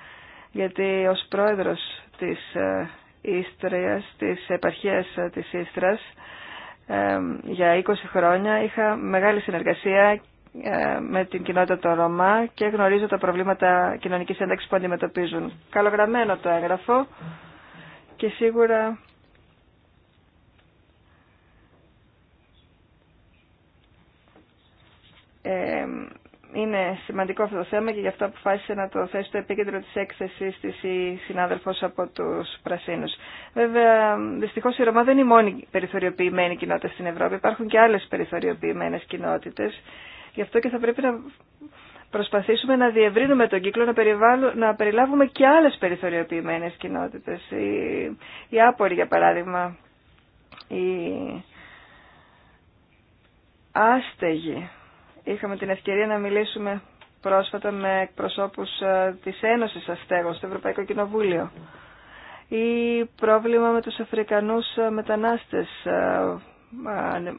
Γιατί ως πρόεδρος της ε, Ίστριας, της επαρχίας της Ίστρας για 20 χρόνια. Είχα μεγάλη συνεργασία ε, με την κοινότητα των Ρωμά και γνωρίζω τα προβλήματα κοινωνικής ένταξης που αντιμετωπίζουν. Καλογραμμένο το έγγραφο και σίγουρα είναι σημαντικό αυτό το θέμα και γι' αυτό αποφάσισε να το θέσει στο επίκεντρο της έκθεσης της η συνάδελφος από τους Πρασίνους. Βέβαια, δυστυχώς η Ρωμά δεν είναι η μόνη περιθωριοποιημένη κοινότητα στην Ευρώπη. Υπάρχουν και άλλες περιθωριοποιημένες κοινότητες. Γι' αυτό και θα πρέπει να προσπαθήσουμε να διευρύνουμε τον κύκλο, να, να περιλάβουμε και άλλες περιθωριοποιημένες κοινότητες. Οι, οι άποροι, για παράδειγμα, οι άστεγοι Είχαμε την ευκαιρία να μιλήσουμε πρόσφατα με εκπροσώπους ε, της Ένωσης Αστέγων στο Ευρωπαϊκό Κοινοβούλιο ή πρόβλημα με τους Αφρικανούς ε, μετανάστες. Ε,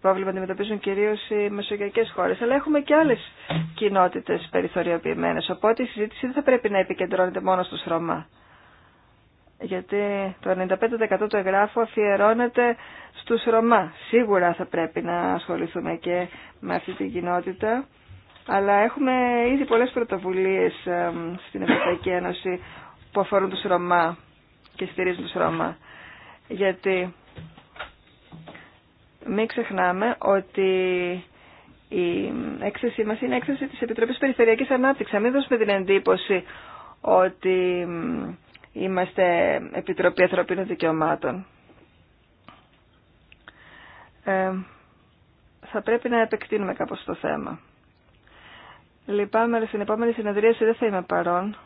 πρόβλημα αντιμετωπίζουν κυρίως οι μεσογειακές χώρες, αλλά έχουμε και άλλες κοινότητες περιθωριοποιημένες, οπότε η συζήτηση δεν θα πρέπει να επικεντρώνεται μόνο στους Ρωμά γιατί το 95% του εγγράφου αφιερώνεται στους Ρωμά. Σίγουρα θα πρέπει να ασχοληθούμε και με αυτή την κοινότητα, αλλά έχουμε ήδη πολλές πρωτοβουλίες στην Ευρωπαϊκή Ένωση που αφορούν τους Ρωμά και στηρίζουν τους Ρωμά. Γιατί μην ξεχνάμε ότι η έκθεσή μας είναι έκθεση της Επιτροπής Περιφερειακής Ανάπτυξης. Μην δώσουμε την εντύπωση ότι είμαστε Επιτροπή Ανθρωπίνων Δικαιωμάτων. Ε, θα πρέπει να επεκτείνουμε κάπως το θέμα. Λυπάμαι, αλλά στην επόμενη συνεδρία δεν θα είμαι παρόν.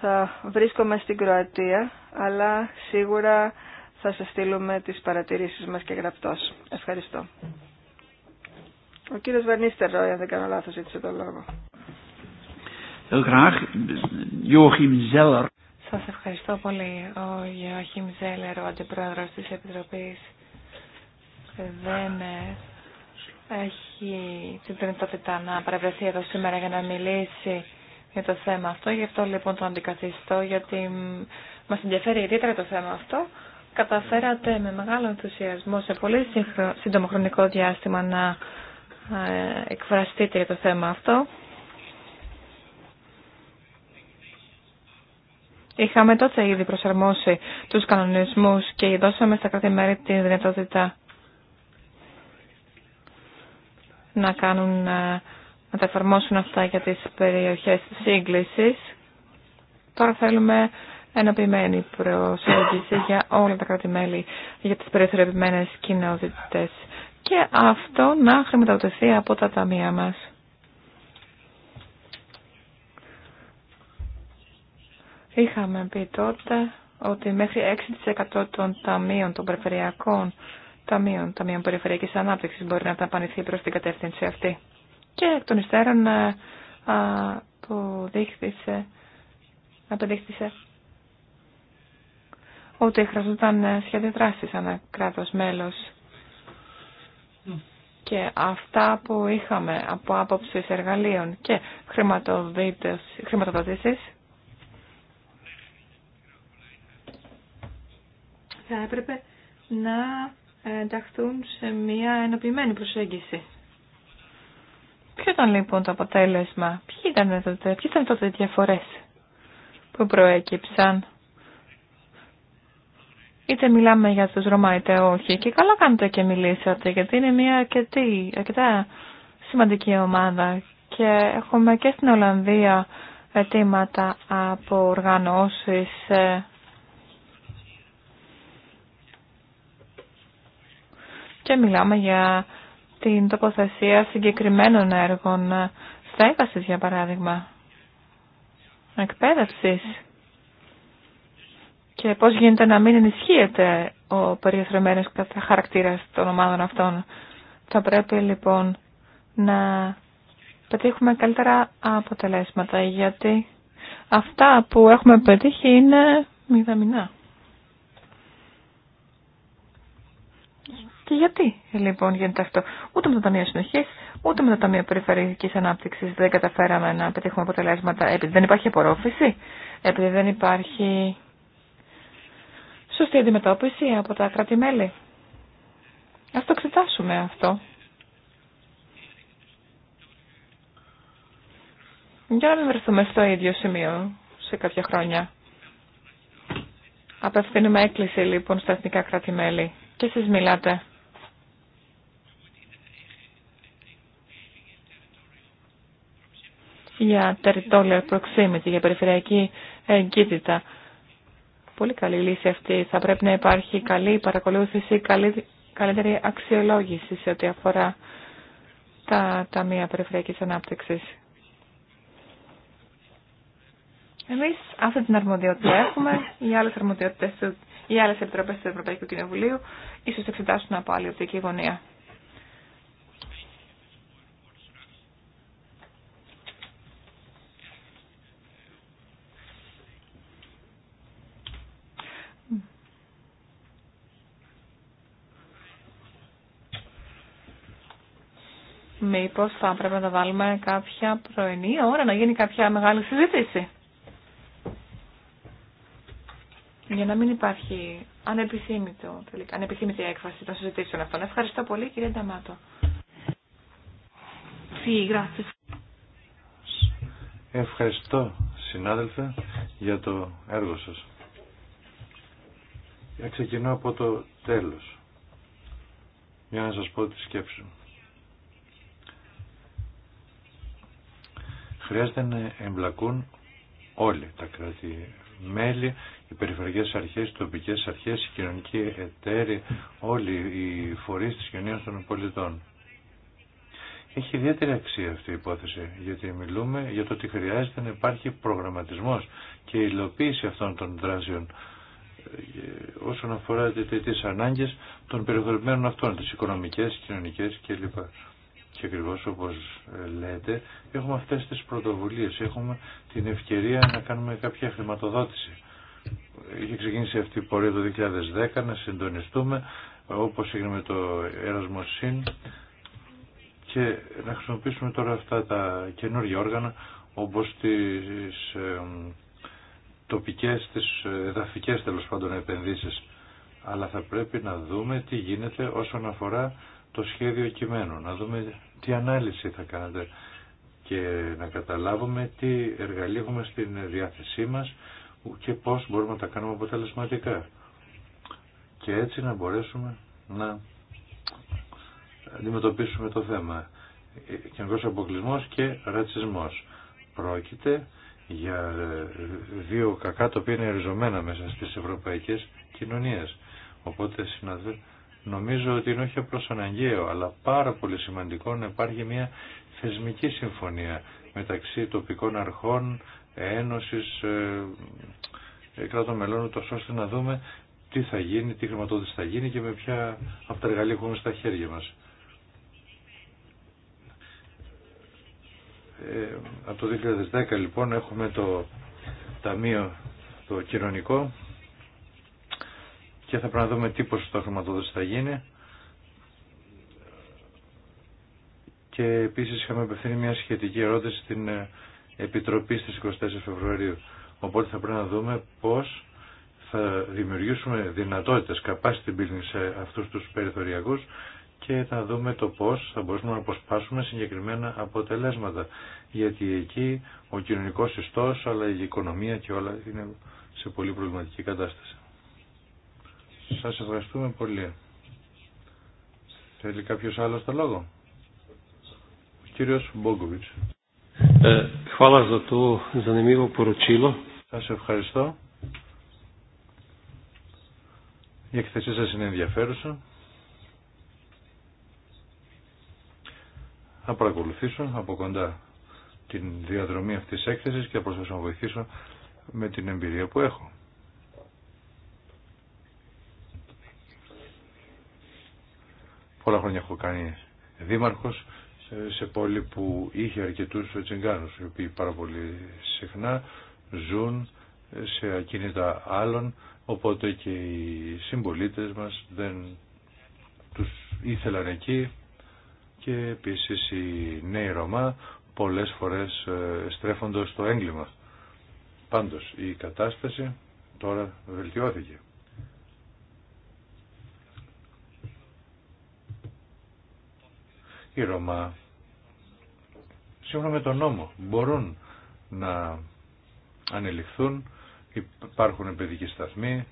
Θα βρίσκομαι στην Κροατία, αλλά σίγουρα θα σας στείλουμε τις παρατηρήσεις μας και γραπτός. Ευχαριστώ. Ο κύριος Βανίστερ αν δεν κάνω λάθος, έτσι το λόγο. Σας ευχαριστώ πολύ. Ο Γιώχιμ Ζέλερ, ο αντιπρόεδρος της Επιτροπής, δεν ε, έχει την δυνατότητα να παρευρεθεί εδώ σήμερα για να μιλήσει για το θέμα αυτό. Γι' αυτό λοιπόν το αντικαθιστώ, γιατί μας ενδιαφέρει ιδιαίτερα το θέμα αυτό. Καταφέρατε με μεγάλο ενθουσιασμό σε πολύ σύντομο χρονικό διάστημα να ε, εκφραστείτε για το θέμα αυτό. Είχαμε τότε ήδη προσαρμόσει τους κανονισμούς και δώσαμε στα κάθε μέρη τη δυνατότητα να κάνουν, ε, να τα εφαρμόσουν αυτά για τις περιοχές σύγκλησης. Τώρα θέλουμε ενοποιημένη προσέγγιση για όλα τα κράτη-μέλη για τις περιθωριοποιημένες κοινότητες και αυτό να χρηματοδοτηθεί από τα ταμεία μας. Είχαμε πει τότε ότι μέχρι 6% των ταμείων, των περιφερειακών ταμείων, ταμείων περιφερειακής ανάπτυξης μπορεί να ταπανηθεί προς την κατεύθυνση αυτή. Και εκ των υστέρων ε, αποδείχθησε, αποδείχθησε ότι χρειαζόταν ε, σχέδια δράση σαν κράτο μέλο. Και αυτά που είχαμε από άποψη εργαλείων και χρηματοδότηση θα έπρεπε να ενταχθούν σε μια ενοποιημένη προσέγγιση. Ποιο ήταν λοιπόν το αποτέλεσμα, ποιοι ήταν τότε, ποιοι ήταν τότε οι διαφορές που προέκυψαν. Είτε μιλάμε για τους Ρωμά όχι και καλά κάνετε και μιλήσατε γιατί είναι μια αρκετή, αρκετά σημαντική ομάδα και έχουμε και στην Ολλανδία αιτήματα από οργανώσεις ε, και μιλάμε για την τοποθεσία συγκεκριμένων έργων στέγασης, για παράδειγμα, εκπαίδευσης. Και πώς γίνεται να μην ενισχύεται ο περιεθρεμένος χαρακτήρας των ομάδων αυτών. Θα πρέπει λοιπόν να πετύχουμε καλύτερα αποτελέσματα, γιατί αυτά που έχουμε πετύχει είναι μηδαμινά. Και γιατί λοιπόν γίνεται αυτό. Ούτε με το Ταμείο Συνοχή, ούτε με το Ταμείο Περιφερειακή Ανάπτυξη δεν καταφέραμε να πετύχουμε αποτελέσματα επειδή δεν υπάρχει απορρόφηση, επειδή δεν υπάρχει σωστή αντιμετώπιση από τα κράτη-μέλη. Ας το εξετάσουμε αυτό. Για να μην βρεθούμε στο ίδιο σημείο σε κάποια χρόνια. Απευθύνουμε έκκληση λοιπόν στα εθνικά κράτη-μέλη και εσείς μιλάτε για territorial proximity, για περιφερειακή εγκύτητα. Πολύ καλή λύση αυτή. Θα πρέπει να υπάρχει καλή παρακολούθηση, καλή, καλύτερη αξιολόγηση σε ό,τι αφορά τα ταμεία περιφερειακής ανάπτυξης. Εμεί αυτή την αρμοδιότητα έχουμε, οι άλλε αρμοδιότητε οι άλλε επιτροπέ του Ευρωπαϊκού Κοινοβουλίου ίσω εξετάσουν από άλλη οπτική γωνία. Μήπω θα πρέπει να τα βάλουμε κάποια πρωινή ώρα, να γίνει κάποια μεγάλη συζήτηση. Για να μην υπάρχει ανεπιθύμητο, τελικά, ανεπιθύμητη έκφραση των συζητήσεων αυτών. Ευχαριστώ πολύ κύριε Νταμάτο. Ευχαριστώ συνάδελφε για το έργο σας. Ξεκινώ από το τέλος για να σας πω τη σκέψη μου. χρειάζεται να εμπλακούν όλοι τα κράτη μέλη, οι περιφερειακές αρχές, οι τοπικές αρχές, οι κοινωνικοί εταίροι, όλοι οι φορείς της κοινωνίας των πολιτών. Έχει ιδιαίτερη αξία αυτή η υπόθεση, γιατί μιλούμε για το ότι χρειάζεται να υπάρχει προγραμματισμός και υλοποίηση αυτών των δράσεων ε, όσον αφορά τις ανάγκες των περιφερειμένων αυτών, τις οικονομικές, κοινωνικές κλπ. Και ακριβώ όπω λέτε, έχουμε αυτέ τι πρωτοβουλίε. Έχουμε την ευκαιρία να κάνουμε κάποια χρηματοδότηση. Είχε ξεκινήσει αυτή η πορεία το 2010 να συντονιστούμε όπως έγινε με το Erasmus και να χρησιμοποιήσουμε τώρα αυτά τα καινούργια όργανα όπως τις τοπικέ, τοπικές, τις εδαφικές τέλος πάντων επενδύσεις. Αλλά θα πρέπει να δούμε τι γίνεται όσον αφορά το σχέδιο κειμένου, να δούμε τι ανάλυση θα κάνετε και να καταλάβουμε τι εργαλεία στην διάθεσή μας και πώς μπορούμε να τα κάνουμε αποτελεσματικά. Και έτσι να μπορέσουμε να αντιμετωπίσουμε το θέμα. Κοινωνικός αποκλεισμό και ρατσισμός. Πρόκειται για δύο κακά τα οποία είναι ριζωμένα μέσα στις ευρωπαϊκές κοινωνίες. Οπότε Νομίζω ότι είναι όχι απλώς αναγκαίο, αλλά πάρα πολύ σημαντικό να υπάρχει μια θεσμική συμφωνία μεταξύ τοπικών αρχών, ένωσης, ε, ε κράτων μελών, ώστε να δούμε τι θα γίνει, τι χρηματοδότηση θα γίνει και με ποια από τα εργαλεία έχουμε στα χέρια μας. Ε, από το 2010 λοιπόν έχουμε το Ταμείο το Κοινωνικό και θα πρέπει να δούμε τι ποσοστό χρηματοδότηση θα γίνει. Και επίσης είχαμε απευθύνει μια σχετική ερώτηση στην ε, Επιτροπή στις 24 Φεβρουαρίου. Οπότε θα πρέπει να δούμε πώς θα δημιουργήσουμε δυνατότητες στην πύλη σε αυτούς τους περιθωριακούς και θα δούμε το πώς θα μπορούμε να αποσπάσουμε συγκεκριμένα αποτελέσματα. Γιατί εκεί ο κοινωνικός ιστός αλλά η οικονομία και όλα είναι σε πολύ προβληματική κατάσταση. Σας ευχαριστούμε πολύ. Θέλει κάποιος άλλος το λόγο. Ο κύριος Μπόγκοβιτς. Ε, το Σας ευχαριστώ. Η εκθεσή σας είναι ενδιαφέρουσα. Θα παρακολουθήσω από κοντά την διαδρομή αυτής της έκθεσης και θα προσπαθήσω να βοηθήσω με την εμπειρία που έχω. Πολλά χρόνια έχω κάνει δήμαρχος σε πόλη που είχε αρκετούς τσιγκάνου, οι οποίοι πάρα πολύ συχνά ζουν σε ακίνητα άλλων, οπότε και οι συμπολίτε μας δεν τους ήθελαν εκεί και επίση οι νέοι Ρωμά πολλές φορές ε, στρέφονται στο έγκλημα. Πάντως η κατάσταση τώρα βελτιώθηκε. οι Ρωμά σύμφωνα με τον νόμο μπορούν να ανελιχθούν υπάρχουν παιδικοί σταθμοί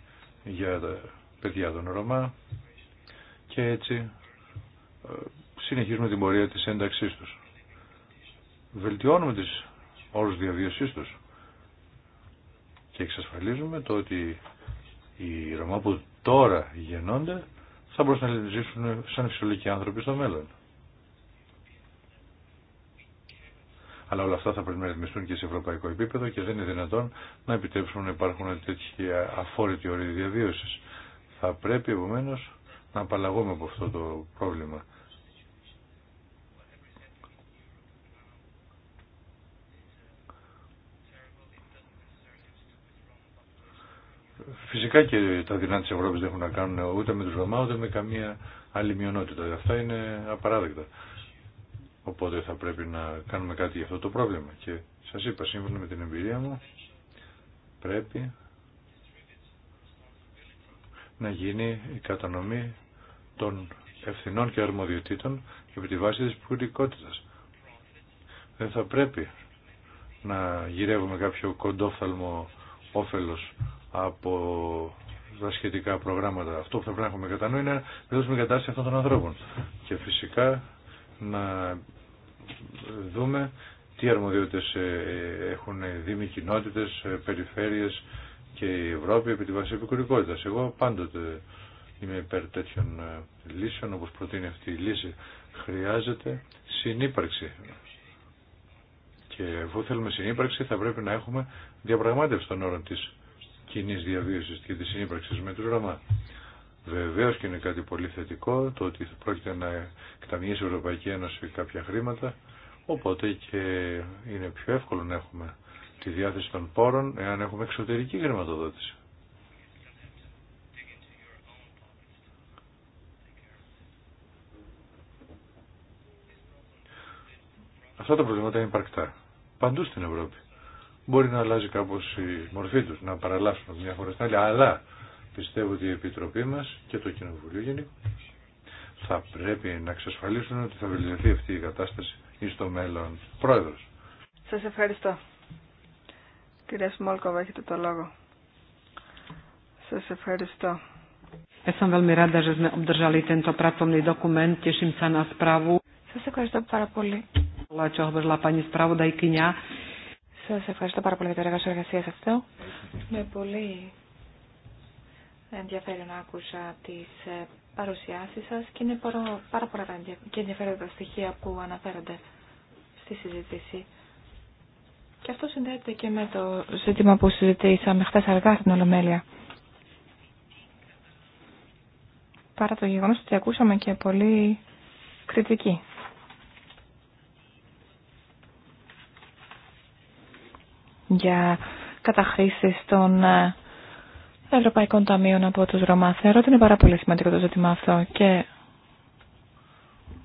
για τα παιδιά των Ρωμά και έτσι ε, συνεχίζουμε την πορεία της ένταξής τους. Βελτιώνουμε τις όρους διαβίωσής τους και εξασφαλίζουμε το ότι οι Ρωμά που τώρα γεννώνται θα μπορούν να ζήσουν σαν φυσιολογικοί άνθρωποι στο μέλλον. Αλλά όλα αυτά θα πρέπει να ρυθμιστούν και σε ευρωπαϊκό επίπεδο και δεν είναι δυνατόν να επιτρέψουμε να υπάρχουν τέτοιοι αφόρητοι όροι διαβίωση. Θα πρέπει επομένω να απαλλαγούμε από αυτό το πρόβλημα. Φυσικά και τα δεινά της Ευρώπης δεν έχουν να κάνουν ούτε με τους Ρωμά ούτε με καμία άλλη μειονότητα. Αυτά είναι απαράδεκτα. Οπότε θα πρέπει να κάνουμε κάτι για αυτό το πρόβλημα. Και σας είπα, σύμφωνα με την εμπειρία μου, πρέπει να γίνει η κατανομή των ευθυνών και αρμοδιοτήτων από τη βάση της προκριτικότητας. Δεν θα πρέπει να γυρεύουμε κάποιο κοντόφθαλμο όφελος από τα σχετικά προγράμματα. Αυτό που θα πρέπει να έχουμε κατά νου είναι να δώσουμε κατάσταση αυτών των ανθρώπων. Και φυσικά να δούμε τι αρμοδιότητες ε, έχουν δήμοι, κοινότητες, ε, περιφέρειες και η Ευρώπη επί τη βάση επικουρικότητας. Εγώ πάντοτε είμαι υπέρ τέτοιων ε, λύσεων, όπως προτείνει αυτή η λύση. Χρειάζεται συνύπαρξη. Και εφού θέλουμε συνύπαρξη θα πρέπει να έχουμε διαπραγμάτευση των όρων της κοινή διαβίωσης και της συνύπαρξης με τους Ρωμά. Βεβαίω και είναι κάτι πολύ θετικό το ότι πρόκειται να εκταμιεύσει η Ευρωπαϊκή Ένωση κάποια χρήματα, οπότε και είναι πιο εύκολο να έχουμε τη διάθεση των πόρων εάν έχουμε εξωτερική χρηματοδότηση. Αυτά τα προβλήματα είναι υπαρκτά. Παντού στην Ευρώπη. Μπορεί να αλλάζει κάπως η μορφή τους, να παραλλάσσουν μια χώρα στην άλλη, αλλά Πιστεύω ότι η Επιτροπή μας και το Κοινοβουλίο γενικό θα πρέπει να εξασφαλίσουν ότι θα βελτιωθεί αυτή η κατάσταση ή στο μέλλον. Πρόεδρος. Σας ευχαριστώ. Κυρία Σμόλκοβα, έχετε το λόγο. Σας ευχαριστώ. Έσαν με obdržali το dokument. Σας ευχαριστώ πάρα πολύ. Σα Σας ευχαριστώ πάρα πολύ για το εργασία αυτό. Με πολύ ενδιαφέρον άκουσα τις ε, παρουσιάσεις σας και είναι πάρα πολλά και ενδιαφέροντα στοιχεία που αναφέρονται στη συζήτηση. Και αυτό συνδέεται και με το ζήτημα που συζητήσαμε χθε αργά στην Ολομέλεια. Παρά το γεγονός ότι ακούσαμε και πολύ κριτική. Για καταχρήσεις των ε, Ευρωπαϊκών Ταμείων από τους Ρωμά. Θεωρώ ότι είναι πάρα πολύ σημαντικό το ζήτημα αυτό και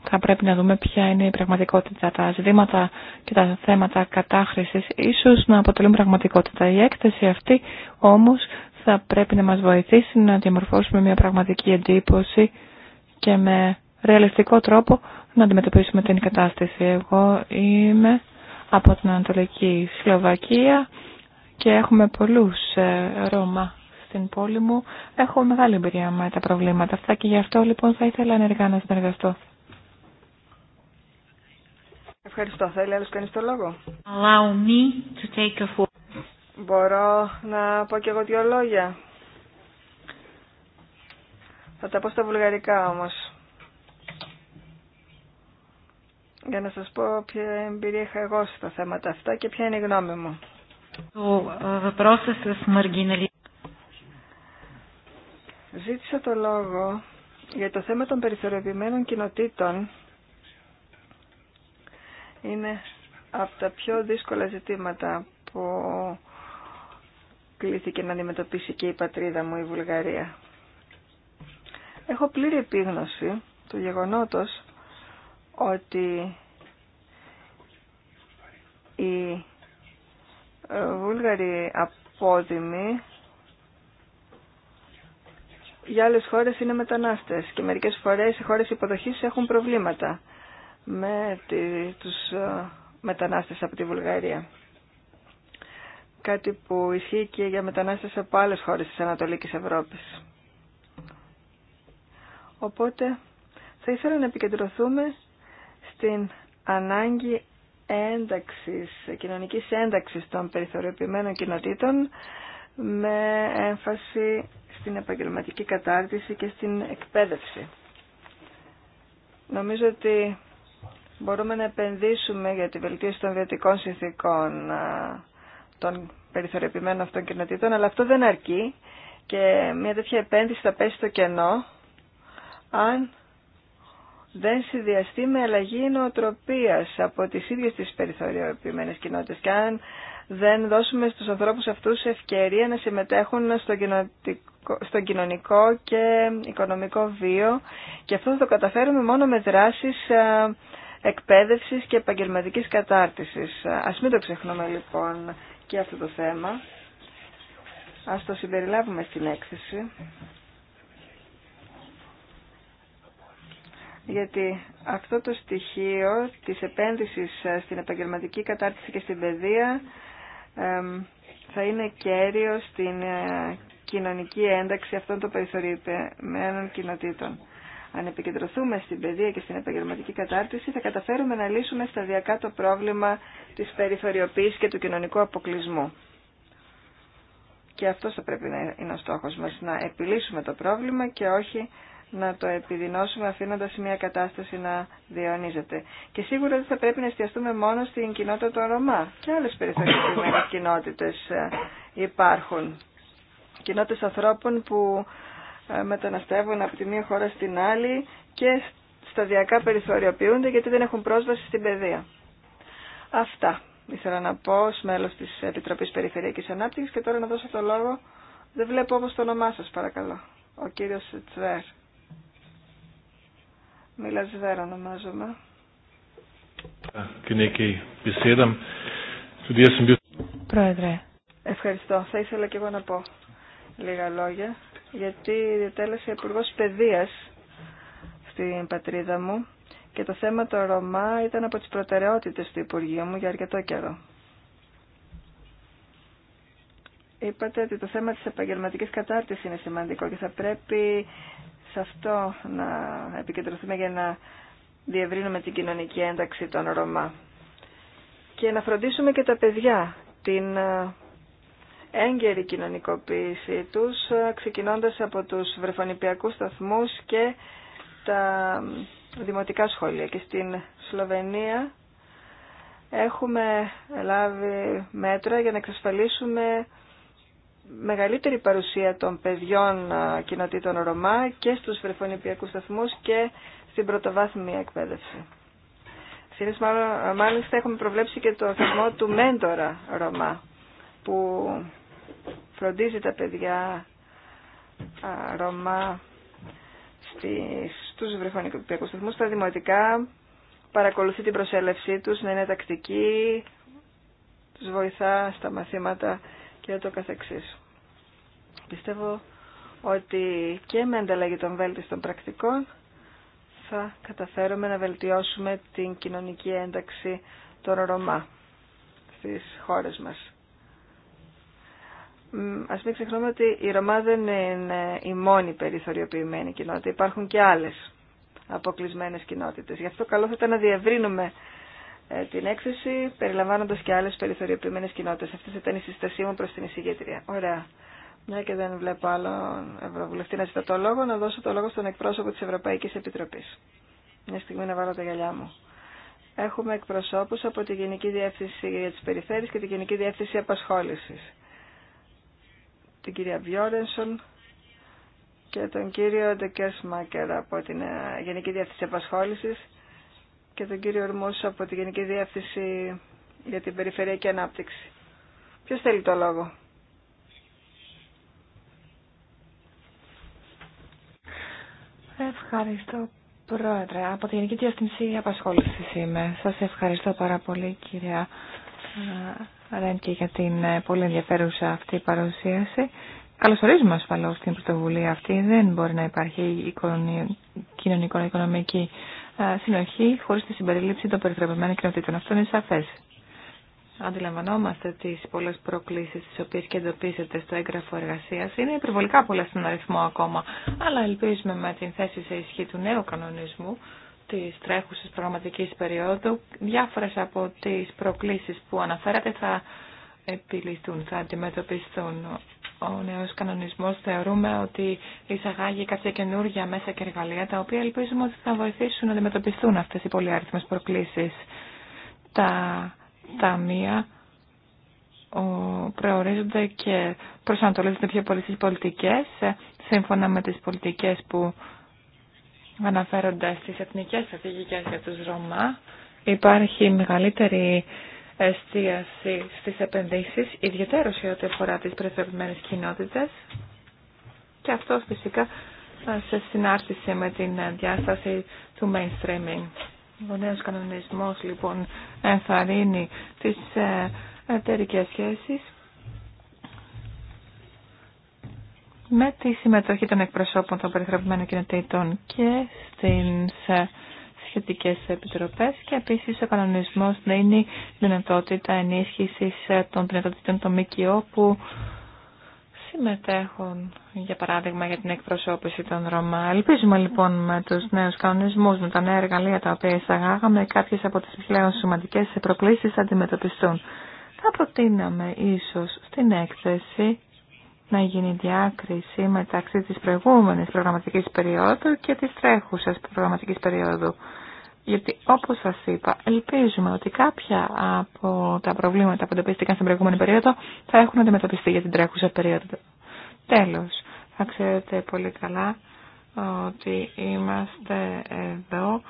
θα πρέπει να δούμε ποια είναι η πραγματικότητα. Τα ζητήματα και τα θέματα κατάχρησης ίσως να αποτελούν πραγματικότητα. Η έκθεση αυτή όμως θα πρέπει να μας βοηθήσει να διαμορφώσουμε μια πραγματική εντύπωση και με ρεαλιστικό τρόπο να αντιμετωπίσουμε την κατάσταση. Εγώ είμαι από την Ανατολική Σλοβακία και έχουμε πολλούς ε, Ρώμα στην πόλη μου έχω μεγάλη εμπειρία με τα προβλήματα αυτά και γι' αυτό λοιπόν θα ήθελα ενεργά να συνεργαστώ. Ευχαριστώ. Θέλει άλλος κανείς το λόγο. Allow me to take a... Μπορώ να πω και εγώ δύο λόγια. Θα τα πω στα βουλγαρικά όμως. Για να σας πω ποια εμπειρία είχα εγώ στα θέματα αυτά και ποια είναι η γνώμη μου. Το uh, Ζήτησα το λόγο για το θέμα των περιθωριοποιημένων κοινοτήτων. Είναι από τα πιο δύσκολα ζητήματα που κλήθηκε να αντιμετωπίσει και η πατρίδα μου η Βουλγαρία. Έχω πλήρη επίγνωση του γεγονότος ότι οι Βούλγαροι απόδημοι για άλλες χώρες είναι μετανάστες και μερικές φορές οι χώρες υποδοχής έχουν προβλήματα με τους ε, μετανάστες από τη Βουλγαρία. Κάτι που ισχύει και για μετανάστες από άλλες χώρες της Ανατολικής Ευρώπης. Οπότε θα ήθελα να επικεντρωθούμε στην ανάγκη ένταξης, κοινωνικής ένταξης των περιθωριοποιημένων κοινοτήτων με έμφαση στην επαγγελματική κατάρτιση και στην εκπαίδευση. Νομίζω ότι μπορούμε να επενδύσουμε για τη βελτίωση των βιωτικών συνθήκων των περιθωριοποιημένων αυτών κοινοτήτων, αλλά αυτό δεν αρκεί και μια τέτοια επένδυση θα πέσει στο κενό αν δεν συνδυαστεί με αλλαγή νοοτροπίας από τις ίδιες τις περιθωριοποιημένες κοινότητες και δεν δώσουμε στους ανθρώπους αυτούς ευκαιρία να συμμετέχουν στο κοινωνικό, στο κοινωνικό και οικονομικό βίο και αυτό θα το καταφέρουμε μόνο με δράσεις ε, εκπαίδευσης και επαγγελματικής κατάρτισης. Ας μην το ξεχνούμε λοιπόν και αυτό το θέμα. Ας το συμπεριλάβουμε στην έκθεση. γιατί αυτό το στοιχείο της επένδυσης ε, στην επαγγελματική κατάρτιση και στην παιδεία θα είναι κέριο στην ε, κοινωνική ένταξη αυτών των περιθωριοποιημένων κοινοτήτων. Αν επικεντρωθούμε στην παιδεία και στην επαγγελματική κατάρτιση, θα καταφέρουμε να λύσουμε σταδιακά το πρόβλημα της περιθωριοποίησης και του κοινωνικού αποκλεισμού. Και αυτό θα πρέπει να είναι ο στόχος μας, να επιλύσουμε το πρόβλημα και όχι να το επιδεινώσουμε αφήνοντα μια κατάσταση να διαιωνίζεται. Και σίγουρα δεν θα πρέπει να εστιαστούμε μόνο στην κοινότητα των Ρωμά. Και άλλε περιθωρισμένες κοινότητε ε, υπάρχουν. κοινότητε ανθρώπων που ε, μεταναστεύουν από τη μία χώρα στην άλλη και σταδιακά περιθωριοποιούνται γιατί δεν έχουν πρόσβαση στην παιδεία. Αυτά ήθελα να πω ως μέλος της Επιτροπής Περιφερειακής Ανάπτυξης και τώρα να δώσω το λόγο. Δεν βλέπω όμως το όνομά σας παρακαλώ. Ο κύριος Τσβέρ. Μίλα βέρα, ονομάζομαι. Πρόεδρε. Ευχαριστώ. Θα ήθελα και εγώ να πω λίγα λόγια, γιατί διατέλεσα υπουργό Παιδείας στην πατρίδα μου και το θέμα το Ρωμά ήταν από τις προτεραιότητες του Υπουργείου μου για αρκετό καιρό. Είπατε ότι το θέμα της επαγγελματικής κατάρτισης είναι σημαντικό και θα πρέπει σε αυτό να επικεντρωθούμε για να διευρύνουμε την κοινωνική ένταξη των Ρωμά και να φροντίσουμε και τα παιδιά την ε, έγκαιρη κοινωνικοποίηση τους ε, ξεκινώντας από τους βρεφονιπιακούς σταθμούς και τα ε, δημοτικά σχόλια και στην Σλοβενία έχουμε λάβει μέτρα για να εξασφαλίσουμε μεγαλύτερη παρουσία των παιδιών κοινοτήτων Ρωμά και στους βρεφονιπιακούς σταθμού και στην πρωτοβάθμια εκπαίδευση. Συνήθως μάλιστα έχουμε προβλέψει και το θεσμό του μέντορα Ρωμά που φροντίζει τα παιδιά Ρωμά στους βρεφονιπιακούς σταθμούς, στα δημοτικά, παρακολουθεί την προσέλευσή τους, να είναι τακτική, τους βοηθά στα μαθήματα και το καθεξής. Πιστεύω ότι και με ανταλλαγή των βέλτιστων πρακτικών θα καταφέρουμε να βελτιώσουμε την κοινωνική ένταξη των Ρωμά στις χώρες μας. Ας μην ξεχνούμε ότι η Ρωμά δεν είναι η μόνη περιθωριοποιημένη κοινότητα. Υπάρχουν και άλλες αποκλεισμένες κοινότητες. Γι' αυτό καλό θα ήταν να διευρύνουμε ε, την έκθεση περιλαμβάνοντας και άλλες περιθωριοποιημένες κοινότητες. Αυτή θα ήταν η συστασία μου προς την εισηγήτρια. Ωραία. Μια ναι, και δεν βλέπω άλλον ευρωβουλευτή να ζητά το λόγο, να δώσω το λόγο στον εκπρόσωπο της Ευρωπαϊκής Επιτροπής. Μια στιγμή να βάλω τα γυαλιά μου. Έχουμε εκπροσώπους από τη Γενική Διεύθυνση για τις Περιφέρειες και τη Γενική Διεύθυνση Απασχόλησης. Την κυρία Βιόρενσον και τον κύριο Ντεκέσμακερ από την ε, Γενική Διεύθυνση Απασχόλησης και τον κύριο Ορμούς από τη Γενική Διεύθυνση για την Περιφερειακή Ανάπτυξη. Ποιο θέλει το λόγο. Ευχαριστώ Πρόεδρε. Από τη Γενική Διεύθυνση απασχόληση είμαι. Σα ευχαριστώ πάρα πολύ κυρία ε, Ρένκη για την ε, πολύ ενδιαφέρουσα αυτή παρουσίαση. Καλωσορίζουμε ασφαλώ την πρωτοβουλία αυτή. Δεν μπορεί να υπάρχει κοινωνικο-οικονομική ε, συνοχή χωρί τη συμπερίληψη των περιθωριοποιημένων κοινοτήτων. Αυτό είναι σαφέ αντιλαμβανόμαστε τις πολλές προκλήσεις τις οποίες και εντοπίζετε στο έγγραφο εργασίας. Είναι υπερβολικά πολλά στον αριθμό ακόμα, αλλά ελπίζουμε με την θέση σε ισχύ του νέου κανονισμού της τρέχουσης προγραμματικής περίοδου, διάφορες από τις προκλήσεις που αναφέρατε θα επιληθούν, θα αντιμετωπιστούν. Ο νέος κανονισμός θεωρούμε ότι εισαγάγει κάποια καινούργια μέσα και εργαλεία, τα οποία ελπίζουμε ότι θα βοηθήσουν να αντιμετωπιστούν αυτές οι πολυάριθμες προκλήσεις. Τα ταμεία προορίζονται και προσανατολίζονται πιο πολύ στις πολιτικές, ε, σύμφωνα με τις πολιτικές που αναφέρονται στις εθνικές στρατηγικές για τους Ρωμά. Υπάρχει μεγαλύτερη εστίαση στις επενδύσεις, ιδιαιτέρως σε ό,τι αφορά τις περιθωρισμένες κοινότητες. Και αυτό φυσικά ε, σε συνάρτηση με την ε, διάσταση του mainstreaming. Ο νέο κανονισμό, λοιπόν ενθαρρύνει τι ε, εταιρικέ σχέσει με τη συμμετοχή των εκπροσώπων των περιθωριοποιημένων κοινοτήτων και στις ε, σχετικές επιτροπές και επίσης ο κανονισμός δίνει δυνατότητα ενίσχυσης ε, των δυνατοτήτων των ΜΚΟ που συμμετέχουν, για παράδειγμα, για την εκπροσώπηση των Ρωμά. Ελπίζουμε λοιπόν με τους νέους κανονισμούς, με τα νέα εργαλεία τα οποία εισαγάγαμε, κάποιες από τις πλέον σημαντικές προκλήσεις θα αντιμετωπιστούν. Θα προτείναμε ίσως στην έκθεση να γίνει διάκριση μεταξύ της προηγούμενης προγραμματικής περίοδου και της τρέχουσας προγραμματικής περίοδου. Γιατί όπως σας είπα, ελπίζουμε ότι κάποια από τα προβλήματα που εντοπίστηκαν στην προηγούμενη περίοδο θα έχουν αντιμετωπιστεί για την τρέχουσα περίοδο. Τέλος, θα ξέρετε πολύ καλά ότι είμαστε εδώ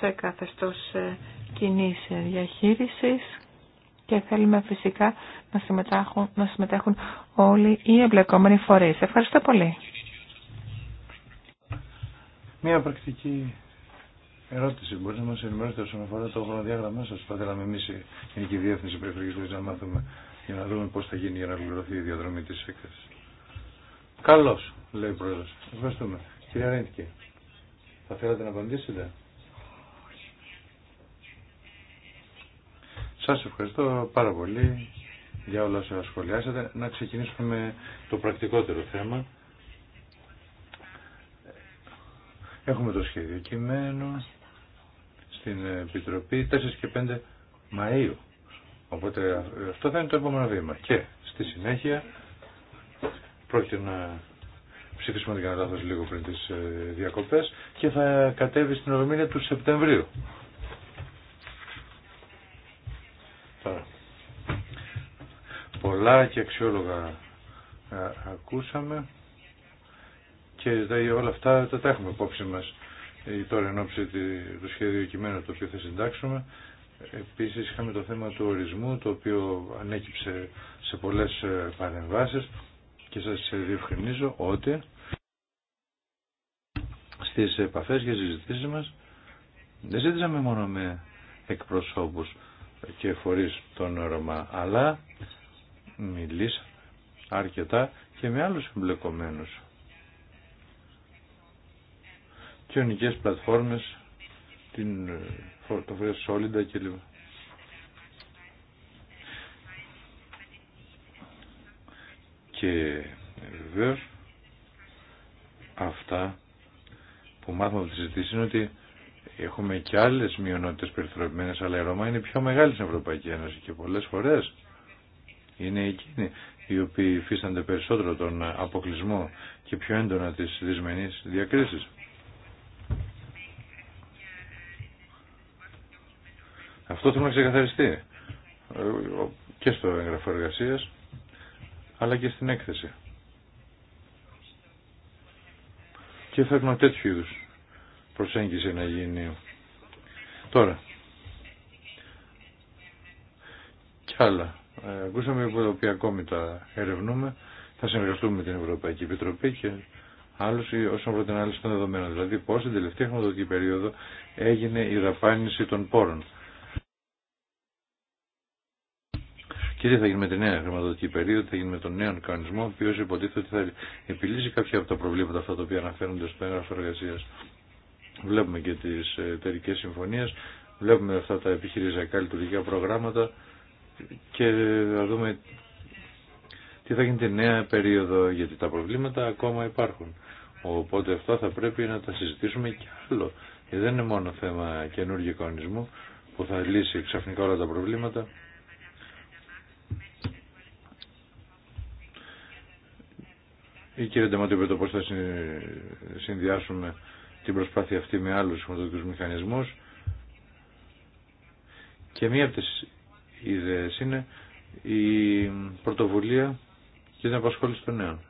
σε καθεστώς ε, κοινή διαχείρισης και θέλουμε φυσικά να συμμετέχουν, να όλοι οι εμπλεκόμενοι φορείς. Ευχαριστώ πολύ. Μία πρακτική Ερώτηση, μπορείτε να μα ενημερώσετε όσον αφορά το χρονοδιάγραμμά σα. Θα θέλαμε εμεί η Γενική Διεύθυνση Περιφερειακή να μάθουμε για να δούμε πώ θα γίνει για να ολοκληρωθεί η διαδρομή τη έκθεση. Καλώ, λέει ο πρόεδρο. Ευχαριστούμε. Κυρία Ρέντικε, θα θέλατε να απαντήσετε. Σα ευχαριστώ πάρα πολύ για όλα όσα σχολιάσατε. Να ξεκινήσουμε με το πρακτικότερο θέμα. Έχουμε το σχέδιο κειμένου στην Επιτροπή 4 και 5 Μαΐου. Οπότε αυτό θα είναι το επόμενο βήμα. Και στη συνέχεια πρόκειται να ψηφίσουμε την κατάσταση λίγο πριν τις ε, διακοπές και θα κατέβει στην Ολομήνια του Σεπτεμβρίου. Πολλά και αξιόλογα ε, ακούσαμε και όλα αυτά τα, τα έχουμε υπόψη μας ε, τώρα εν ώψη του σχέδιου κειμένου το οποίο θα συντάξουμε. Επίσης είχαμε το θέμα του ορισμού το οποίο ανέκυψε σε πολλές ε, παρεμβάσεις και σας διευκρινίζω ότι στις επαφές και συζητήσεις μας δεν ζήτησαμε μόνο με εκπροσώπους και φορείς των Ρωμά αλλά μιλήσαμε αρκετά και με άλλους εμπλεκομένους κοινωνικές πλατφόρμες, την ε, το Solida κλπ. Και ε, βεβαίω αυτά που μάθαμε από τη συζήτηση είναι ότι έχουμε και άλλες μειονότητες περιθωριοποιημένες, αλλά η Ρώμα είναι πιο μεγάλη στην Ευρωπαϊκή Ένωση και πολλές φορές είναι εκείνοι οι οποίοι υφίστανται περισσότερο τον αποκλεισμό και πιο έντονα τις δυσμενείς διακρίσεις. Αυτό θέλουμε να ξεκαθαριστεί ε, και στο έγγραφο εργασία, αλλά και στην έκθεση. Και θα έχουμε τέτοιου είδου προσέγγιση να γίνει. Τώρα, κι άλλα. Ε, ακούσαμε που τα οποία ακόμη τα ερευνούμε. Θα συνεργαστούμε με την Ευρωπαϊκή Επιτροπή και άλλου όσον αφορά την άλλη των δεδομένων. Δηλαδή, πώ την τελευταία χρονοδοτική περίοδο έγινε η δαπάνηση των πόρων. Και τι θα γίνει με τη νέα χρηματοδοτική περίοδο, τι θα γίνει με τον νέο κανονισμό, ο οποίο υποτίθεται ότι θα επιλύσει κάποια από τα προβλήματα αυτά τα οποία αναφέρονται στο έγγραφο εργασία. Βλέπουμε και τι εταιρικέ συμφωνίε, βλέπουμε αυτά τα επιχειρησιακά λειτουργικά προγράμματα και θα δούμε τι θα γίνει τη νέα περίοδο, γιατί τα προβλήματα ακόμα υπάρχουν. Οπότε αυτό θα πρέπει να τα συζητήσουμε και άλλο. δεν είναι μόνο θέμα καινούργιου κανονισμού που θα λύσει ξαφνικά όλα τα προβλήματα. Η ε, Κύριε Ντεμάτη, είπε το πώς θα συνδυάσουμε την προσπάθεια αυτή με άλλους χρηματοδοτικούς μηχανισμούς. Και μία από τις ιδέες είναι η πρωτοβουλία για την απασχόληση των νέων.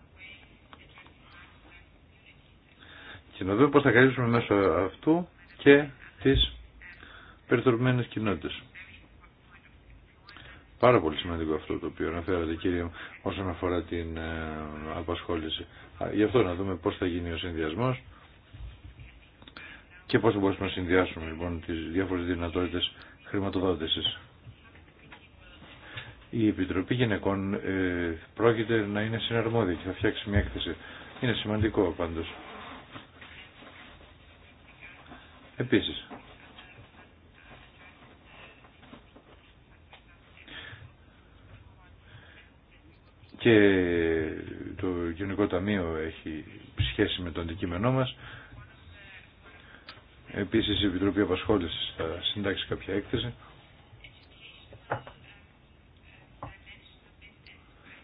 Και να δούμε πώς θα καλύψουμε μέσω αυτού και τις περιθωρισμένες κοινότητες. Πάρα πολύ σημαντικό αυτό το οποίο αναφέρατε κύριε όσον αφορά την ε, απασχόληση. Γι' αυτό να δούμε πώς θα γίνει ο συνδυασμός και πώς θα μπορούμε να συνδυάσουμε λοιπόν τις διάφορες δυνατότητες χρηματοδότησης. Η Επιτροπή Γυναικών ε, πρόκειται να είναι συναρμόδια και θα φτιάξει μια έκθεση. Είναι σημαντικό πάντως. Επίσης, και το Κοινωνικό Ταμείο έχει σχέση με το αντικείμενό μας. Επίσης η Επιτροπή Απασχόλησης θα συντάξει κάποια έκθεση.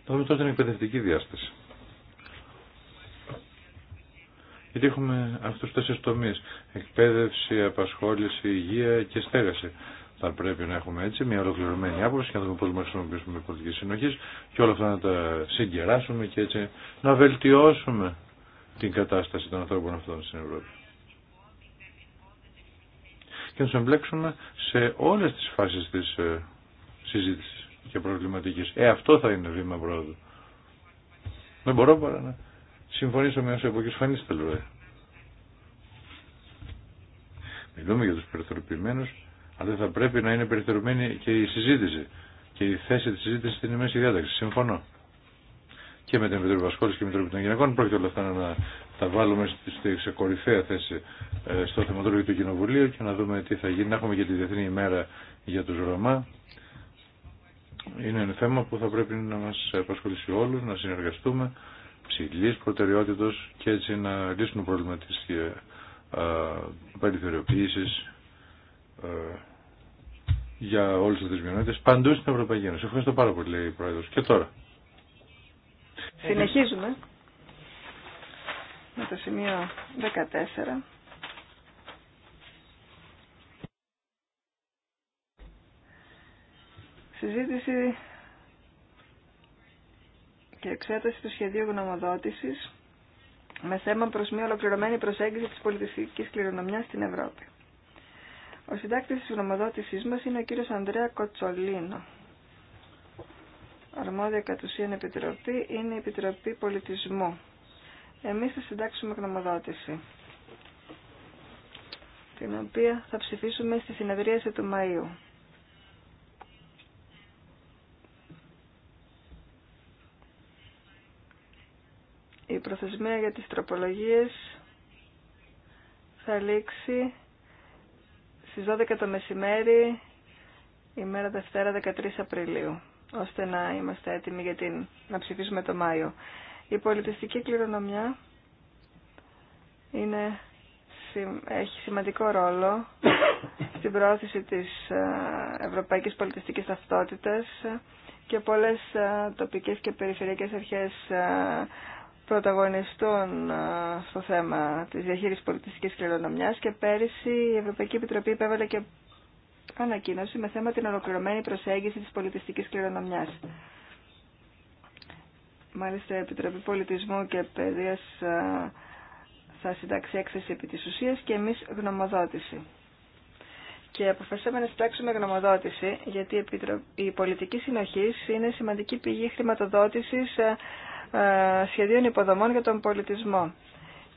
Θα δούμε τώρα την εκπαιδευτική διάσταση. Γιατί έχουμε αυτούς τέσσερις τομείς. Εκπαίδευση, απασχόληση, υγεία και στέγαση. Θα πρέπει να έχουμε έτσι μια ολοκληρωμένη άποψη και να δούμε πώ μπορούμε να χρησιμοποιήσουμε πολιτική συνοχή και όλα αυτά να τα συγκεράσουμε και έτσι να βελτιώσουμε την κατάσταση των ανθρώπων αυτών στην Ευρώπη. Και να του εμπλέξουμε σε όλε τι φάσει τη ε, συζήτηση και προβληματική. Ε, αυτό θα είναι βήμα πρόοδου. Δεν μπορώ παρά να συμφωνήσω με όσο λέω. Ε. Μιλούμε για τους περιθωριοποιημένους αλλά θα πρέπει να είναι περιθωρημένη και η συζήτηση και η θέση τη συζήτηση στην ημέση διάταξη. Συμφωνώ. Και με την Επιτροπή Ασχόληση και με την Επιτροπή των Γυναικών πρόκειται όλα αυτά να τα βάλουμε στη, σε κορυφαία θέση ε, στο θεματολόγιο του Κοινοβουλίου και να δούμε τι θα γίνει. Να έχουμε και τη Διεθνή ημέρα για τους Ρωμά. Είναι ένα θέμα που θα πρέπει να μας απασχολήσει όλους, να συνεργαστούμε ψηλή προτεραιότητα και έτσι να λύσουμε το πρόβλημα της ε, ε, περιθωριοποίησης ε, για όλες τις μειονότητες παντού στην Ευρωπαϊκή Ένωση. Ευχαριστώ πάρα πολύ, λέει Πρόεδρος. Και τώρα. Συνεχίζουμε με το σημείο 14. Συζήτηση και εξέταση του σχεδίου γνωμοδότησης με θέμα προς μια ολοκληρωμένη προσέγγιση της πολιτιστικής κληρονομιάς στην Ευρώπη. Ο συντάκτης της γνωμοδότησής μας είναι ο κύριος Ανδρέα Κοτσολίνο. Αρμόδια κατ' ουσίαν επιτροπή είναι η Επιτροπή Πολιτισμού. Εμείς θα συντάξουμε γνωμοδότηση, την οποία θα ψηφίσουμε στη συνεδρίαση του Μαΐου. Η προθεσμία για τις τροπολογίες θα λήξει στις 12 το μεσημέρι, ημέρα Δευτέρα 13 Απριλίου, ώστε να είμαστε έτοιμοι για την, να ψηφίσουμε το Μάιο. Η πολιτιστική κληρονομιά είναι, έχει σημαντικό ρόλο στην πρόθεση της ε, ευρωπαϊκής πολιτιστικής ταυτότητας και πολλές ε, τοπικές και περιφερειακές αρχές ε, πρωταγωνιστούν στο θέμα της διαχείρισης πολιτιστικής κληρονομιάς και πέρυσι η Ευρωπαϊκή Επιτροπή υπέβαλε και ανακοίνωση με θέμα την ολοκληρωμένη προσέγγιση της πολιτιστικής κληρονομιάς. Μάλιστα η Επιτροπή Πολιτισμού και Παιδείας θα συντάξει έκθεση επί της ουσίας και εμείς γνωμοδότηση. Και αποφασίσαμε να συντάξουμε γνωμοδότηση γιατί η πολιτική συνοχή είναι σημαντική πηγή χρηματοδότησης ε, σχεδίων υποδομών για τον πολιτισμό.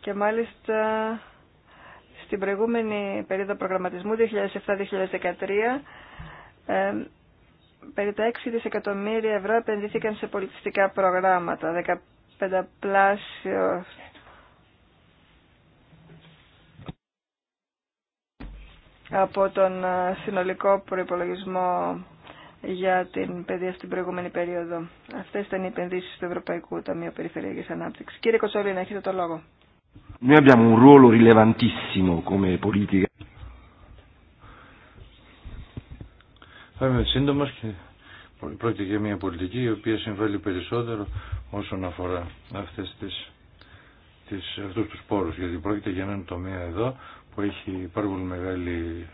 Και μάλιστα στην προηγούμενη περίοδο προγραμματισμού 2007-2013 ε, περί 6 δισεκατομμύρια ευρώ επενδύθηκαν σε πολιτιστικά προγράμματα, 15 πλάσιο από τον ε, συνολικό προϋπολογισμό για την παιδεία στην προηγούμενη περίοδο. Αυτέ ήταν οι επενδύσει του Ευρωπαϊκού Ταμείου Περιφερειακής Ανάπτυξη. Κύριε Κοτσολίνα, έχετε το λόγο. Θα είμαι σύντομα και πρόκειται για μια πολιτική η οποία συμβάλλει περισσότερο όσον αφορά αυτές τις, τις, αυτούς τους πόρους γιατί πρόκειται για έναν τομέα εδώ που έχει πάρα πολύ μεγάλη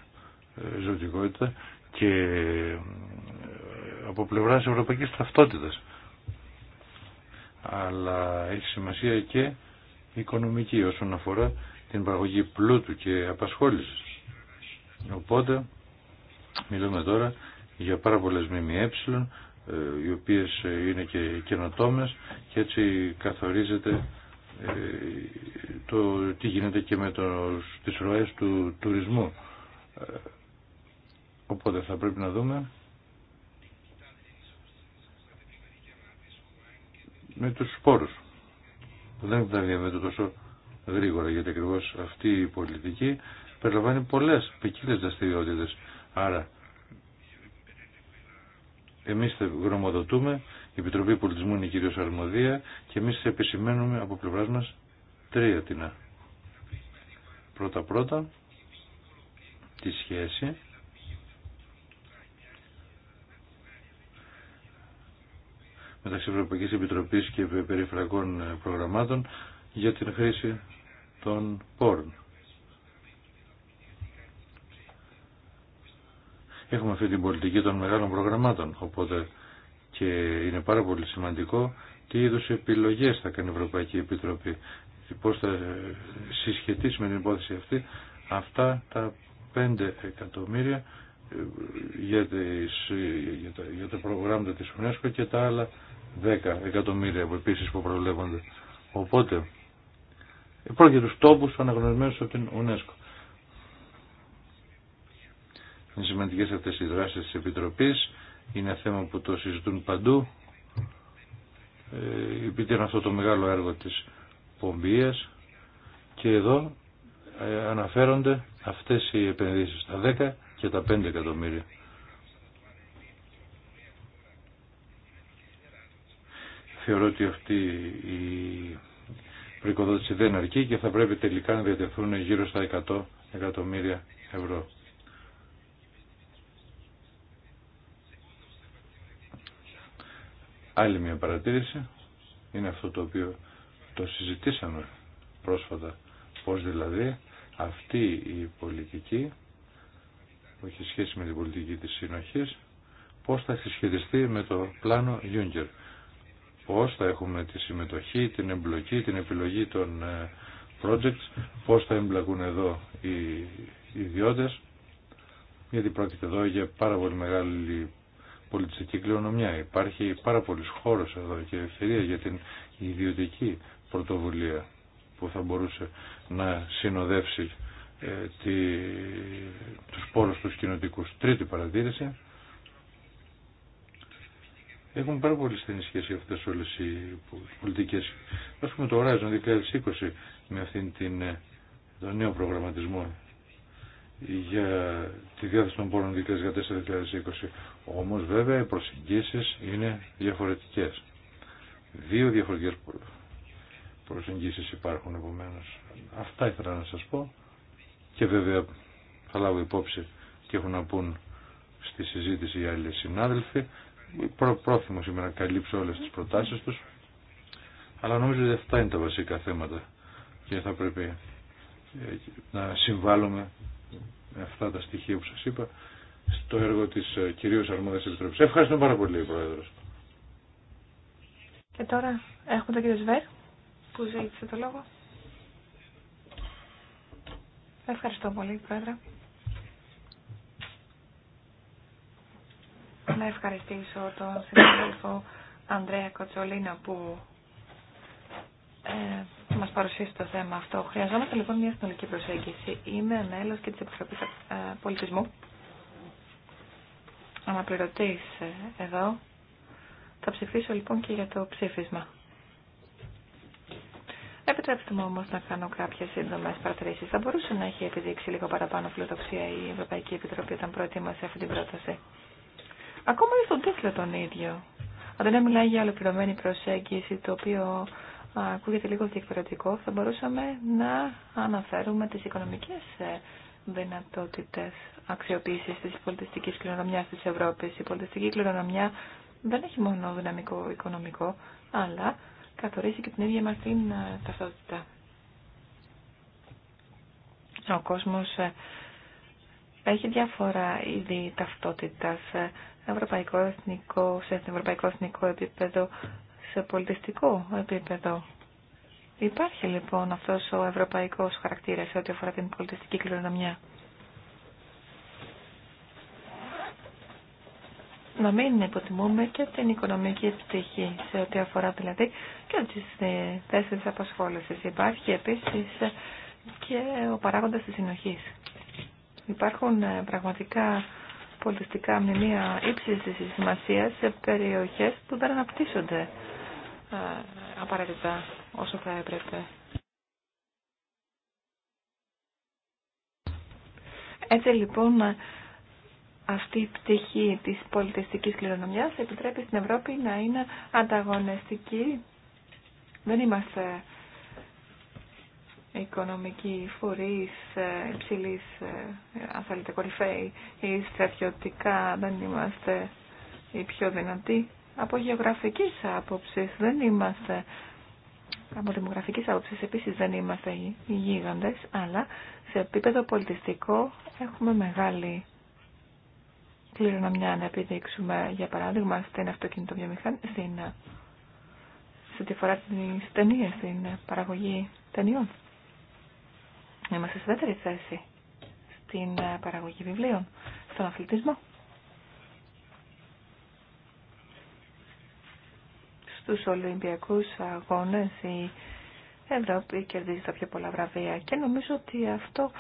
ε, ζωτικότητα και από πλευρά ευρωπαϊκή ταυτότητας. Αλλά έχει σημασία και οικονομική όσον αφορά την παραγωγή πλούτου και απασχόλησης. Οπότε μιλούμε τώρα για πάρα πολλές ΜΜΕ ε, οι οποίες είναι και καινοτόμε και έτσι καθορίζεται ε, το τι γίνεται και με τι τις ροές του τουρισμού. Ε, οπότε θα πρέπει να δούμε με τους σπόρους. Δεν τα διαβαίνω τόσο γρήγορα γιατί ακριβώ αυτή η πολιτική περιλαμβάνει πολλές ποικίλε δραστηριότητε. Άρα εμείς θα γνωμοδοτούμε, η Επιτροπή Πολιτισμού είναι κυρίως αρμοδία και εμείς θα επισημαίνουμε από πλευράς μας τρία τεινά. Πρώτα-πρώτα τη σχέση μεταξύ Ευρωπαϊκής Επιτροπής και περιφραγών προγραμμάτων για την χρήση των πόρων. Έχουμε αυτή την πολιτική των μεγάλων προγραμμάτων, οπότε και είναι πάρα πολύ σημαντικό τι είδους επιλογές θα κάνει η Ευρωπαϊκή Επιτροπή, πώς θα συσχετίσει με την υπόθεση αυτή αυτά τα 5 εκατομμύρια ε, για, τις, ε, για, τα, για τα προγράμματα της UNESCO και τα άλλα 10 εκατομμύρια που επίσης που προβλέπονται. Οπότε, πρόκειται τους τόπους αναγνωρισμένους από την UNESCO. Είναι σημαντικές αυτές οι δράσεις της Επιτροπής, είναι θέμα που το συζητούν παντού. Ε, υπήρχε αυτό το μεγάλο έργο της Πομπίας και εδώ ε, αναφέρονται αυτές οι επενδύσεις, τα 10 και τα 5 εκατομμύρια. Θεωρώ ότι αυτή η προοικοδότηση δεν αρκεί και θα πρέπει τελικά να διατεθούν γύρω στα 100 εκατομμύρια ευρώ. Άλλη μια παρατήρηση είναι αυτό το οποίο το συζητήσαμε πρόσφατα πως δηλαδή αυτή η πολιτική που έχει σχέση με την πολιτική της συνοχής πως θα συσχετιστεί με το πλάνο Juncker πώς θα έχουμε τη συμμετοχή, την εμπλοκή, την επιλογή των ε, projects, πώς θα εμπλακούν εδώ οι ιδιώτες, γιατί πρόκειται εδώ για πάρα πολύ μεγάλη πολιτιστική κληρονομιά. Υπάρχει πάρα πολλής χώρος εδώ και ευκαιρία για την ιδιωτική πρωτοβουλία που θα μπορούσε να συνοδεύσει ε, τη, τους πόρους τους κοινοτικούς. Τρίτη παρατήρηση έχουν πάρα πολύ στενή σχέση αυτές όλες οι πολιτικέ. Α πούμε το Horizon 2020 με αυτήν ε, τον νέο προγραμματισμό για τη διάθεση των πόρων 2014-2020. Όμως βέβαια οι προσεγγίσει είναι διαφορετικέ. Δύο διαφορετικέ προσεγγίσει υπάρχουν επομένω. Αυτά ήθελα να σα πω και βέβαια θα λάβω υπόψη και έχουν να πούν στη συζήτηση οι άλλοι συνάδελφοι προ, πρόθυμο σήμερα να καλύψω όλες τις προτάσεις τους αλλά νομίζω ότι αυτά είναι τα βασικά θέματα και θα πρέπει ε, να συμβάλλουμε με αυτά τα στοιχεία που σας είπα στο έργο της ε, κυρίως αρμόδας Επιτροπής. Ευχαριστώ πάρα πολύ, Πρόεδρος. Και τώρα έχουμε τον κύριο Σβέρ που ζήτησε το λόγο. Ευχαριστώ πολύ, Πρόεδρε. Να ευχαριστήσω τον συνάδελφο Ανδρέα Κοτσολίνο που ε, μας παρουσίασε το θέμα αυτό. Χρειαζόμαστε λοιπόν μια συνολική προσέγγιση. Είμαι μέλος και της Επιτροπής ε, Πολιτισμού. Αναπληρωτής ε, εδώ. Θα ψηφίσω λοιπόν και για το ψήφισμα. Επιτρέψτε μου όμω να κάνω κάποιε σύντομες παρατηρήσει. Θα μπορούσε να έχει επιδείξει λίγο παραπάνω φιλοδοξία η Ευρωπαϊκή Επιτροπή όταν προετοίμασε αυτή την πρόταση. Ακόμα και στον τίτλο τον ίδιο. Αν δεν μιλάει για ολοκληρωμένη προσέγγιση, το οποίο ακούγεται λίγο διεκπαιρετικό, θα μπορούσαμε να αναφέρουμε τις οικονομικές ε, δυνατότητες αξιοποίησης της πολιτιστικής κληρονομιάς της Ευρώπης. Η πολιτιστική κληρονομιά δεν έχει μόνο δυναμικό οικονομικό, αλλά καθορίζει και την ίδια μας την ε, ταυτότητα. Ο κόσμος ε, έχει διάφορα είδη ταυτότητας ευρωπαϊκό εθνικό, σε ευρωπαϊκό εθνικό επίπεδο, σε πολιτιστικό επίπεδο. Υπάρχει λοιπόν αυτός ο ευρωπαϊκός χαρακτήρας σε ό,τι αφορά την πολιτιστική κληρονομιά. Να μην υποτιμούμε και την οικονομική πτυχή σε ό,τι αφορά δηλαδή και τις ε, θέσεις απασχόλησης. Υπάρχει επίσης και ο παράγοντας της συνοχής. Υπάρχουν ε, πραγματικά πολιτιστικά μνημεία ύψης της σημασία σε περιοχές που δεν αναπτύσσονται ε, απαραίτητα όσο θα έπρεπε. Έτσι λοιπόν αυτή η πτυχή της πολιτιστικής κληρονομιάς επιτρέπει στην Ευρώπη να είναι ανταγωνιστική. Δεν είμαστε οικονομικοί φορείς ε, υψηλής, αν θέλετε κορυφαίοι ή στρατιωτικά δεν είμαστε οι πιο δυνατοί. Από γεωγραφικής άποψης δεν είμαστε, από δημογραφικής άποψης επίσης δεν είμαστε οι γίγαντες, αλλά σε επίπεδο πολιτιστικό έχουμε μεγάλη κληρονομιά να επιδείξουμε, για παράδειγμα, στην αυτοκινητοβιομηχανία, στην σε τη παραγωγή ταινιών είμαστε σε δεύτερη θέση στην ε, παραγωγή βιβλίων, στον αθλητισμό. Στους Ολυμπιακούς Αγώνες η Ευρώπη κερδίζει τα πιο πολλά βραβεία και νομίζω ότι αυτό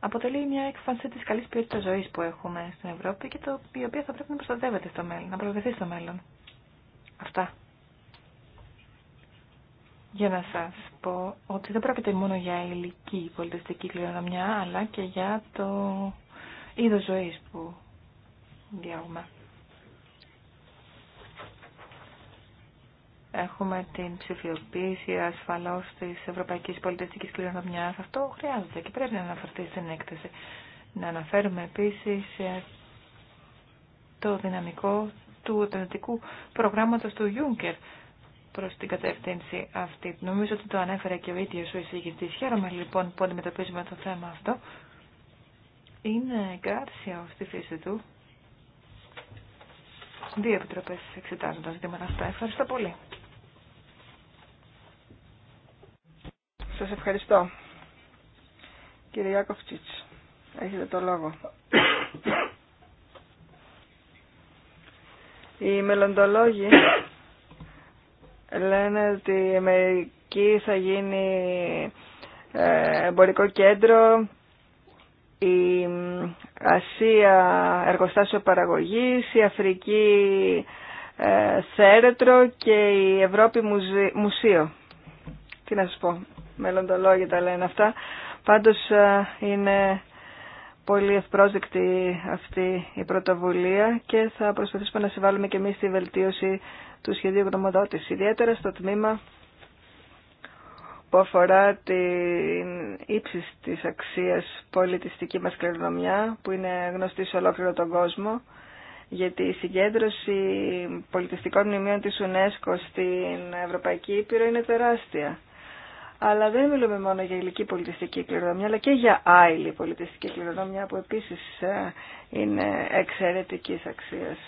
αποτελεί μια έκφανση της καλής ποιότητας ζωής που έχουμε στην Ευρώπη και το, η οποία θα πρέπει να προστατεύεται στο μέλλον, να προσδεθεί στο μέλλον. Αυτά για να σας πω ότι δεν πρόκειται μόνο για ηλική πολιτιστική κληρονομιά, αλλά και για το είδος ζωής που διάγουμε. Έχουμε την ψηφιοποίηση ασφαλώς της ευρωπαϊκής πολιτιστικής κληρονομιάς. Αυτό χρειάζεται και πρέπει να αναφερθεί στην έκθεση. Να αναφέρουμε επίσης ε, το δυναμικό του επενδυτικού προγράμματος του Juncker προς την κατεύθυνση αυτή. Νομίζω ότι το ανέφερε και ο ίδιος ο εισηγητής. Χαίρομαι λοιπόν που αντιμετωπίζουμε το θέμα αυτό. Είναι ως στη φύση του. Δύο επιτροπές εξετάζουν τα ζητήματα αυτά. Ευχαριστώ πολύ. Σας ευχαριστώ. Κύριε Ιάκοφτσιτς, έχετε το λόγο. Οι μελλοντολόγοι λένε ότι η Αμερική θα γίνει ε, εμπορικό κέντρο, η Ασία εργοστάσιο παραγωγής, η Αφρική ε, θέρετρο και η Ευρώπη μουσείο. Τι να σας πω, μελλοντολόγια τα λένε αυτά. Πάντως ε, είναι πολύ ευπρόσδεκτη αυτή η πρωτοβουλία και θα προσπαθήσουμε να συμβάλλουμε και εμείς στη βελτίωση του σχεδίου γνωμοδότηση, ιδιαίτερα στο τμήμα που αφορά την ύψη της αξίας πολιτιστική μας κληρονομιά, που είναι γνωστή σε ολόκληρο τον κόσμο, γιατί η συγκέντρωση πολιτιστικών μνημείων της UNESCO στην Ευρωπαϊκή Ήπειρο είναι τεράστια. Αλλά δεν μιλούμε μόνο για υλική πολιτιστική κληρονομιά, αλλά και για άειλη πολιτιστική κληρονομιά, που επίσης ε, είναι εξαιρετικής αξίας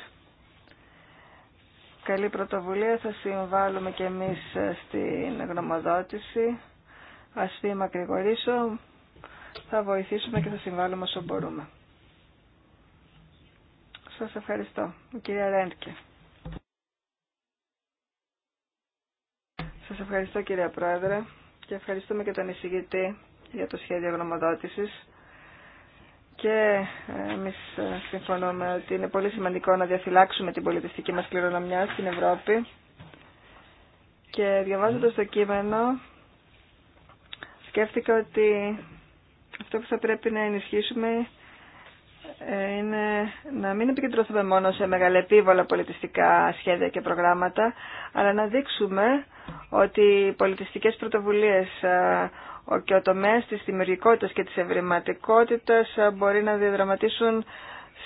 καλή πρωτοβουλία. Θα συμβάλλουμε και εμείς στην γνωμοδότηση. Ας θύμα μακρηγορήσω. Θα βοηθήσουμε και θα συμβάλλουμε όσο μπορούμε. Σας ευχαριστώ. κυρία Ρέντκε. Σας ευχαριστώ κυρία Πρόεδρε και ευχαριστούμε και τον εισηγητή για το σχέδιο γνωμοδότησης και ε, εμεί ε, συμφωνούμε ότι είναι πολύ σημαντικό να διαφυλάξουμε την πολιτιστική μας κληρονομιά στην Ευρώπη και διαβάζοντας το κείμενο σκέφτηκα ότι αυτό που θα πρέπει να ενισχύσουμε ε, είναι να μην επικεντρωθούμε μόνο σε μεγαλεπίβολα πολιτιστικά σχέδια και προγράμματα, αλλά να δείξουμε ότι οι πολιτιστικές πρωτοβουλίες ο και ο τομέας της δημιουργικότητας και της ευρηματικότητας ε, μπορεί να διαδραματίσουν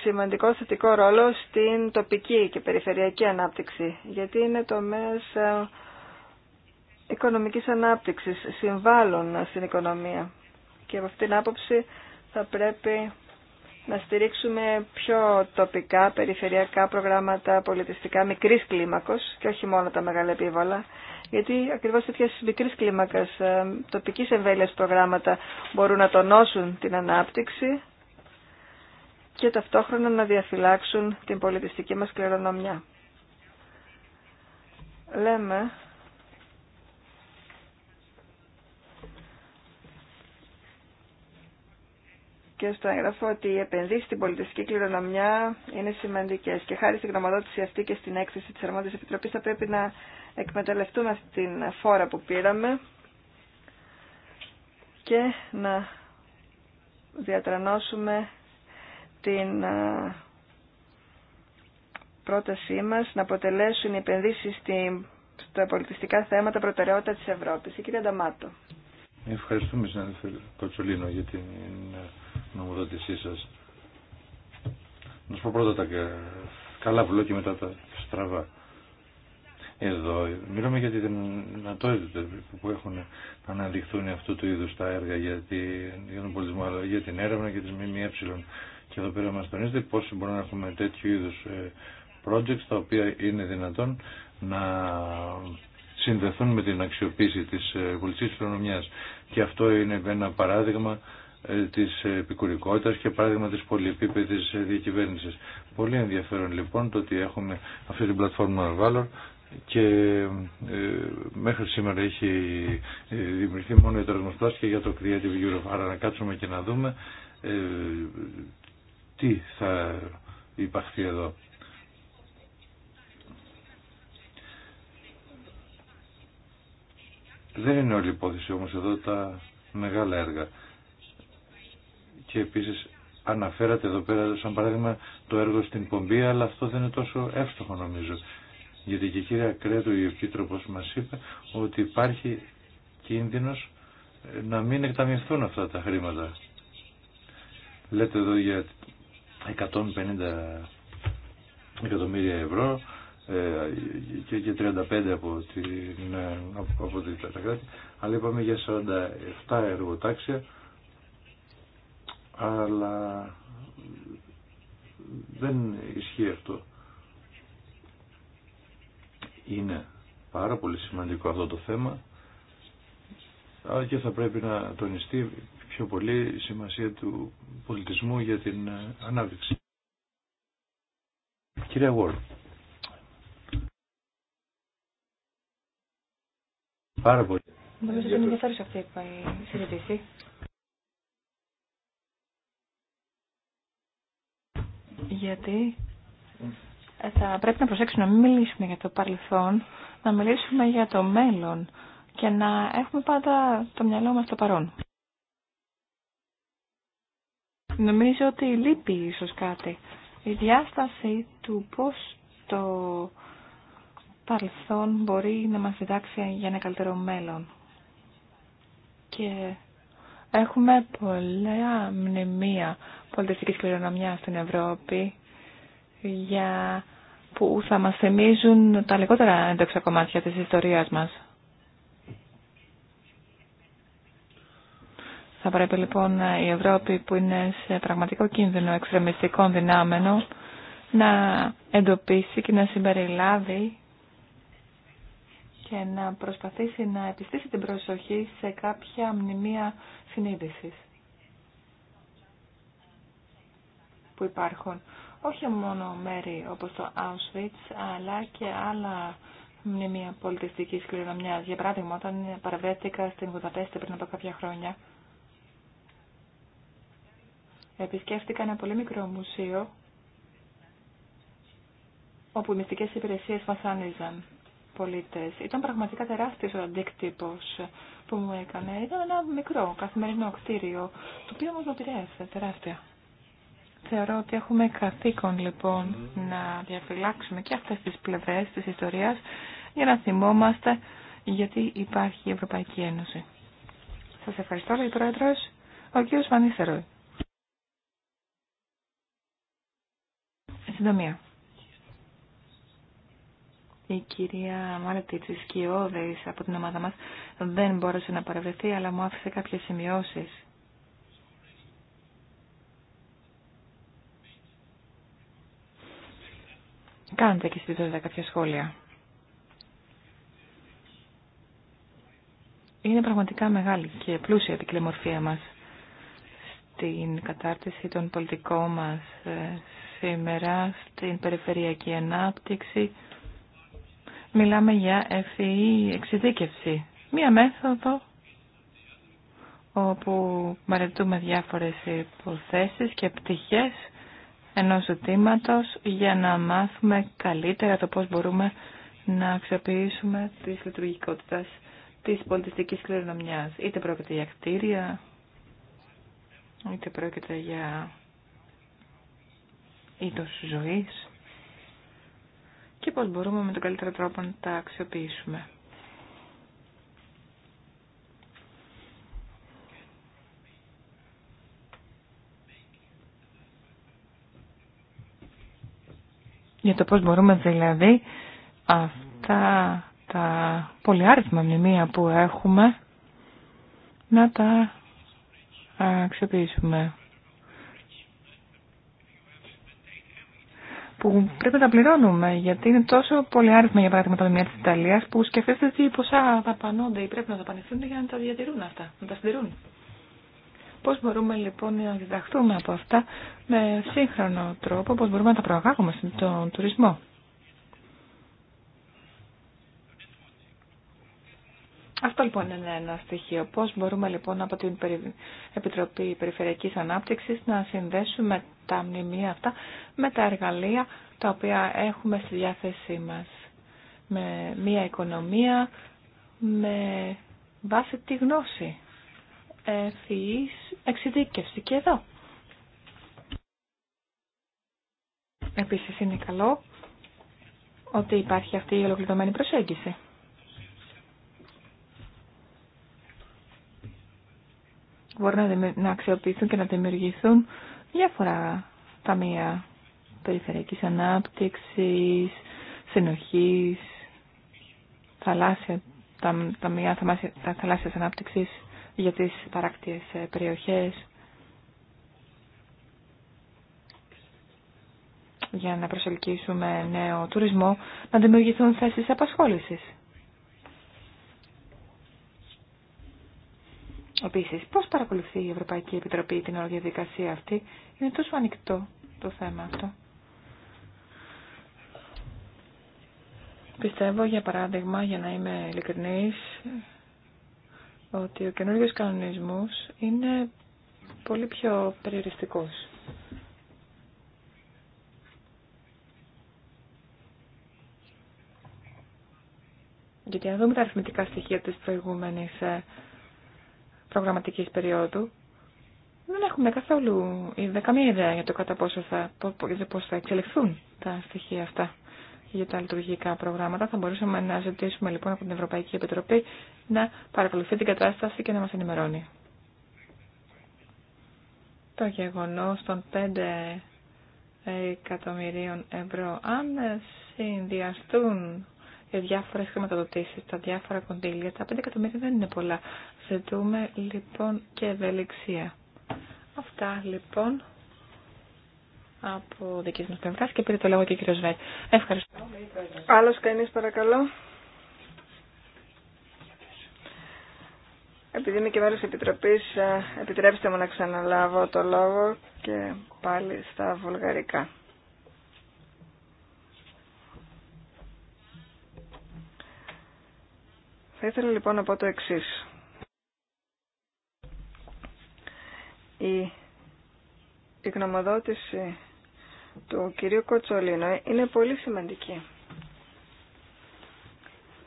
σημαντικό θετικό ρόλο στην τοπική και περιφερειακή ανάπτυξη, γιατί είναι τομές ε, οικονομικής ανάπτυξης, συμβάλλουν στην οικονομία. Και από αυτήν την άποψη θα πρέπει να στηρίξουμε πιο τοπικά, περιφερειακά προγράμματα πολιτιστικά μικρής κλίμακος και όχι μόνο τα μεγάλα επίβολα, γιατί ακριβώς τέτοια μικρή κλίμακα ε, τοπική εμβέλεια προγράμματα μπορούν να τονώσουν την ανάπτυξη και ταυτόχρονα να διαφυλάξουν την πολιτιστική μας κληρονομιά. Λέμε και στο έγγραφο ότι οι επενδύσει στην πολιτιστική κληρονομιά είναι σημαντικέ. Και χάρη στην γνωμοδότηση αυτή και στην έκθεση τη Αρμόδια Επιτροπή θα πρέπει να εκμεταλλευτούμε αυτή την φόρα που πήραμε και να διατρανώσουμε την πρότασή μας να αποτελέσουν οι επενδύσεις στα πολιτιστικά θέματα προτεραιότητα της Ευρώπης. Η κυρία Νταμάτο. Ευχαριστούμε, συνάδελφε Κοτσολίνο, για την νομοδότησή σας. Να σου πω πρώτα τα καλά βουλό και μετά τα στραβά. Εδώ μιλούμε για τη δυνατότητα που έχουν να αναδειχθούν αυτού του είδους τα έργα για, για τον πολιτισμό, αλλά για την έρευνα και τις ΜΜΕ. Και εδώ πέρα μας τονίζεται πώς μπορούμε να έχουμε τέτοιου είδους ε, projects τα οποία είναι δυνατόν να συνδεθούν με την αξιοποίηση της ε, πολιτικής οικονομίας. Και αυτό είναι ένα παράδειγμα ε, της επικουρικότητας και παράδειγμα της πολυεπίπεδης διακυβέρνησης. Πολύ ενδιαφέρον λοιπόν το ότι έχουμε αυτή την πλατφόρμα Valor και ε, μέχρι σήμερα έχει ε, δημιουργηθεί μόνο η και για το Creative Europe. Άρα να κάτσουμε και να δούμε ε, τι θα υπαχθεί εδώ. Δεν είναι όλη η υπόθεση όμως εδώ τα μεγάλα έργα. Και επίσης αναφέρατε εδώ πέρα σαν παράδειγμα το έργο στην Πομπία, αλλά αυτό δεν είναι τόσο εύστοχο νομίζω γιατί και η κυρία Κρέτου, η Επίτροπος μα είπε ότι υπάρχει κίνδυνο να μην εκταμιευθούν αυτά τα χρήματα. Λέτε εδώ για 150 εκατομμύρια ευρώ ε, και 35 από, την, από την, τα κράτη, αλλά είπαμε για 47 εργοτάξια, αλλά δεν ισχύει αυτό. Είναι πάρα πολύ σημαντικό αυτό το θέμα και θα πρέπει να τονιστεί πιο πολύ η σημασία του πολιτισμού για την ε, ανάπτυξη. Κυρία Γουόρ. Πάρα πολύ. Νομίζω ότι είναι ενδιαφέρουσα αυτή η συζήτηση. Γιατί θα πρέπει να προσέξουμε να μην μιλήσουμε για το παρελθόν, να μιλήσουμε για το μέλλον και να έχουμε πάντα το μυαλό μας το παρόν. Νομίζω ότι λείπει ίσως κάτι. Η διάσταση του πώς το παρελθόν μπορεί να μας διδάξει για ένα καλύτερο μέλλον. Και έχουμε πολλά μνημεία πολιτιστικής κληρονομιάς στην Ευρώπη για που θα μας θυμίζουν τα λιγότερα έντοξα κομμάτια της ιστορίας μας. Θα πρέπει λοιπόν η Ευρώπη που είναι σε πραγματικό κίνδυνο εξτρεμιστικών δυνάμενο να εντοπίσει και να συμπεριλάβει και να προσπαθήσει να επιστήσει την προσοχή σε κάποια μνημεία συνείδησης που υπάρχουν όχι μόνο μέρη όπως το Auschwitz, αλλά και άλλα μνημεία πολιτιστικής κληρονομιάς. Για παράδειγμα, όταν παραβρέθηκα στην Βουδαπέστη πριν από κάποια χρόνια, επισκέφτηκα ένα πολύ μικρό μουσείο όπου οι μυστικές υπηρεσίες βασάνιζαν πολίτες. Ήταν πραγματικά τεράστιος ο αντίκτυπος που μου έκανε. Ήταν ένα μικρό καθημερινό κτίριο, το οποίο όμως με επηρέασε τεράστια. Θεωρώ ότι έχουμε καθήκον λοιπόν να διαφυλάξουμε και αυτές τις πλευρές της ιστορίας για να θυμόμαστε γιατί υπάρχει η Ευρωπαϊκή Ένωση. Σας ευχαριστώ, λέει Πρόεδρος, ο κ. Βανίσερο. Συντομία. Η κυρία τη Σκιώδης από την ομάδα μας δεν μπόρεσε να παρευρεθεί, αλλά μου άφησε κάποιες σημειώσεις Κάντε και στη βέβαια κάποια σχόλια. Είναι πραγματικά μεγάλη και πλούσια η κλημορφία μας στην κατάρτιση των πολιτικών μας ε, σήμερα, στην περιφερειακή ανάπτυξη. Μιλάμε για ευθυή e e εξειδίκευση. Μία μέθοδο όπου μαρετούμε διάφορες υποθέσεις και πτυχές ενός ζητήματος για να μάθουμε καλύτερα το πώς μπορούμε να αξιοποιήσουμε τις λειτουργικότητες της πολιτιστικής κληρονομιάς. Είτε πρόκειται για κτίρια, είτε πρόκειται για είδος ζωής και πώς μπορούμε με τον καλύτερο τρόπο να τα αξιοποιήσουμε. Για το πώς μπορούμε δηλαδή αυτά τα πολυάριθμα μνημεία που έχουμε να τα αξιοποιήσουμε. Που πρέπει να τα πληρώνουμε, γιατί είναι τόσο πολυάριθμα για παράδειγμα τα μνημεία της Ιταλίας που σκεφτείτε τι ποσά δαπανώνται ή πρέπει να δαπανηθούν για να τα διατηρούν αυτά, να τα συντηρούν. Πώς μπορούμε λοιπόν να διδαχθούμε από αυτά με σύγχρονο τρόπο, πώς μπορούμε να τα προαγάγουμε στον τουρισμό. Αυτό λοιπόν είναι ένα στοιχείο. Πώς μπορούμε λοιπόν από την Επιτροπή Περιφερειακής Ανάπτυξης να συνδέσουμε τα μνημεία αυτά με τα εργαλεία τα οποία έχουμε στη διάθεσή μας. Με μία οικονομία, με βάση τη γνώση ευθύης εξειδίκευση και εδώ. Επίσης είναι καλό ότι υπάρχει αυτή η ολοκληρωμένη προσέγγιση. Μπορούν να αξιοποιηθούν και να δημιουργηθούν διάφορα ταμεία περιφερειακής ανάπτυξης, συνοχής, θαλάσσια, τα, ταμεία θαλάσσιας ανάπτυξης για τις παράκτιες ε, περιοχές για να προσελκύσουμε νέο τουρισμό, να δημιουργηθούν θέσεις απασχόλησης. Επίση, πώς παρακολουθεί η Ευρωπαϊκή Επιτροπή την όλη διαδικασία αυτή, είναι τόσο ανοιχτό το θέμα αυτό. Πιστεύω, για παράδειγμα, για να είμαι ειλικρινής, ότι ο καινούργιος κανονισμός είναι πολύ πιο περιοριστικός. Γιατί αν δούμε τα αριθμητικά στοιχεία της προηγούμενης ε, προγραμματικής περίοδου, δεν έχουμε καθόλου καμία ιδέα για το κατά πόσο θα, πώς θα εξελιχθούν τα στοιχεία αυτά για τα λειτουργικά προγράμματα. Θα μπορούσαμε να ζητήσουμε λοιπόν από την Ευρωπαϊκή Επιτροπή να παρακολουθεί την κατάσταση και να μας ενημερώνει. Το γεγονός των 5 εκατομμυρίων ευρώ αν συνδυαστούν για διάφορες χρηματοδοτήσεις, τα διάφορα κοντήλια. τα 5 εκατομμύρια δεν είναι πολλά. Ζητούμε λοιπόν και ευελιξία. Αυτά λοιπόν από δική μα πλευρά και πήρε το λόγο και ο κύριο Βέτ. Ευχαριστώ. Άλλο κανεί, παρακαλώ. Επειδή είμαι και μέρο τη επιτροπή, ε, επιτρέψτε μου να ξαναλάβω το λόγο και πάλι στα βουλγαρικά. Θα ήθελα λοιπόν να πω το εξή. Η, η γνωμοδότηση το κυρίου Κοτσολίνο είναι πολύ σημαντική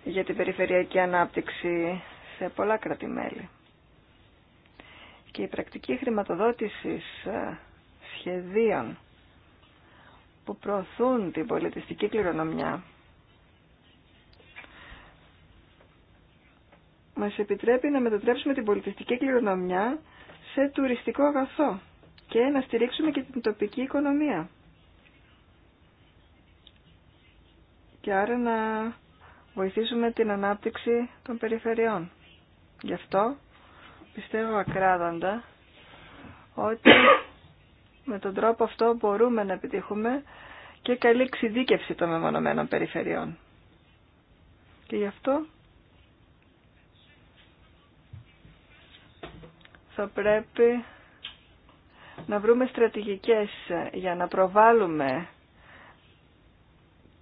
για την περιφερειακή ανάπτυξη σε πολλά κρατημέλη. Και η πρακτική χρηματοδότησης ε, σχεδίων που προωθούν την πολιτιστική κληρονομιά μας επιτρέπει να μετατρέψουμε την πολιτιστική κληρονομιά σε τουριστικό αγαθό και να στηρίξουμε και την τοπική οικονομία. και άρα να βοηθήσουμε την ανάπτυξη των περιφερειών. Γι' αυτό πιστεύω ακράδαντα ότι με τον τρόπο αυτό μπορούμε να επιτύχουμε και καλή εξειδίκευση των μεμονωμένων περιφερειών. Και γι' αυτό θα πρέπει να βρούμε στρατηγικές για να προβάλλουμε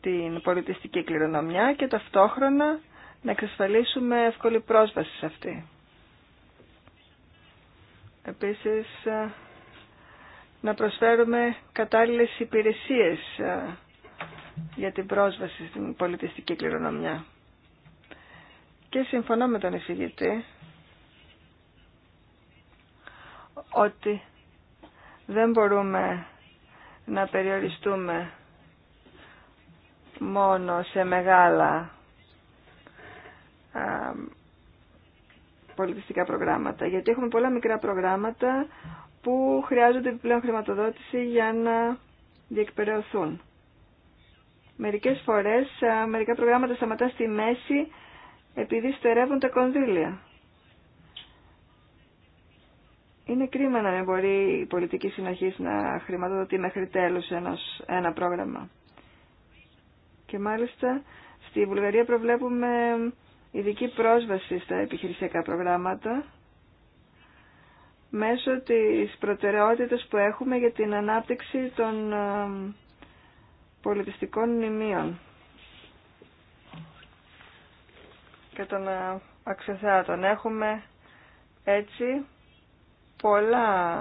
την πολιτιστική κληρονομιά και ταυτόχρονα να εξασφαλίσουμε εύκολη πρόσβαση σε αυτή. Επίσης, να προσφέρουμε κατάλληλες υπηρεσίες ε, για την πρόσβαση στην πολιτιστική κληρονομιά. Και συμφωνώ με τον εισηγητή ότι δεν μπορούμε να περιοριστούμε μόνο σε μεγάλα πολιτιστικά προγράμματα, γιατί έχουμε πολλά μικρά προγράμματα που χρειάζονται επιπλέον χρηματοδότηση για να διεκπαιρεωθούν. Μερικές φορές μερικά προγράμματα σταματά στη μέση επειδή στερεύουν τα κονδύλια. Είναι κρίμα να μην μπορεί η πολιτική συνοχή να χρηματοδοτεί μέχρι τέλους ένα πρόγραμμα. Και μάλιστα στη Βουλγαρία προβλέπουμε ειδική πρόσβαση στα επιχειρησιακά προγράμματα μέσω της προτεραιότητας που έχουμε για την ανάπτυξη των ε, πολιτιστικών μνημείων. Και των ε, αξιοθεάτων. Έχουμε έτσι πολλά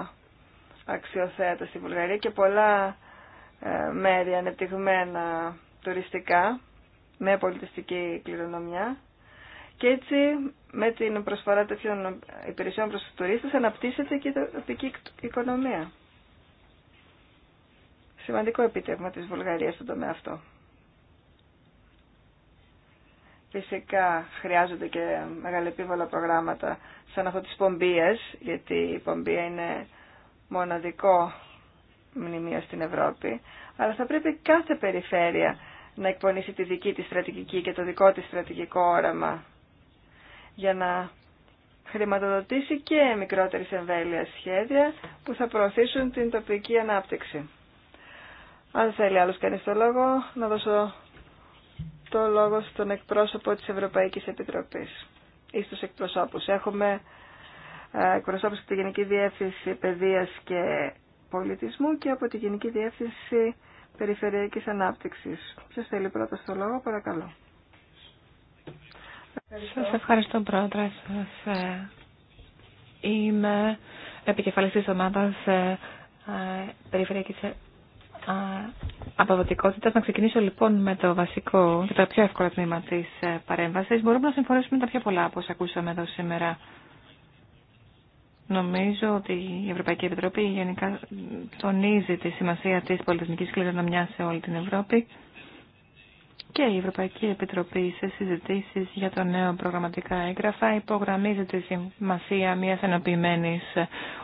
αξιοθέατα στη Βουλγαρία και πολλά ε, μέρη ανεπτυγμένα τουριστικά με πολιτιστική κληρονομιά και έτσι με την προσφορά τέτοιων υπηρεσιών προς τους τουρίστες αναπτύσσεται και η τοπική οικονομία. Σημαντικό επίτευγμα της Βουλγαρίας στον τομέα αυτό. Φυσικά χρειάζονται και επίβολα προγράμματα σαν αυτό της Πομπίας, γιατί η Πομπία είναι μοναδικό μνημείο στην Ευρώπη, αλλά θα πρέπει κάθε περιφέρεια να εκπονήσει τη δική της στρατηγική και το δικό της στρατηγικό όραμα για να χρηματοδοτήσει και μικρότερες εμβέλειες σχέδια που θα προωθήσουν την τοπική ανάπτυξη. Αν θέλει άλλος κανείς το λόγο, να δώσω το λόγο στον εκπρόσωπο της Ευρωπαϊκής Επιτροπής ή στους εκπροσώπους. Έχουμε ε, εκπροσώπους από τη Γενική Διεύθυνση Παιδείας και Πολιτισμού και από τη Γενική Διεύθυνση Περιφερειακής Ανάπτυξης. Ποιος θέλει πρώτα στο λόγο, παρακαλώ. Σας ευχαριστώ πρόεδρε. Σας ε, είμαι επικεφαλής της ομάδας ε, ε, περιφερειακής αποδοτικότητας. Να ξεκινήσω λοιπόν με το βασικό και το πιο εύκολο τμήμα της παρέμβασης. Μπορούμε να συμφωνήσουμε τα πιο πολλά όπως ακούσαμε εδώ σήμερα. Νομίζω ότι η Ευρωπαϊκή Επιτροπή γενικά τονίζει τη σημασία της πολιτισμικής κληρονομιάς σε όλη την Ευρώπη και η Ευρωπαϊκή Επιτροπή σε συζητήσεις για το νέο προγραμματικά έγγραφα υπογραμμίζει τη σημασία μιας ενοποιημένης,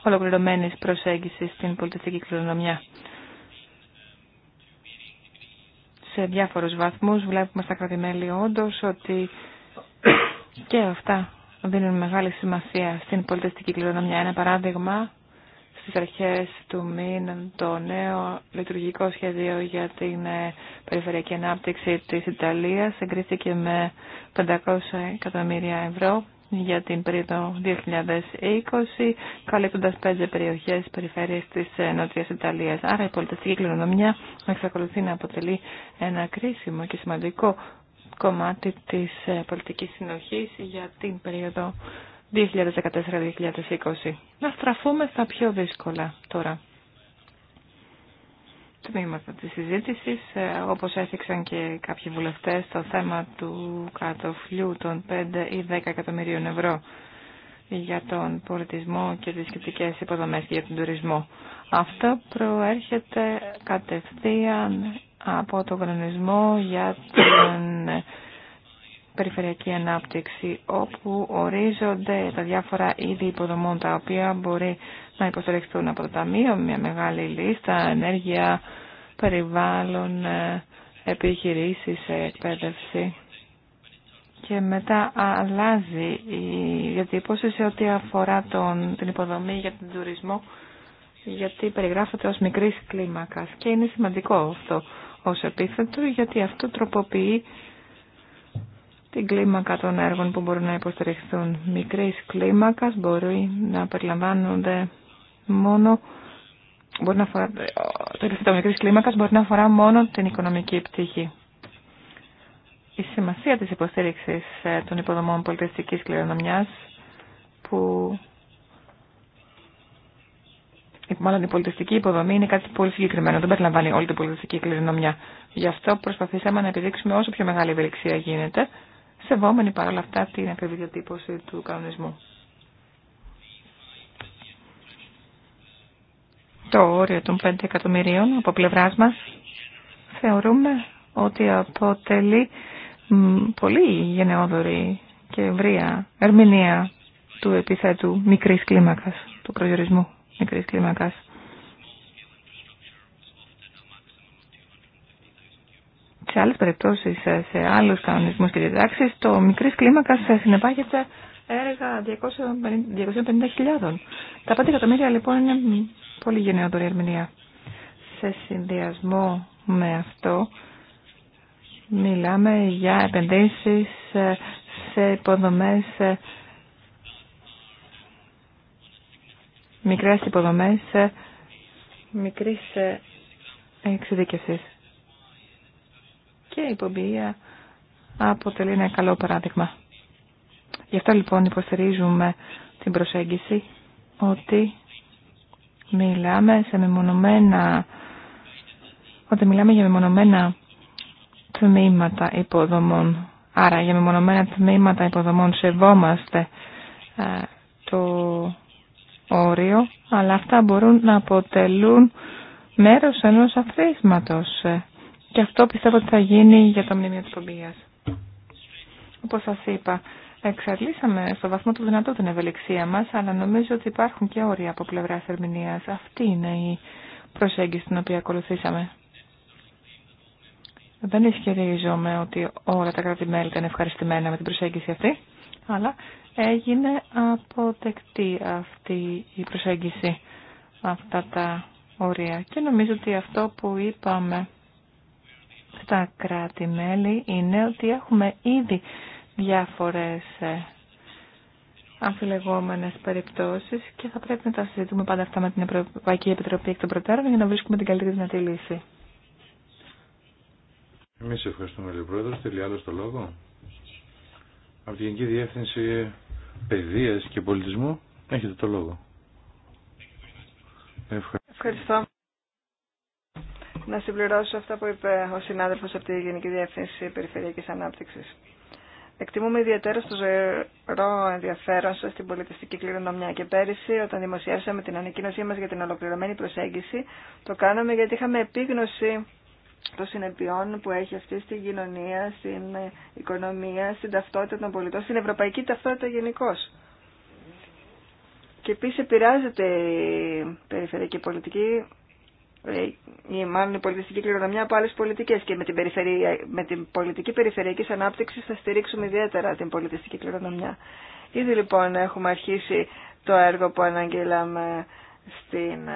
ολοκληρωμένης προσέγγισης στην πολιτιστική κληρονομιά. Σε διάφορους βαθμούς βλέπουμε στα κρατημέλη όντως ότι και αυτά δίνουν μεγάλη σημασία στην πολιτιστική κληρονομιά. Ένα παράδειγμα στις αρχές του μήνα το νέο λειτουργικό σχέδιο για την ε, περιφερειακή ανάπτυξη της Ιταλίας εγκρίθηκε με 500 εκατομμύρια ευρώ για την περίοδο 2020, καλύπτοντας πέντε περιοχές περιφέρειες της ε, Νότιας Ιταλίας. Άρα η πολιτιστική κληρονομιά εξακολουθεί να αποτελεί ένα κρίσιμο και σημαντικό κομμάτι της ε, πολιτικής συνοχής για την περίοδο 2014-2020. Να στραφούμε στα πιο δύσκολα τώρα. Τμήματα της συζήτηση, ε, όπως έθιξαν και κάποιοι βουλευτές, το θέμα του κατοφλιού των 5 ή 10 εκατομμυρίων ευρώ για τον πολιτισμό και τις κριτικές υποδομές για τον τουρισμό. Αυτό προέρχεται κατευθείαν από τον κανονισμό για την περιφερειακή ανάπτυξη όπου ορίζονται τα διάφορα είδη υποδομών τα οποία μπορεί να υποστηριχθούν από το Ταμείο μια μεγάλη λίστα, ενέργεια, περιβάλλον, ε, επιχειρήσεις, εκπαίδευση και μετά αλλάζει η διατύπωση σε ό,τι αφορά τον, την υποδομή για τον τουρισμό γιατί περιγράφεται ως μικρής κλίμακας και είναι σημαντικό αυτό ως επίθετο γιατί αυτό τροποποιεί την κλίμακα των έργων που μπορούν να υποστηριχθούν. Μικρής κλίμακας μπορεί να περιλαμβάνονται μόνο μπορεί να αφορά, το μικρής κλίμακας μπορεί να αφορά μόνο την οικονομική πτυχή. Η σημασία της υποστήριξης ε, των υποδομών πολιτιστικής κληρονομιάς που μάλλον η πολιτιστική υποδομή είναι κάτι πολύ συγκεκριμένο, δεν περιλαμβάνει όλη την πολιτιστική κληρονομιά. Γι' αυτό προσπαθήσαμε να επιδείξουμε όσο πιο μεγάλη ευελιξία γίνεται, σεβόμενη παρόλα αυτά την ακριβή του κανονισμού. Το όριο των 5 εκατομμυρίων από πλευρά μα θεωρούμε ότι αποτελεί πολύ γενναιόδορη και ευρεία ερμηνεία του επιθέτου μικρής κλίμακας του προσδιορισμού μικρής κλίμακας. Σε άλλες περιπτώσεις, σε άλλους κανονισμούς και διδάξεις, το μικρής κλίμακας συνεπάγεται έργα 250.000. Τα 5 εκατομμύρια λοιπόν είναι πολύ γενναιότερη ερμηνεία. Σε συνδυασμό με αυτό μιλάμε για επενδύσεις ε, σε υποδομές ε, μικρές υποδομές ε, μικρής ε, εξειδίκευσης. Και η Πομπία ε, αποτελεί ένα καλό παράδειγμα. Γι' αυτό λοιπόν υποστηρίζουμε την προσέγγιση ότι μιλάμε σε μεμονωμένα ότι μιλάμε για μεμονωμένα τμήματα υποδομών. Άρα για μεμονωμένα τμήματα υποδομών σεβόμαστε το όριο, αλλά αυτά μπορούν να αποτελούν μέρος ενός αθροίσματος. Και αυτό πιστεύω ότι θα γίνει για το μνημείο της Πομπίας. Όπως σας είπα, εξαρτήσαμε στο βαθμό του δυνατού την ευελιξία μας, αλλά νομίζω ότι υπάρχουν και όρια από πλευρά ερμηνεία. Αυτή είναι η προσέγγιση την οποία ακολουθήσαμε. Δεν ισχυρίζομαι ότι όλα τα κράτη-μέλη ήταν ευχαριστημένα με την προσέγγιση αυτή, αλλά έγινε αποδεκτή αυτή η προσέγγιση, αυτά τα όρια. Και νομίζω ότι αυτό που είπαμε στα κράτη-μέλη είναι ότι έχουμε ήδη διάφορες ε, αμφιλεγόμενες περιπτώσεις και θα πρέπει να τα συζητούμε πάντα αυτά με την Ευρωπαϊκή Επιτροπή εκ των προτέρων για να βρίσκουμε την καλύτερη δυνατή λύση. Εμείς ευχαριστούμε, Λεπρόεδρος. Τελειάλος το λόγο από τη Γενική Διεύθυνση Παιδείας και Πολιτισμού. Έχετε το λόγο. Ευχαριστώ. Να συμπληρώσω αυτά που είπε ο συνάδελφος από τη Γενική Διεύθυνση Περιφερειακής Ανάπτυξης. Εκτιμούμε ιδιαίτερα στο ζωηρό ενδιαφέρον σα την πολιτιστική κληρονομιά και πέρυσι, όταν δημοσιεύσαμε την ανακοίνωσή μα για την ολοκληρωμένη προσέγγιση, το κάναμε γιατί είχαμε επίγνωση το συνεπειών που έχει αυτή στην κοινωνία, στην οικονομία, στην ταυτότητα των πολιτών, στην ευρωπαϊκή ταυτότητα γενικώ. Και επίση επηρεάζεται η περιφερειακή πολιτική, ή ε, μάλλον η πολιτιστική κληρονομιά από άλλε πολιτικέ. Και με την, με την πολιτική περιφερειακή ανάπτυξη θα στηρίξουμε ιδιαίτερα την πολιτιστική κληρονομιά. Ήδη λοιπόν έχουμε αρχίσει το έργο που αναγγέλαμε στην ε,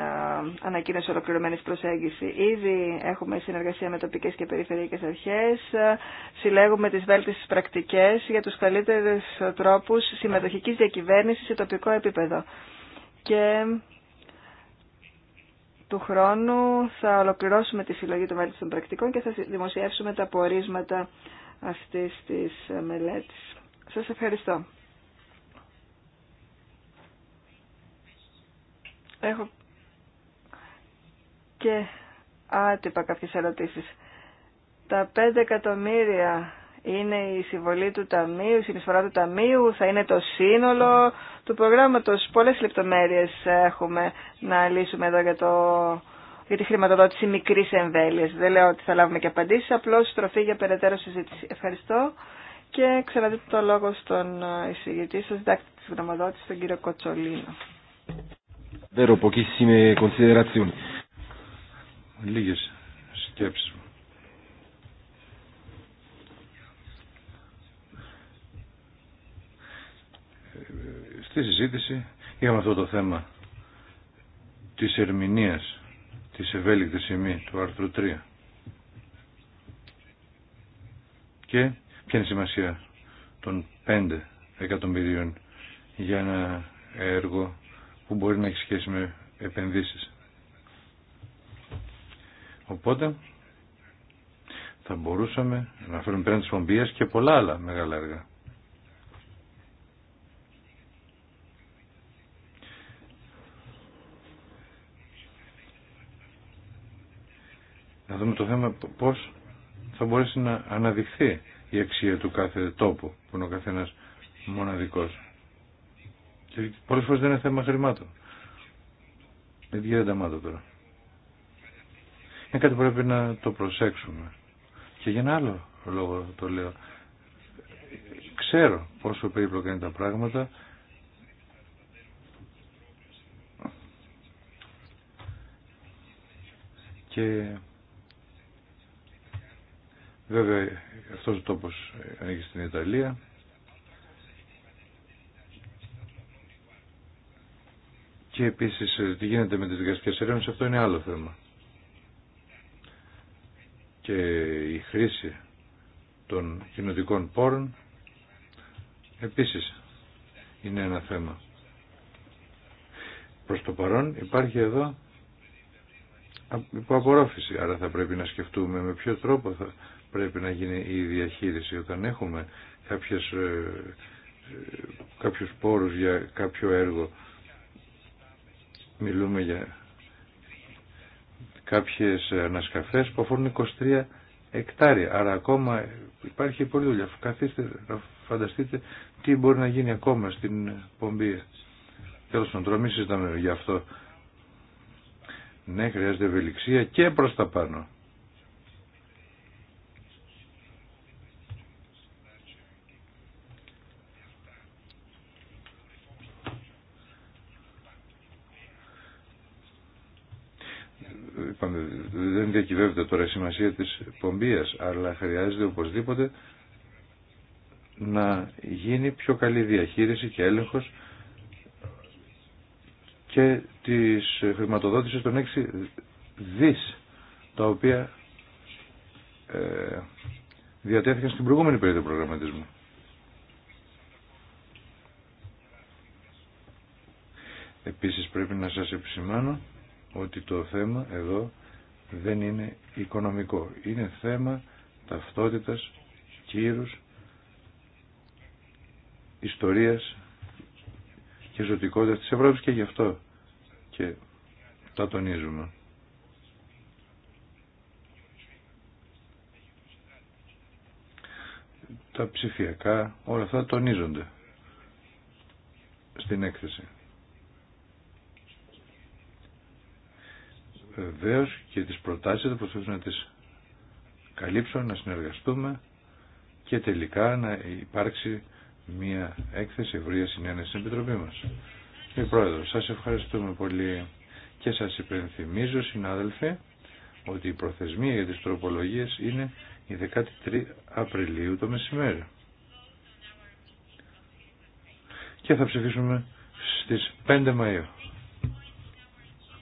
ανακοίνωση ολοκληρωμένης προσέγγιση. Ήδη έχουμε συνεργασία με τοπικές και περιφερειακές αρχές, ε, συλλέγουμε τις βέλτιστες πρακτικές για τους καλύτερους τρόπους συμμετοχικής διακυβέρνησης σε τοπικό επίπεδο. Και του χρόνου θα ολοκληρώσουμε τη συλλογή των βέλτιστων πρακτικών και θα δημοσιεύσουμε τα πορίσματα αυτής της μελέτης. Σας ευχαριστώ. Έχω και άτυπα κάποιες ερωτήσεις. Τα 5 εκατομμύρια είναι η συμβολή του Ταμείου, η συνεισφορά του Ταμείου, θα είναι το σύνολο του προγράμματος. Πολλές λεπτομέρειες έχουμε να λύσουμε εδώ για, το, για τη χρηματοδότηση μικρής εμβέλειας. Δεν λέω ότι θα λάβουμε και απαντήσεις, απλώς στροφή για περαιτέρω συζήτηση. Ευχαριστώ και ξαναδείτε το λόγο στον εισηγητή σας, διδάκτη της γνωμοδότησης, τον κύριο Κοτσολίνο. Λίγες σκέψεις. Στη συζήτηση είχαμε αυτό το θέμα της ερμηνείας της ευέλικτης σημεί του άρθρου 3. Και ποια είναι η σημασία των 5 εκατομμυρίων για ένα έργο που μπορεί να έχει σχέση με επενδύσεις. Οπότε θα μπορούσαμε να φέρουμε πέραν της φομπίας και πολλά άλλα μεγάλα έργα. Να δούμε το θέμα πώς θα μπορέσει να αναδειχθεί η αξία του κάθε τόπου που είναι ο καθένας μοναδικός. Πολλέ φορέ δεν είναι θέμα χρημάτων. Γιατί δεν τα τώρα. Είναι κάτι που πρέπει να το προσέξουμε. Και για ένα άλλο λόγο το λέω. Ξέρω πόσο περίπλοκα είναι τα πράγματα. Και βέβαια αυτός ο τόπος ανήκει στην Ιταλία Και επίσης ε, τι γίνεται με τις δικαστικές αυτό είναι άλλο θέμα. Και η χρήση των κοινωτικών πόρων επίσης είναι ένα θέμα. Προς το παρόν υπάρχει εδώ υποαπορρόφηση, άρα θα πρέπει να σκεφτούμε με ποιο τρόπο θα πρέπει να γίνει η διαχείριση όταν έχουμε κάποιες, ε, ε, κάποιους πόρους για κάποιο έργο Μιλούμε για κάποιες ανασκαφές που αφορούν 23 εκτάρια. Άρα ακόμα υπάρχει πολλή δουλειά. Καθίστε να φανταστείτε τι μπορεί να γίνει ακόμα στην Πομπία. Τέλος πάντων, μην συζητάμε για αυτό. Ναι, χρειάζεται ευελιξία και προς τα πάνω. Λοιπόν, δεν διακυβεύεται τώρα η σημασία της πομπίας, αλλά χρειάζεται οπωσδήποτε να γίνει πιο καλή διαχείριση και έλεγχος και της χρηματοδότησης των 6 δις, τα οποία ε, διατέθηκαν στην προηγούμενη περίοδο προγραμματισμού. Επίσης πρέπει να σας επισημάνω ότι το θέμα εδώ δεν είναι οικονομικό. Είναι θέμα ταυτότητας, κύρους, ιστορίας και ζωτικότητας της Ευρώπης και γι' αυτό και τα τονίζουμε. Τα ψηφιακά, όλα αυτά τονίζονται στην έκθεση. βεβαίω και τις προτάσεις θα προσπαθήσω να τις καλύψω, να συνεργαστούμε και τελικά να υπάρξει μια έκθεση ευρεία συνένεση στην Επιτροπή μας. Κύριε Πρόεδρο, σας ευχαριστούμε πολύ και σας υπενθυμίζω συνάδελφοι ότι η προθεσμία για τις τροπολογίες είναι η 13 Απριλίου το μεσημέρι. Και θα ψηφίσουμε στις 5 Μαΐου.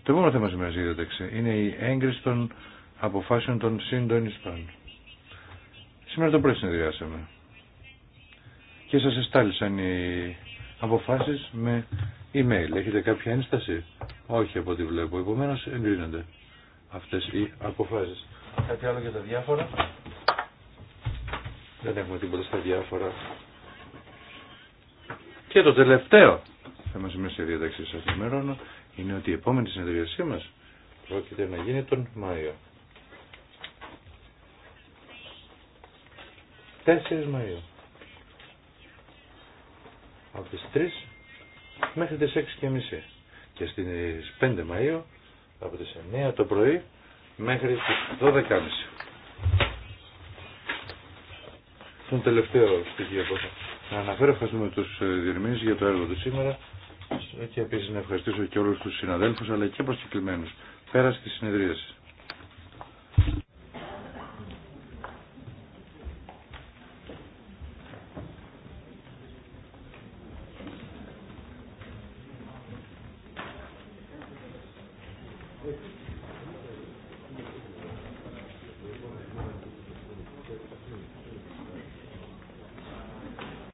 Το επόμενο θέμα σήμερα στη διάταξη είναι η έγκριση των αποφάσεων των συντονιστών. Σήμερα το πρωί συνεδριάσαμε και σας εστάλησαν οι αποφάσεις με email. Έχετε κάποια ένσταση? Όχι από ό,τι βλέπω. Επομένως εγκρίνονται αυτές οι αποφάσεις. Κάτι άλλο για τα διάφορα. Δεν έχουμε τίποτα στα διάφορα. Και το τελευταίο θέμα σήμερα στη διαταξή σας είναι ότι η επόμενη συνεδρίασή μας πρόκειται να γίνει τον Μάιο. 4 Μαΐου. Από τις 3 μέχρι τις 6 και μισή. Και στις 5 Μαΐου από τις 9 το πρωί μέχρι τις 12.30. Τον τελευταίο στοιχείο από Να αναφέρω ευχαριστούμε τους ε, διερμηνείς για το έργο του σήμερα και επίση να ευχαριστήσω και όλους τους συναδέλφους αλλά και προσκεκλημένου πέρα στη συνεδρίαση.